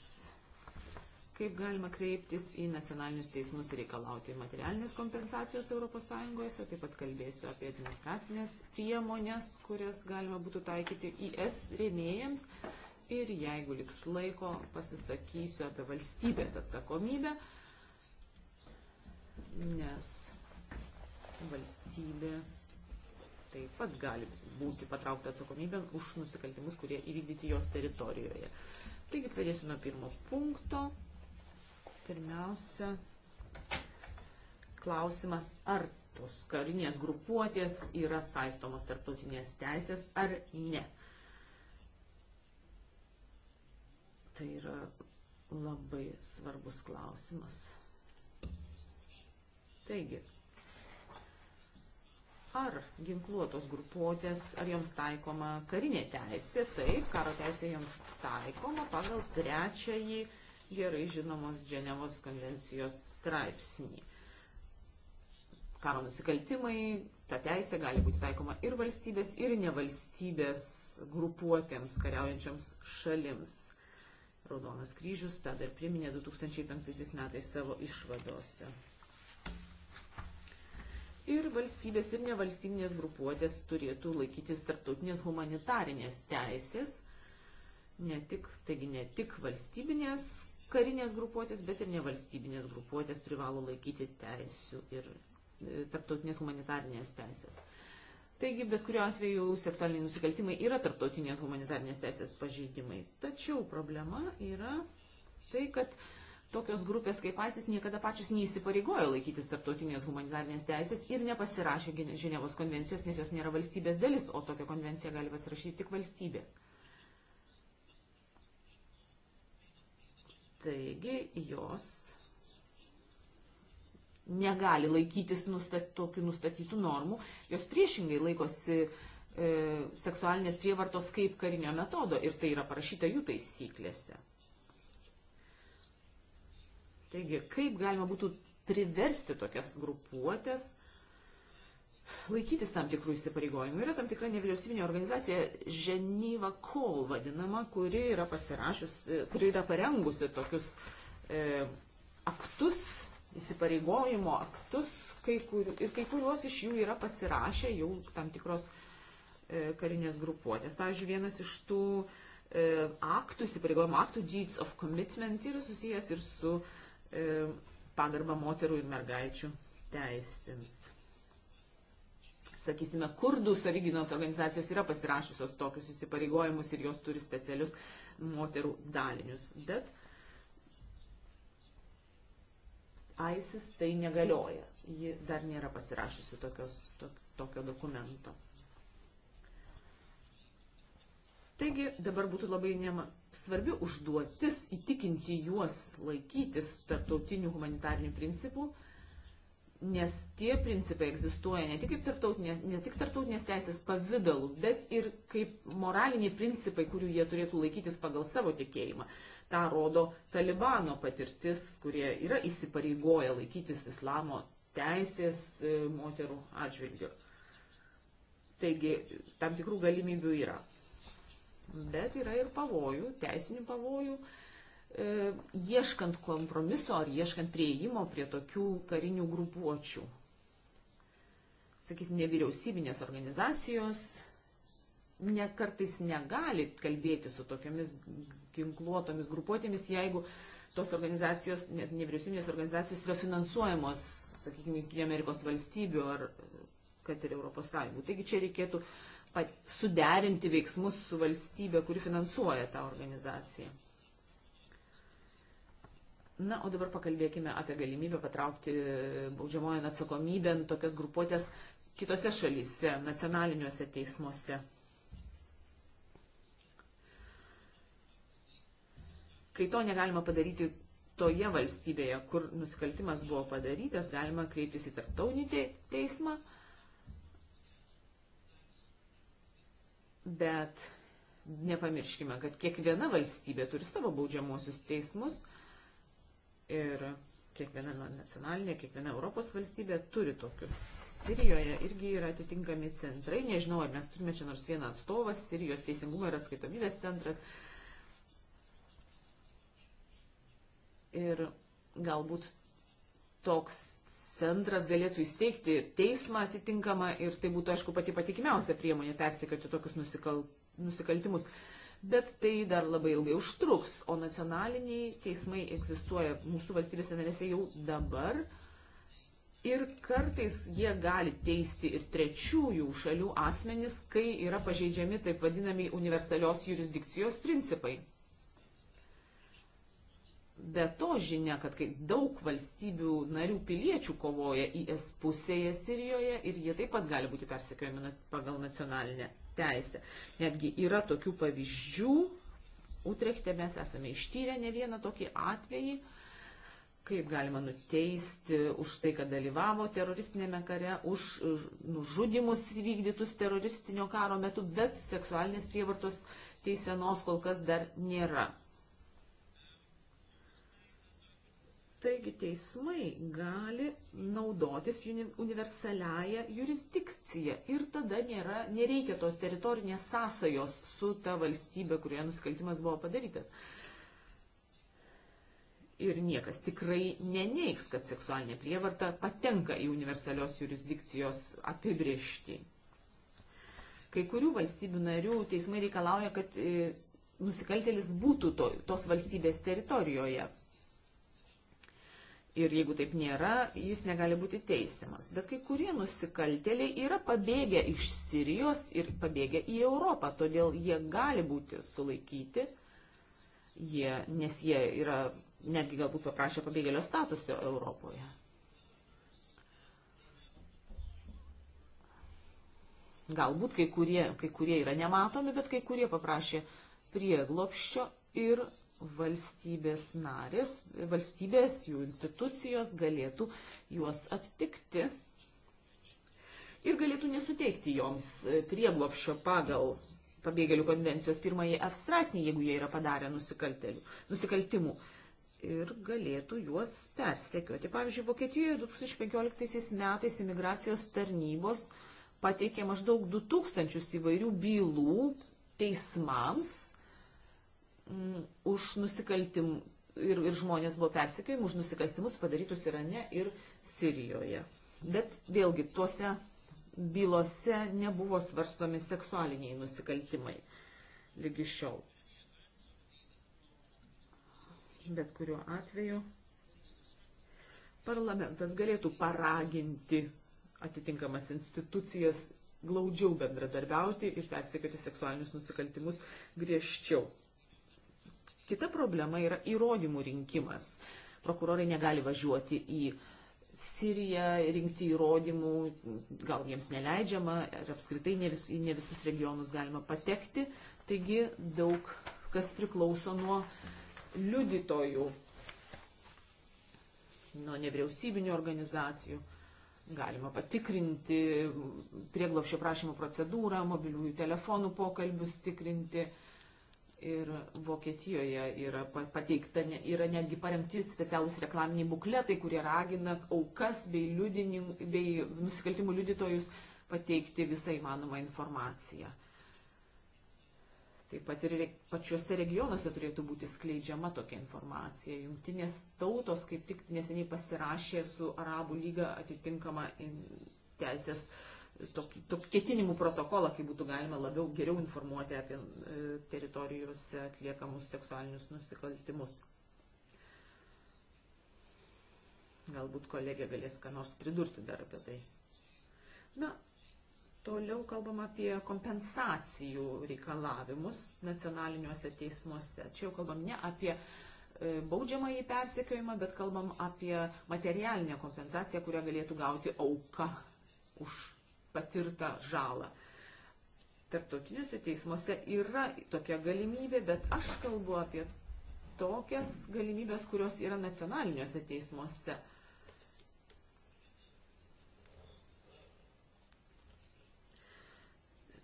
kaip galima kreiptis į nacionalinius teismus ir reikalauti materialinės kompensacijos ES, taip pat kalbėsiu apie administracinės priemonės, kurias galima būtų taikyti IS rėmėjams ir jeigu liks laiko pasisakysiu apie valstybės atsakomybę, nes valstybė taip pat gali būti patraukta atsakomybė už nusikaltimus, kurie įvykdyti jos teritorijoje. Taigi pradėsiu nuo pirmo punkto. Pirmiausia, klausimas, ar tos karinės grupuotės yra saistomos tarptautinės teisės ar ne. Tai yra labai svarbus klausimas. Taigi, ar ginkluotos grupuotės, ar joms taikoma karinė teisė, taip, karo teisė joms taikoma pagal trečiąjį gerai žinomos Dženevos konvencijos straipsnį. Karo nusikaltimai, ta teisė gali būti taikoma ir valstybės, ir nevalstybės grupuotėms kariaujančioms šalims. Raudonas kryžius tą dar priminė 2005 metais savo išvadose. Ir valstybės ir nevalstybinės grupuotės turėtų laikytis tarptautinės humanitarinės teisės, ne tik, taigi ne tik valstybinės karinės grupuotės, bet ir nevalstybinės grupuotės privalo laikyti teisų ir e, tarptautinės humanitarinės teisės. Taigi, bet kuriuo atveju seksualiniai nusikaltimai yra tarptautinės humanitarinės teisės pažeidimai. Tačiau problema yra tai, kad tokios grupės kaip ISIS niekada pačios neįsipareigojo laikytis tarptautinės humanitarinės teisės ir nepasirašė Ženevos konvencijos, nes jos nėra valstybės dalis, o tokią konvenciją gali pasirašyti tik valstybė. Taigi jos negali laikytis nustat, tokių nustatytų normų, jos priešingai laikosi e, seksualinės prievartos kaip karinio metodo ir tai yra parašyta jų taisyklėse. Taigi, kaip galima būtų priversti tokias grupuotės laikytis tam tikrų įsipareigojimų. Yra tam tikra nevyriausybinė organizacija Ženyva Kol vadinama, kuri yra pasirašiusi, e, kuri yra parengusi tokius e, aktus, įsipareigojimo aktus, kai kur, ir kai kuriuos iš jų yra pasirašę jau tam tikros e, karinės grupuotės. Pavyzdžiui, vienas iš tų e, aktų, įsipareigojimo aktų, Deeds of Commitment, yra susijęs ir su e, pagarba moterų ir mergaičių teisėms sakysime, kurdų savigynos organizacijos yra pasirašusios tokius įsipareigojimus ir jos turi specialius moterų dalinius. Bet ISIS tai negalioja. Ji dar nėra pasirašusi tokios, to, tokio dokumento. Taigi dabar būtų labai nema, svarbi užduotis įtikinti juos laikytis tarptautinių humanitarinių principų nes tie principai egzistuoja ne tik, kaip tarptautinė, ne tik tarptautinės teisės pavydalu, bet ir kaip moraliniai principai, kurių jie turėtų laikytis pagal savo tikėjimą. Ta rodo Talibano patirtis, kurie yra įsipareigoję laikytis islamo teisės e, moterų atžvilgiu. Taigi, tam tikrų galimybių yra. Bet yra ir pavojų, teisinių pavojų. Uh, E, ieškant kompromiso ar ieškant prieimo prie tokių karinių grupuočių. Sakysim, nevyriausybinės organizacijos ne, kartais negali kalbėti su tokiamis ginkluotomis grupuotėmis, jeigu tos organizacijos, net nevyriausybinės organizacijos yra finansuojamos, sakykime, Amerikos valstybių ar kad ir Europos Sąjungų. Taigi čia reikėtų suderinti veiksmus su valstybė, kuri finansuoja tą organizaciją. Na, o dabar pakalbėkime apie galimybę patraukti baudžiamojo atsakomybę tokias grupuotės kitose šalyse, nacionaliniuose teismuose. Kai to negalima padaryti toje valstybėje, kur nusikaltimas buvo padarytas, galima kreiptis į tarptautinį teismą, bet nepamirškime, kad kiekviena valstybė turi savo baudžiamosius teismus, Ir kiekviena nacionalinė, kiekviena Europos valstybė turi tokius. Sirijoje irgi yra atitinkami centrai, nežinau, ar mes turime čia nors vieną atstovą, Sirijos teisingumo ir atskaitomybės centras. Ir galbūt toks centras galėtų įsteigti teismą atitinkamą ir tai būtų, aišku, pati patikimiausia priemonė persekioti tokius nusikal, nusikaltimus. Uh, bet tai dar labai ilgai užtruks, o nacionaliniai teismai egzistuoja mūsų valstybėse narėse jau dabar. Ir kartais jie gali teisti ir trečiųjų šalių asmenys, kai yra pažeidžiami taip vadinami universalios jurisdikcijos principai. Be to žinia, kad kai daug valstybių narių piliečių kovoja IS pusėje Sirijoje ir jie taip pat gali būti persekiojami pagal nacionalinę teisę. Netgi yra tokių pavyzdžių, Utrechte mes esame ištyrę ne vieną tokį atvejį, kaip galima nuteisti už tai, kad dalyvavo teroristinėme kare, už nužudimus įvykdytus teroristinio karo metu, bet seksualinės prievartos teisenos kol kas dar nėra. Taigi teismai gali naudotis universaliaja jurisdikcija ir tada nėra, nereikia tos teritorinės sąsajos su ta valstybė, kurioje nusikaltimas buvo padarytas. Ir niekas tikrai neneiks, kad seksualinė prievarta patenka į universalios jurisdikcijos apibriešti. Kai kurių valstybių narių teismai reikalauja, kad e, nusikaltėlis būtų to, tos valstybės teritorijoje Ir jeigu taip nėra, jis negali būti teisiamas. Bet kai kurie nusikaltėliai yra pabėgę iš Sirijos ir pabėgę į Europą, todėl jie gali būti sulaikyti, jie, nes jie yra netgi galbūt paprašę pabėgėlio statusio Europoje. Galbūt kai kurie, kai kurie yra nematomi, bet kai kurie paprašė prieglopščio ir valstybės narės, valstybės, jų institucijos galėtų juos aptikti ir galėtų nesuteikti joms prieglopšio pagal pabėgėlių konvencijos pirmąjį F straipsnį, jeigu jie yra padarę nusikaltimų. Ir galėtų juos persekioti. Pavyzdžiui, Vokietijoje 2015 metais imigracijos tarnybos pateikė maždaug 2000 įvairių bylų teismams m, mm, už nusikaltimus ir, ir žmonės buvo persekiojami už nusikaltimus padarytus Irane ir Sirijoje. Bet vėlgi tuose bylose nebuvo svarstomi seksualiniai nusikaltimai lygi šiol. Bet kuriuo atveju parlamentas galėtų paraginti atitinkamas institucijas glaudžiau bendradarbiauti ir persekioti seksualinius nusikaltimus griežčiau. Kita problema yra įrodymų rinkimas. Prokurorai negali važiuoti į Siriją, rinkti įrodymų, gal jiems neleidžiama, ar apskritai ne, vis, ne visus regionus galima patekti. Taigi daug kas priklauso nuo liudytojų, nuo nevyriausybinių organizacijų. Galima patikrinti prieglopšio prašymo procedūrą, mobiliųjų telefonų pokalbius tikrinti ir Vokietijoje yra pateikta, yra netgi paremti specialūs reklaminiai bukletai, kurie ragina aukas bei, bei nusikaltimų liudytojus pateikti visą įmanomą informaciją. Taip pat ir pačiuose regionuose turėtų būti skleidžiama tokia informacija. Jungtinės tautos kaip tik neseniai pasirašė su Arabų lyga atitinkamą teisės uh, tokį, tokį ketinimų protokolą, kaip būtų galima labiau geriau informuoti apie e, teritorijose atliekamus seksualinius nusikaltimus. Galbūt kolegė galės ką nors pridurti dar apie tai. Na, toliau kalbam apie kompensacijų reikalavimus nacionaliniuose teismuose. Čia jau kalbam ne apie e, baudžiamą į persekiojimą, bet kalbam apie materialinę kompensaciją, kurią galėtų gauti auka už patirtą žalą. Tarptautiniuose teismuose yra tokia galimybė, bet aš kalbu apie tokias galimybės, kurios yra nacionaliniuose teismuose.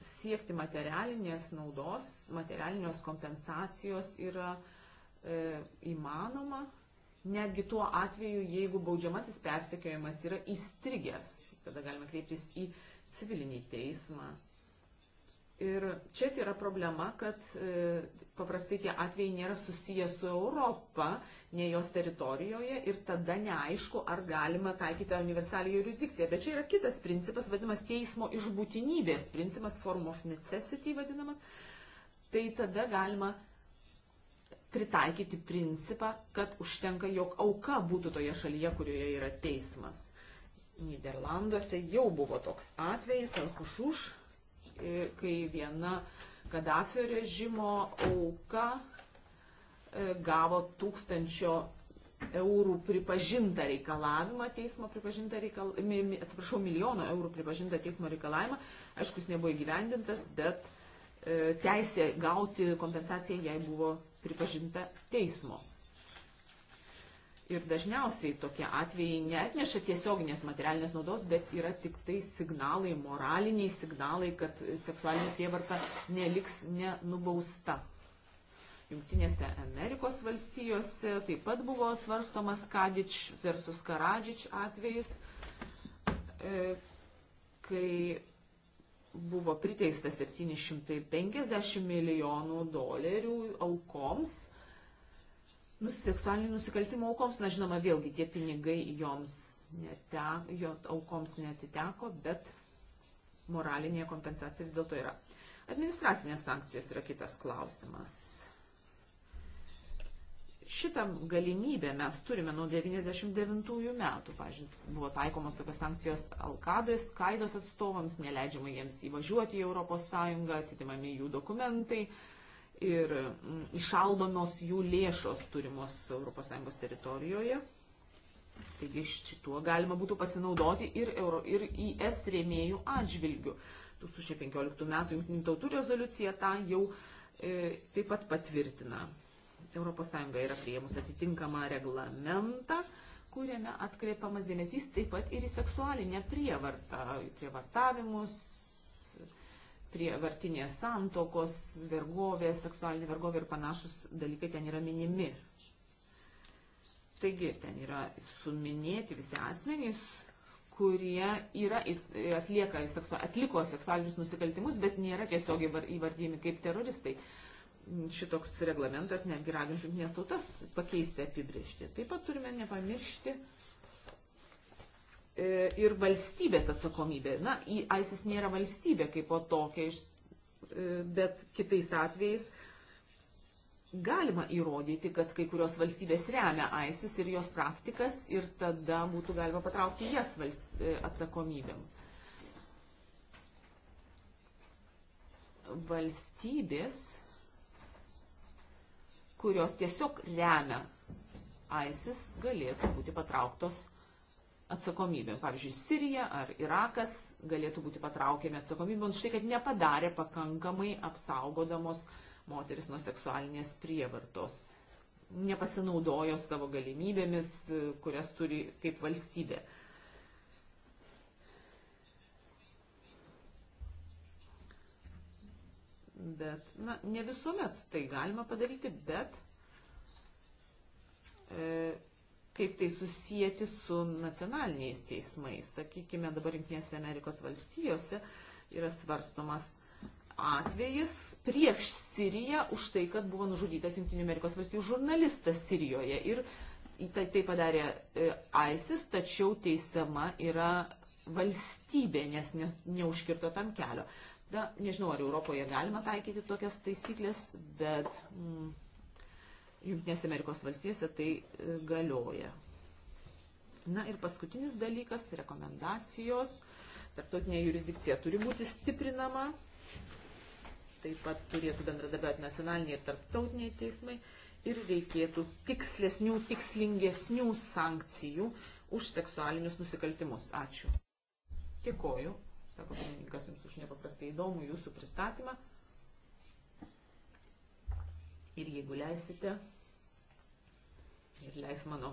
Siekti materialinės naudos, materialinios kompensacijos yra e, įmanoma, netgi tuo atveju, jeigu baudžiamasis persekiojimas yra įstrigęs, tada galima kreiptis į civilinį teismą. Ir čia tai yra problema, kad e, paprastai tie atvejai nėra susiję su Europa, ne jos teritorijoje ir tada neaišku, ar galima taikyti universalią jurisdikciją. Bet čia yra kitas principas, vadinamas teismo iš būtinybės principas, form of necessity vadinamas. Tai tada galima pritaikyti principą, kad užtenka, jog auka būtų toje šalyje, kurioje yra teismas. Niderlanduose jau buvo toks atvejis, Alhušuš, e, kai viena Gaddafio režimo auka e, gavo tūkstančio eurų pripažintą reikalavimą, teismo pripažintą reikalavimą, atsiprašau, milijono eurų pripažintą teismo reikalavimą. Aišku, jis nebuvo įgyvendintas, bet e, teisė gauti kompensaciją jai buvo pripažinta teismo. Ir dažniausiai tokie atvejai neatneša tiesioginės materialinės naudos, bet yra tik tai signalai, moraliniai signalai, kad seksualinė prievarta neliks nenubausta. Junktinėse Amerikos valstijose taip pat buvo svarstomas Kadič versus Karadžič atvejis, e, kai buvo priteista 750 milijonų dolerių aukoms Seksualinių nusikaltimų aukoms, na žinoma, vėlgi tie pinigai joms neteko, jo aukoms netiteko, bet moralinė kompensacija vis dėlto yra. Administracinės sankcijos yra kitas klausimas. Šitą galimybę mes turime nuo 99 metų. Pavyzdžiui, buvo taikomos tokios sankcijos Alkados, Kaidos atstovams, neleidžiama jiems įvažiuoti į ES, atitimami jų dokumentai. Uh, ir išaldomos mm, jų lėšos turimos ES teritorijoje. Taigi šituo galima būtų pasinaudoti ir, Euro, ir IS rėmėjų atžvilgių. 2015 m. Junktinių tautų rezoliucija tą jau e, taip pat patvirtina. ES yra prieimus atitinkamą reglamentą, kuriame atkreipiamas dėmesys taip pat ir į seksualinę prievartą, prievartavimus, prievartinės santokos, vergovė, seksualinė vergovė ir panašus dalykai ten yra minimi. Taigi, ten yra suminėti visi asmenys, kurie yra, atlieka, atliko seksualinius nusikaltimus, bet nėra tiesiog įvardymi kaip teroristai. Šitoks reglamentas netgi ragintų jungtinės tautas pakeisti apibriežtį. Taip pat turime nepamiršti, E, ir valstybės atsakomybė. Na, ISIS nėra valstybė kaip po tokia, e, bet kitais atvejais galima įrodyti, kad kai kurios valstybės remia ISIS ir jos praktikas ir tada būtų galima patraukti jas e, atsakomybėm. Valstybės, kurios tiesiog remia ISIS, galėtų būti patrauktos atsakomybėm atsakomybė. Pavyzdžiui, Sirija ar Irakas galėtų būti patraukiami atsakomybė už tai, kad nepadarė pakankamai apsaugodamos moteris nuo seksualinės prievartos. Nepasinaudojo savo galimybėmis, kurias turi kaip valstybė. Bet, na, ne visuomet tai galima padaryti, bet e, kaip tai susijęti su nacionaliniais teismais. Sakykime, dabar Junktinėse Amerikos valstijose yra svarstomas atvejis prieš Siriją už tai, kad buvo nužudytas Junktinių Amerikos valstijų žurnalistas Sirijoje. Ir tai, tai padarė e, ISIS, tačiau teisama yra valstybė, nes ne, neužkirto tam kelio. Na, nežinau, ar Europoje galima taikyti tokias taisyklės, bet. Mm, Junktinėse Amerikos valstijose tai e, galioja. Na ir paskutinis dalykas - rekomendacijos. Tarptautinė jurisdikcija turi būti stiprinama. Taip pat turėtų bendradarbiauti nacionaliniai ir tarptautiniai teismai. Ir reikėtų tikslesnių, tikslingesnių sankcijų už seksualinius nusikaltimus. Ačiū. Dėkoju, sako pirmininkas, jums už nepaprastai įdomų jūsų pristatymą ir jeigu leisite, ir leis mano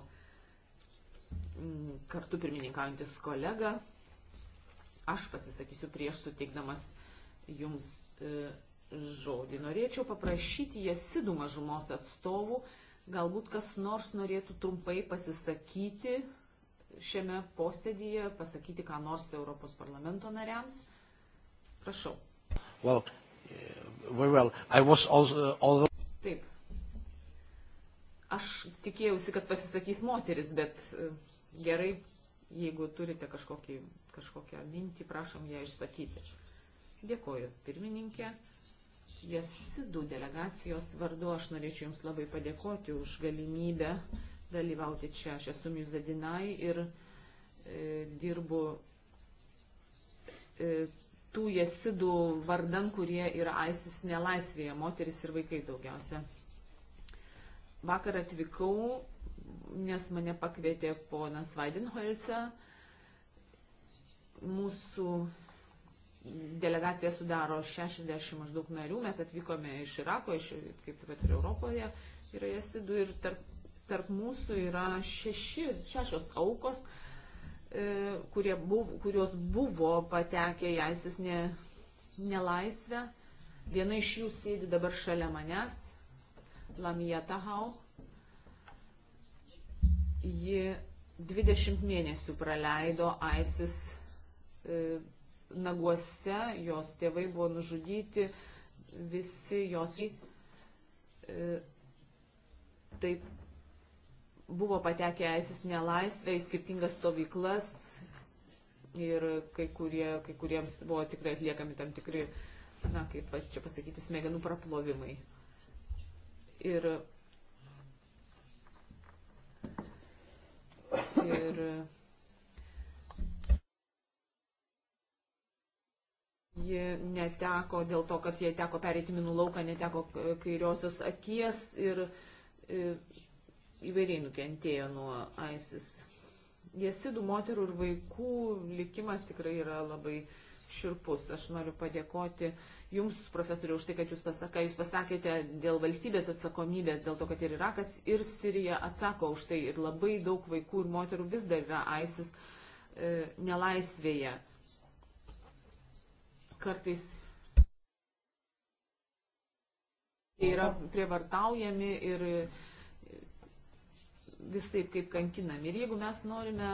mm, kartu pirmininkaujantis kolega, aš pasisakysiu prieš suteikdamas jums e, žodį. Norėčiau paprašyti jesidų mažumos atstovų, galbūt kas nors norėtų trumpai pasisakyti šiame posėdyje, pasakyti ką nors Europos parlamento nariams. Prašau. Well, eh, very well. I was also, although... Taip. Aš tikėjausi, kad pasisakys moteris, bet e, gerai, jeigu turite kažkokį, kažkokią mintį, prašom ją išsakyti. Dėkoju, pirmininkė. Jasidų delegacijos vardu aš norėčiau Jums labai padėkoti už galimybę dalyvauti čia. Aš esu Mjuzadinai ir e, dirbu e, tų jesidų vardan, kurie yra aisis nelaisvėje, moteris ir vaikai daugiausia. Vakar atvykau, nes mane pakvietė ponas Vaidinholce. Mūsų delegacija sudaro 60 maždaug narių, mes atvykome iš Irako, iš, kaip taip pat ir Europoje yra jesidų ir tarp, tarp mūsų yra šeši, šešios aukos E, buv, kurios buvo patekę į ISIS ne, nelaisvę. Viena iš jų sėdi dabar šalia manęs, Lamija Tahau. Ji 20 mėnesių praleido ISIS e, naguose, jos tėvai buvo nužudyti, visi jos e, taip buvo patekę esisnė laisvė į skirtingas stovyklas ir kai, kurie, kai kuriems buvo tikrai atliekami tam tikri, na, kaip čia pasakyti, smegenų praplovimai. Ir, ir ji neteko dėl to, kad jie teko pereiti minų lauką, neteko kairiosios akies ir, ir įvairiai nukentėjo nuo ISIS. Jesidų moterų ir vaikų likimas tikrai yra labai širpus. Aš noriu padėkoti Jums, profesoriu, už tai, kad jūs, pasaka, jūs pasakėte dėl valstybės atsakomybės, dėl to, kad ir Irakas, ir Sirija atsako už tai. Ir labai daug vaikų ir moterų vis dar yra ISIS e, nelaisvėje. Kartais yra prievartaujami ir visai kaip kankinami. Ir jeigu mes norime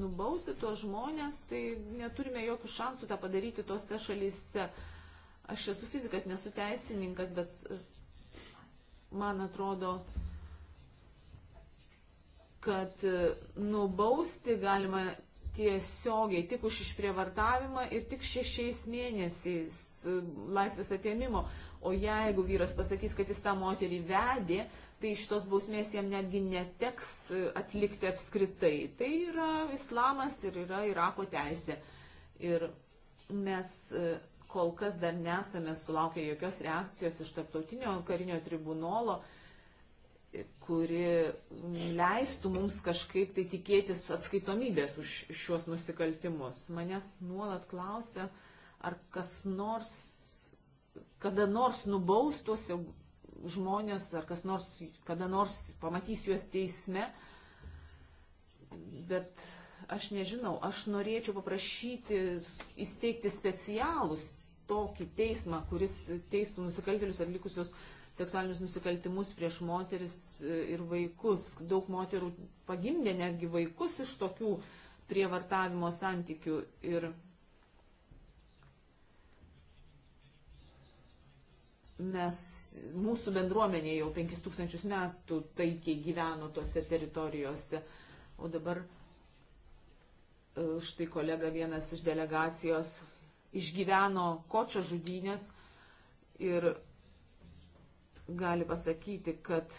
nubausti tuos žmonės, tai neturime jokių šansų tą padaryti tose šalyse. Aš esu fizikas, nesu teisininkas, bet e, man atrodo, kad e, nubausti galima tiesiogiai tik už išprievartavimą ir tik šešiais mėnesiais e, laisvės atėmimo. O jeigu vyras pasakys, kad jis tą moterį vedė, tai šitos bausmės jiem netgi neteks e, atlikti apskritai. Tai yra islamas ir yra Irako teisė. Ir mes e, kol kas dar nesame sulaukę jokios reakcijos iš tarptautinio karinio tribunolo, e, kuri leistų mums kažkaip tai tikėtis atskaitomybės už šiuos nusikaltimus. Manęs nuolat klausia, ar kas nors, kada nors nubaustos žmonės ar kas nors, kada nors pamatys juos teisme. Bet aš nežinau, aš norėčiau paprašyti įsteigti specialus tokį teismą, kuris teistų nusikaltėlius atlikusius seksualinius nusikaltimus prieš moteris ir vaikus. Daug moterų pagimdė netgi vaikus iš tokių prievartavimo santykių. Ir mes mūsų bendruomenė jau 5000 metų taikiai gyveno tose teritorijose. O dabar e, štai kolega vienas iš delegacijos išgyveno kočio žudynės ir gali pasakyti, kad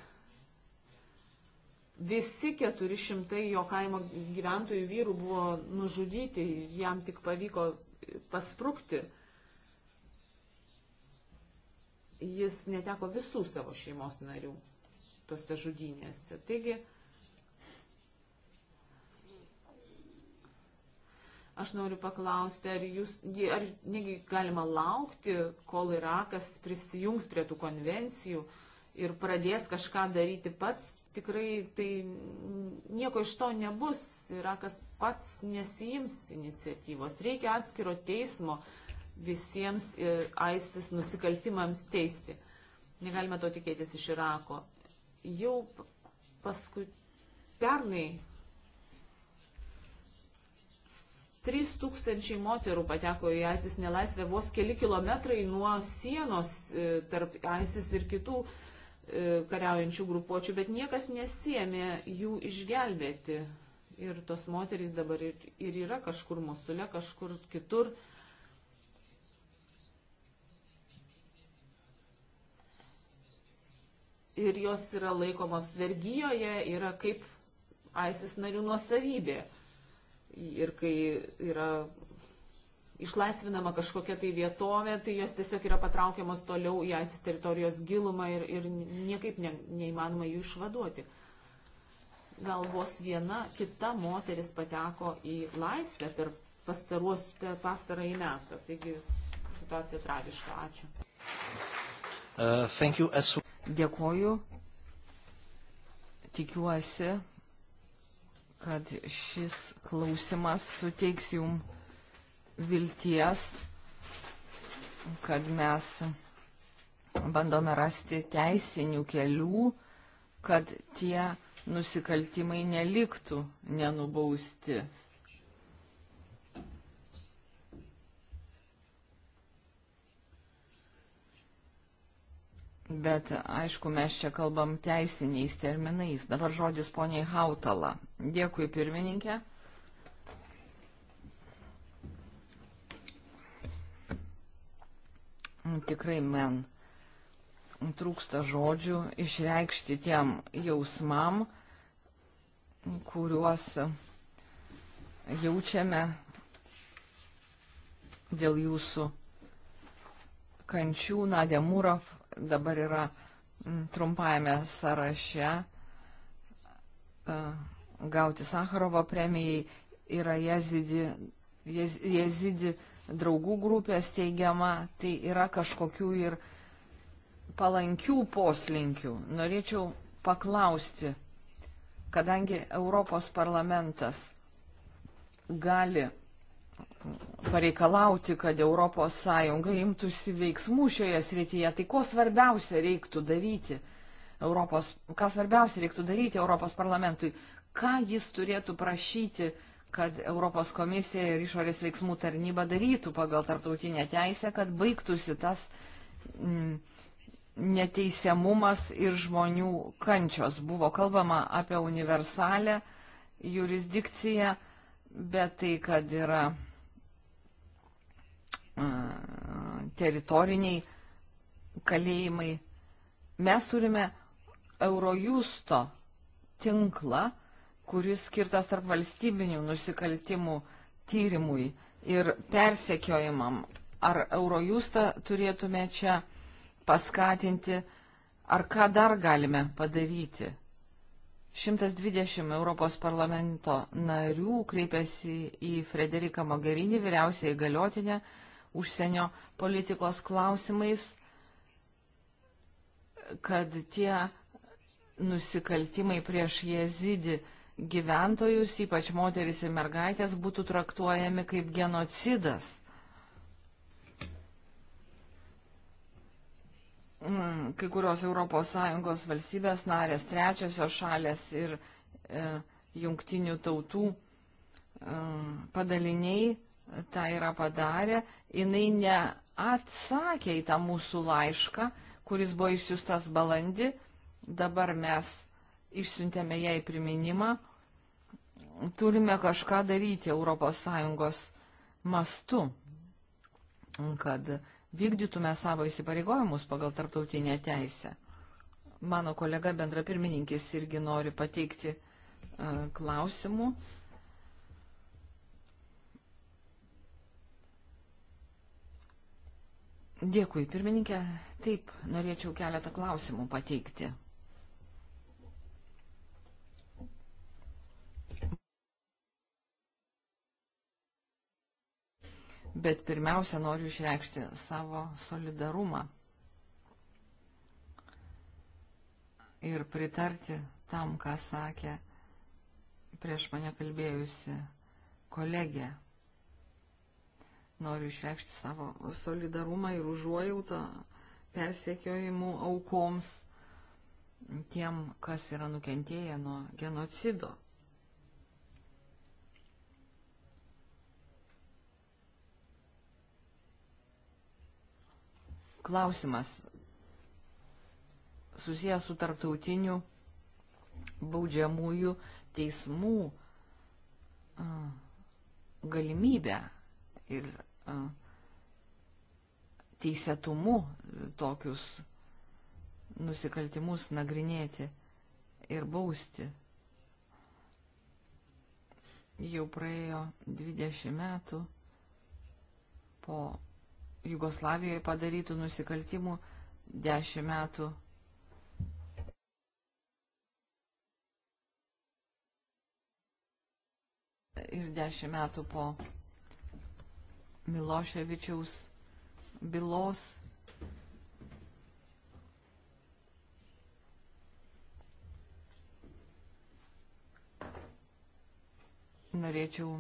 visi 400 jo kaimo gyventojų vyrų buvo nužudyti, jam tik pavyko pasprūkti jis neteko visų savo šeimos narių tose žudynėse. Taigi, aš noriu paklausti, ar, jūs, ar negi galima laukti, kol Irakas prisijungs prie tų konvencijų ir pradės kažką daryti pats, tikrai tai nieko iš to nebus. Irakas pats nesijims iniciatyvos. Reikia atskiro teismo, visiems e, ISIS nusikaltimams teisti. Negalime to tikėtis iš Irako. Jau paskui pernai 3000 moterų pateko į ISIS nelaisvę vos keli kilometrai nuo sienos e, tarp ISIS ir kitų e, kariaujančių grupuočių, bet niekas nesiemė jų išgelbėti. Ir tos moterys dabar ir, ir yra kažkur musulė, kažkur kitur. Uh, ir jos yra laikomos vergyjoje, yra kaip ISIS narių nuosavybė. Ir kai yra išlaisvinama kažkokia tai vietovė, tai jos tiesiog yra patraukiamos toliau į ISIS teritorijos gilumą ir, ir niekaip ne, neįmanoma jų išvaduoti. Gal vos viena kita moteris pateko į laisvę per, pastaruos, per pastarąjį metą. Taigi situacija tragiška. Ačiū. Uh, Dėkoju. Tikiuosi, kad šis klausimas suteiks jum vilties, kad mes bandome rasti teisinių kelių, kad tie nusikaltimai neliktų nenubausti. Bet aišku, mes čia kalbam teisiniais terminais. Dabar žodis poniai Hautala. Dėkui pirmininkė. Tikrai men trūksta žodžių išreikšti tiem jausmam, kuriuos jaučiame dėl jūsų kančių Nadė Muraf dabar yra mm, trumpajame sąraše e, gauti Sakarovo premijai yra jezidi, jez, jezidi draugų grupė steigiama, tai yra kažkokių ir palankių poslinkių. Norėčiau paklausti, kadangi Europos parlamentas gali pareikalauti, kad ES imtųsi veiksmų šioje srityje, tai ko svarbiausia reiktų daryti Europos, ką svarbiausia reiktų daryti Europos parlamentui, ką jis turėtų prašyti, kad Europos komisija ir išorės veiksmų tarnyba darytų pagal tarptautinę teisę, kad baigtųsi tas mm, neteisiamumas ir žmonių kančios. Buvo kalbama apie universalę jurisdikciją, bet tai, kad yra teritoriniai kalėjimai. Mes turime Eurojusto tinklą, kuris skirtas tarp valstybinių nusikaltimų tyrimui ir persekiojimam. Ar Eurojustą turėtume čia paskatinti, ar ką dar galime padaryti? 120 Europos parlamento narių kreipėsi į Frederiką Magarinį, vyriausiai galiotinę, užsienio politikos klausimais, kad tie nusikaltimai prieš jezidį gyventojus, ypač moteris ir mergaitės, būtų traktuojami kaip genocidas. Mm, kai kurios ES valstybės narės, trečiosios šalės ir e, jungtinių tautų e, padaliniai tą yra padarę, jinai neatsakė į tą mūsų laišką, kuris buvo išsiųstas balandį, dabar mes išsiuntėme jai priminimą, turime kažką daryti ES mastu, kad vykdytume savo įsipareigojimus pagal tarptautinę teisę. Mano kolega bendrapirmininkis irgi nori pateikti uh, klausimų. Uh, Dėkui, pirmininkė. Taip, norėčiau keletą klausimų pateikti. Bet pirmiausia, noriu išreikšti savo solidarumą ir pritarti tam, ką sakė prieš mane kalbėjusi kolegė. Noriu išreikšti savo solidarumą ir užuojautą persiekiojimų aukoms tiem, kas yra nukentėję nuo genocido. Klausimas susijęs su tarptautiniu baudžiamųjų teismų galimybę ir teisėtumu e, tokius nusikaltimus nagrinėti ir bausti. Jau praėjo 20 metų po Jugoslavijoje padarytų nusikaltimų, 10 metų ir 10 metų po Miloševičiaus bylos. Norėčiau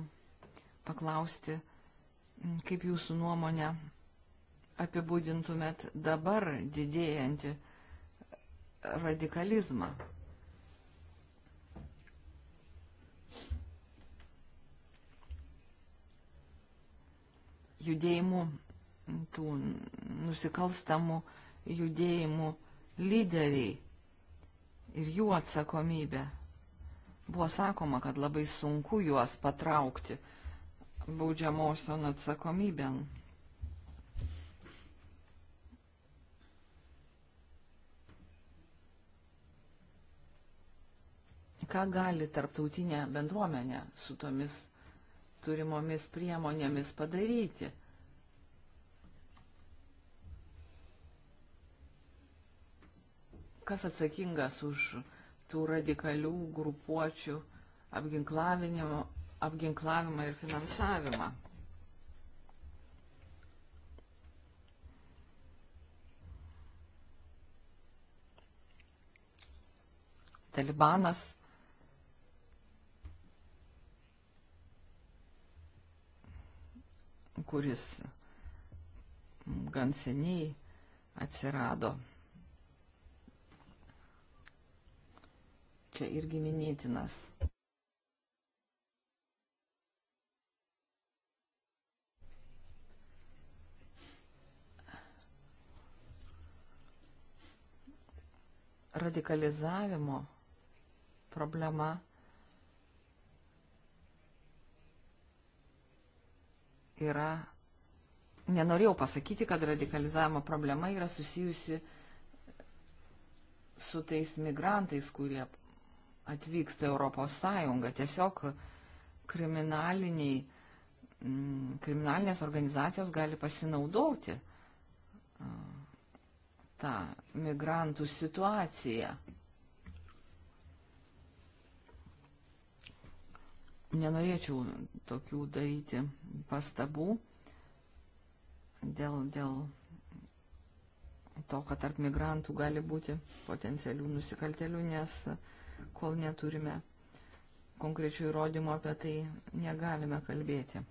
paklausti, kaip jūsų nuomonė apibūdintumėt dabar didėjantį radikalizmą. judėjimų, tų nusikalstamų judėjimų lyderiai ir jų atsakomybė. Buvo sakoma, kad labai sunku juos patraukti baudžiamosios atsakomybėn. Ką gali tarptautinė bendruomenė su tomis turimomis priemonėmis padaryti. Kas atsakingas už tų radikalių grupuočių apginklavimą ir finansavimą? Talibanas kuris gan seniai atsirado. Čia irgi minėtinas. Radikalizavimo problema yra, nenorėjau pasakyti, kad radikalizavimo problema yra susijusi su tais migrantais, kurie atvyksta Europos Sąjunga. Tiesiog kriminaliniai, mm, kriminalinės organizacijos gali pasinaudoti tą migrantų situaciją. nenorėčiau tokių daryti pastabų dėl, dėl to, kad tarp migrantų gali būti potencialių nusikaltelių, nes kol neturime konkrečių įrodymų apie tai, negalime kalbėti.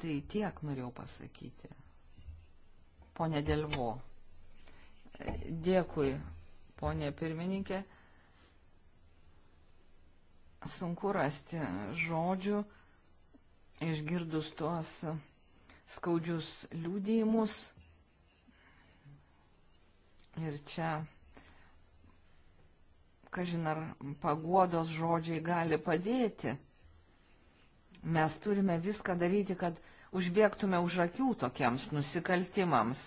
Tai tiek norėjau pasakyti. Pone Delvo. Dėkui, ponė pirmininkė. Sunku rasti žodžių, išgirdus tuos skaudžius liūdėjimus. Ir čia, kažin ar paguodos žodžiai gali padėti. Mes turime viską daryti, kad užbėgtume už akių tokiems nusikaltimams,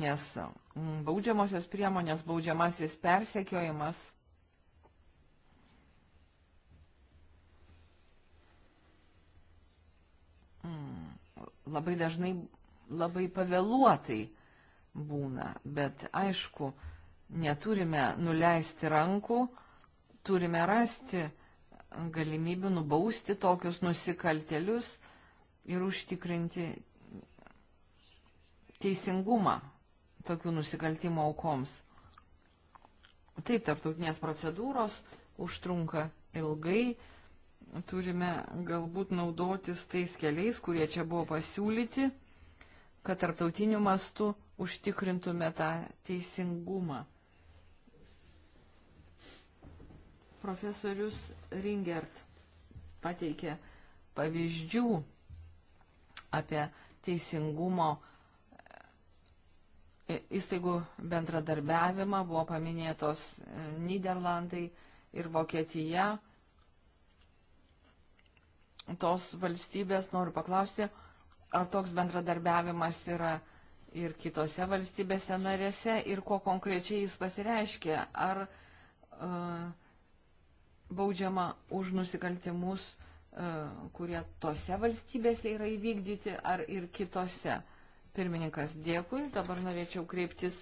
nes mm, baudžiamosios priemonės, baudžiamasis persekiojimas mm, labai dažnai labai pavėluotai būna, bet aišku, neturime nuleisti rankų, turime rasti galimybių nubausti tokius nusikaltelius ir užtikrinti teisingumą tokių nusikaltimo aukoms. Taip, tarptautinės procedūros užtrunka ilgai, turime galbūt naudotis tais keliais, kurie čia buvo pasiūlyti, kad tarptautiniu mastu užtikrintume tą teisingumą. Profesorius Ringert pateikė pavyzdžių apie teisingumo e, įstaigų bendradarbiavimą, buvo paminėtos e, Niderlandai ir Vokietija. Tos valstybės, noriu paklausti, ar toks bendradarbiavimas yra ir kitose valstybėse narėse ir kuo konkrečiai jis pasireiškia, ar uh, baudžiama už nusikaltimus, e, kurie tose valstybėse yra įvykdyti ar ir kitose. Pirmininkas, dėkui. Dabar norėčiau kreiptis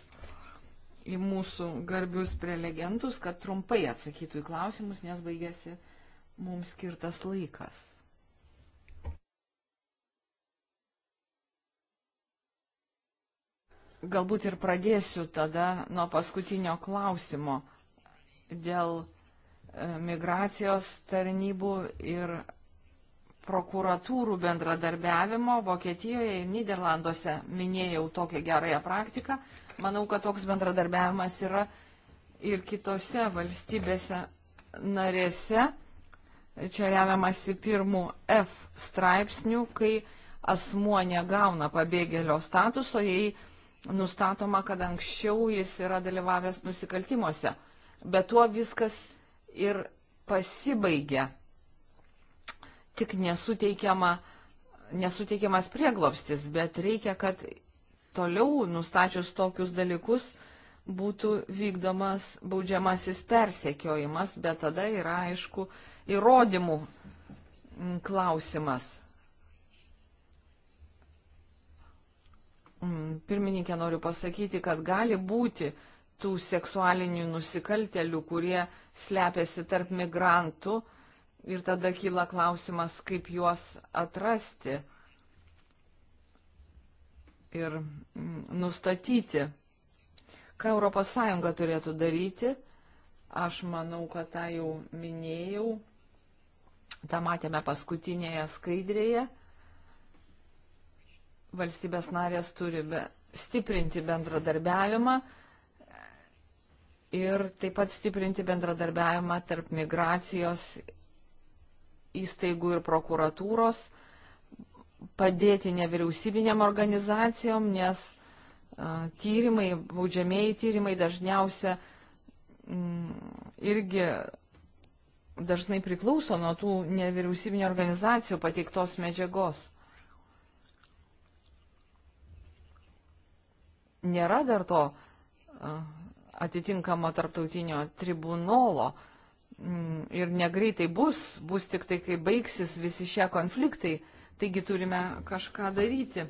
į mūsų garbius prelegentus, kad trumpai atsakytų į klausimus, nes baigėsi mums skirtas laikas. Galbūt ir pradėsiu tada nuo paskutinio klausimo dėl migracijos tarnybų ir prokuratūrų bendradarbiavimo Vokietijoje ir Niderlanduose minėjau tokią gerąją praktiką. Manau, kad toks bendradarbiavimas yra ir kitose valstybėse narėse. Čia remiamasi pirmų F straipsnių, kai asmuo negauna pabėgėlio statuso, jei nustatoma, kad anksčiau jis yra dalyvavęs nusikaltimuose. Bet tuo viskas ir pasibaigia, tik nesuteikiama, nesuteikiamas prieglopstis, bet reikia, kad toliau nustačius tokius dalykus būtų vykdomas baudžiamasis persekiojimas, bet tada yra aišku įrodymų klausimas. Mm, pirmininkė noriu pasakyti, kad gali būti tų seksualinių nusikaltelių, kurie slepiasi tarp migrantų ir tada kyla klausimas, kaip juos atrasti ir mm, nustatyti. Ką ES turėtų daryti, aš manau, kad tą jau minėjau, tą matėme paskutinėje skaidrėje. Valstybės narės turi be, stiprinti bendradarbiavimą, ir taip pat stiprinti bendradarbiavimą tarp migracijos įstaigų ir prokuratūros, padėti nevyriausybinėm organizacijom, nes a, tyrimai, baudžiamieji tyrimai dažniausia m, mm, irgi dažnai priklauso nuo tų nevyriausybinio organizacijų pateiktos medžiagos. Nėra dar to a, atitinkamo tarptautinio tribunolo. Mm, ir negreitai bus, bus tik tai, kai baigsis visi šie konfliktai. Taigi turime kažką daryti.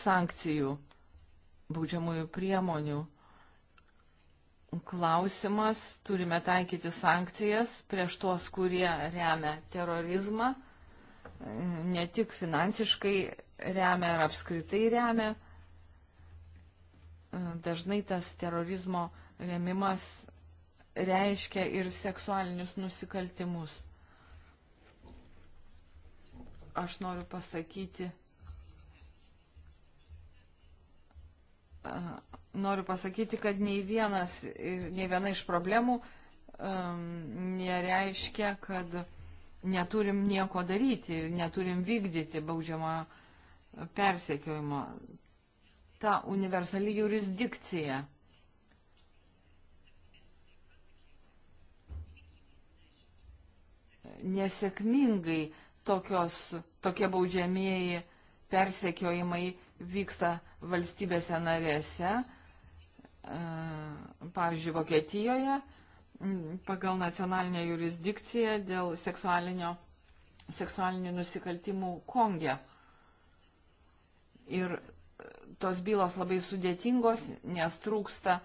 Sankcijų, baudžiamųjų priemonių klausimas. Turime taikyti sankcijas prieš tuos, kurie remia terorizmą. Ne tik finansiškai remia ir apskritai remia dažnai tas terorizmo remimas reiškia ir seksualinius nusikaltimus. Aš noriu pasakyti, noriu pasakyti, kad nei, vienas, nei viena iš problemų um, nereiškia, kad neturim nieko daryti ir neturim vykdyti baudžiamojo persekiojimo ta universali jurisdikcija. Nesėkmingai tokios, tokie baudžiamieji persekiojimai vyksta valstybėse narėse, e, pavyzdžiui, Vokietijoje, pagal nacionalinę jurisdikciją dėl seksualinių nusikaltimų Kongė. Ir tos bylos labai sudėtingos, nes trūksta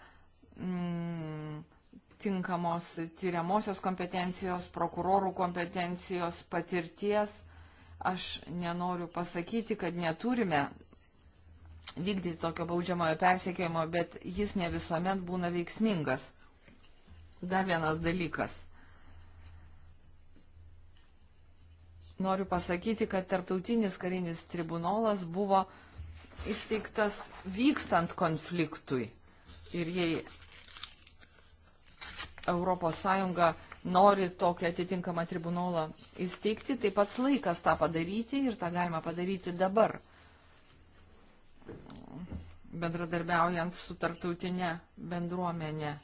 mm, tinkamos tyriamosios kompetencijos, prokurorų kompetencijos, patirties. Aš nenoriu pasakyti, kad neturime vykdyti tokio baudžiamojo persiekėjimo, bet jis ne visuomet būna veiksmingas. Dar vienas dalykas. Noriu pasakyti, kad tarptautinis karinis tribunolas buvo uh, įsteigtas vykstant konfliktui. Ir jei ES nori tokį atitinkamą tribunolą įsteigti, tai pats laikas tą padaryti ir tą galima padaryti dabar, bendradarbiaujant su tarptautinė bendruomenė.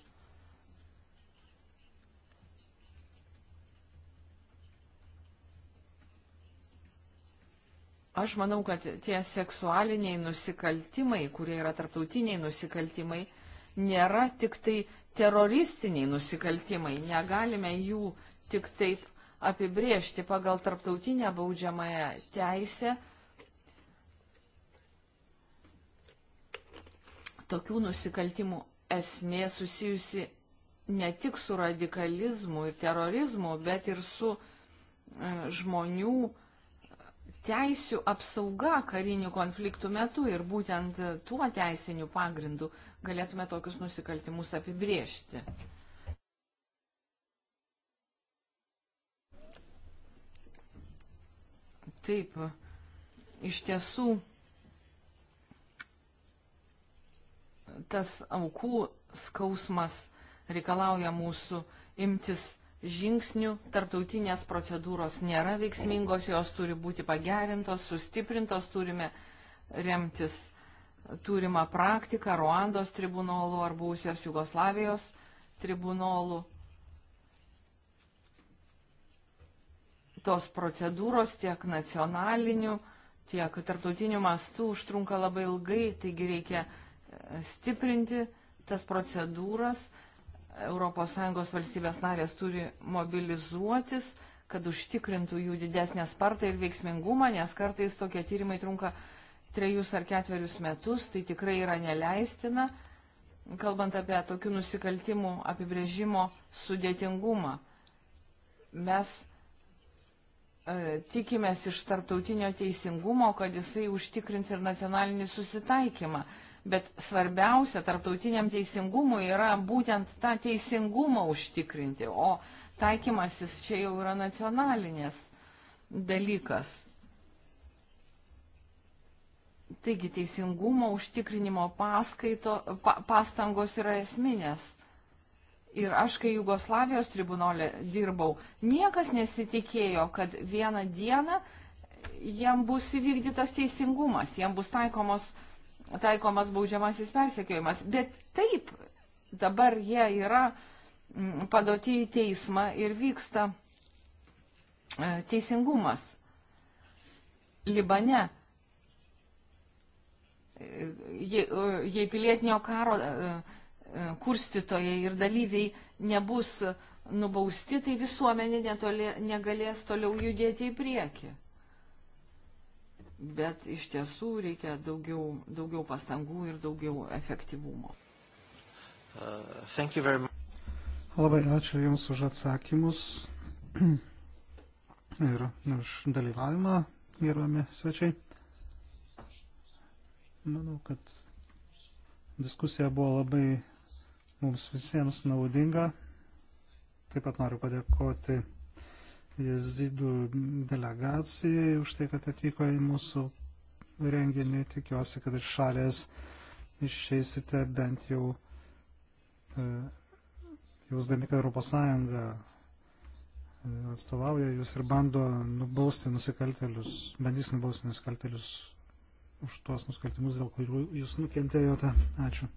Aš manau, kad tie seksualiniai nusikaltimai, kurie yra tarptautiniai nusikaltimai, nėra tik tai teroristiniai nusikaltimai. Negalime jų tik taip apibriežti pagal tarptautinę baudžiamąją teisę. Tokių nusikaltimų esmė susijusi ne tik su radikalizmu ir terorizmu, bet ir su e, žmonių teisių apsauga karinių konfliktų metu ir būtent tuo teisiniu pagrindu galėtume tokius nusikaltimus apibriežti. Taip, iš tiesų tas aukų skausmas reikalauja mūsų imtis žingsnių, tarptautinės procedūros nėra veiksmingos, jos turi būti pagerintos, sustiprintos, turime remtis turimą praktiką Ruandos tribunolų ar būsios Jugoslavijos tribunolų. Tos procedūros tiek nacionalinių, tiek tarptautinių mastų užtrunka labai ilgai, taigi reikia stiprinti tas procedūras, ES valstybės narės turi mobilizuotis, kad užtikrintų jų didesnę spartą ir veiksmingumą, nes kartais tokie tyrimai trunka trejus ar ketverius metus, tai tikrai yra neleistina, kalbant apie tokių nusikaltimų apibrėžimo sudėtingumą. Mes e, tikimės iš tarptautinio teisingumo, kad jisai užtikrins ir nacionalinį susitaikymą. E, Bet svarbiausia tarptautiniam teisingumui yra būtent tą teisingumą užtikrinti, o taikymasis čia jau yra nacionalinės dalykas. Taigi teisingumo užtikrinimo paskaito, pa, pastangos yra esminės. Ir aš, kai Jugoslavijos tribunolė dirbau, niekas nesitikėjo, kad vieną dieną jiem bus įvykdytas teisingumas, jiem bus taikomos uh, taikomas baudžiamasis persekiojimas. Bet taip, dabar jie yra mm, padoti į teismą ir vyksta e, teisingumas. Libane, e, e, jei pilietinio karo kurstytojai ir dalyviai nebus nubausti, tai visuomenė netolė, negalės toliau judėti į priekį bet iš tiesų reikia daugiau, daugiau pastangų ir daugiau efektyvumo. Uh, Labai ačiū Jums už atsakymus ir už dalyvavimą, gerbami svečiai. Manau, kad diskusija buvo labai mums visiems naudinga. Taip pat noriu padėkoti jezidų delegacijai už tai, kad atvyko į mūsų renginį. Tikiuosi, kad iš šalės išeisite bent jau e, jausdami, kad ES atstovauja jūs ir bando nubausti nusikaltelius, bandys nubausti nusikaltelius už tuos nusikaltimus, dėl kurių jūs nukentėjote. Ačiū.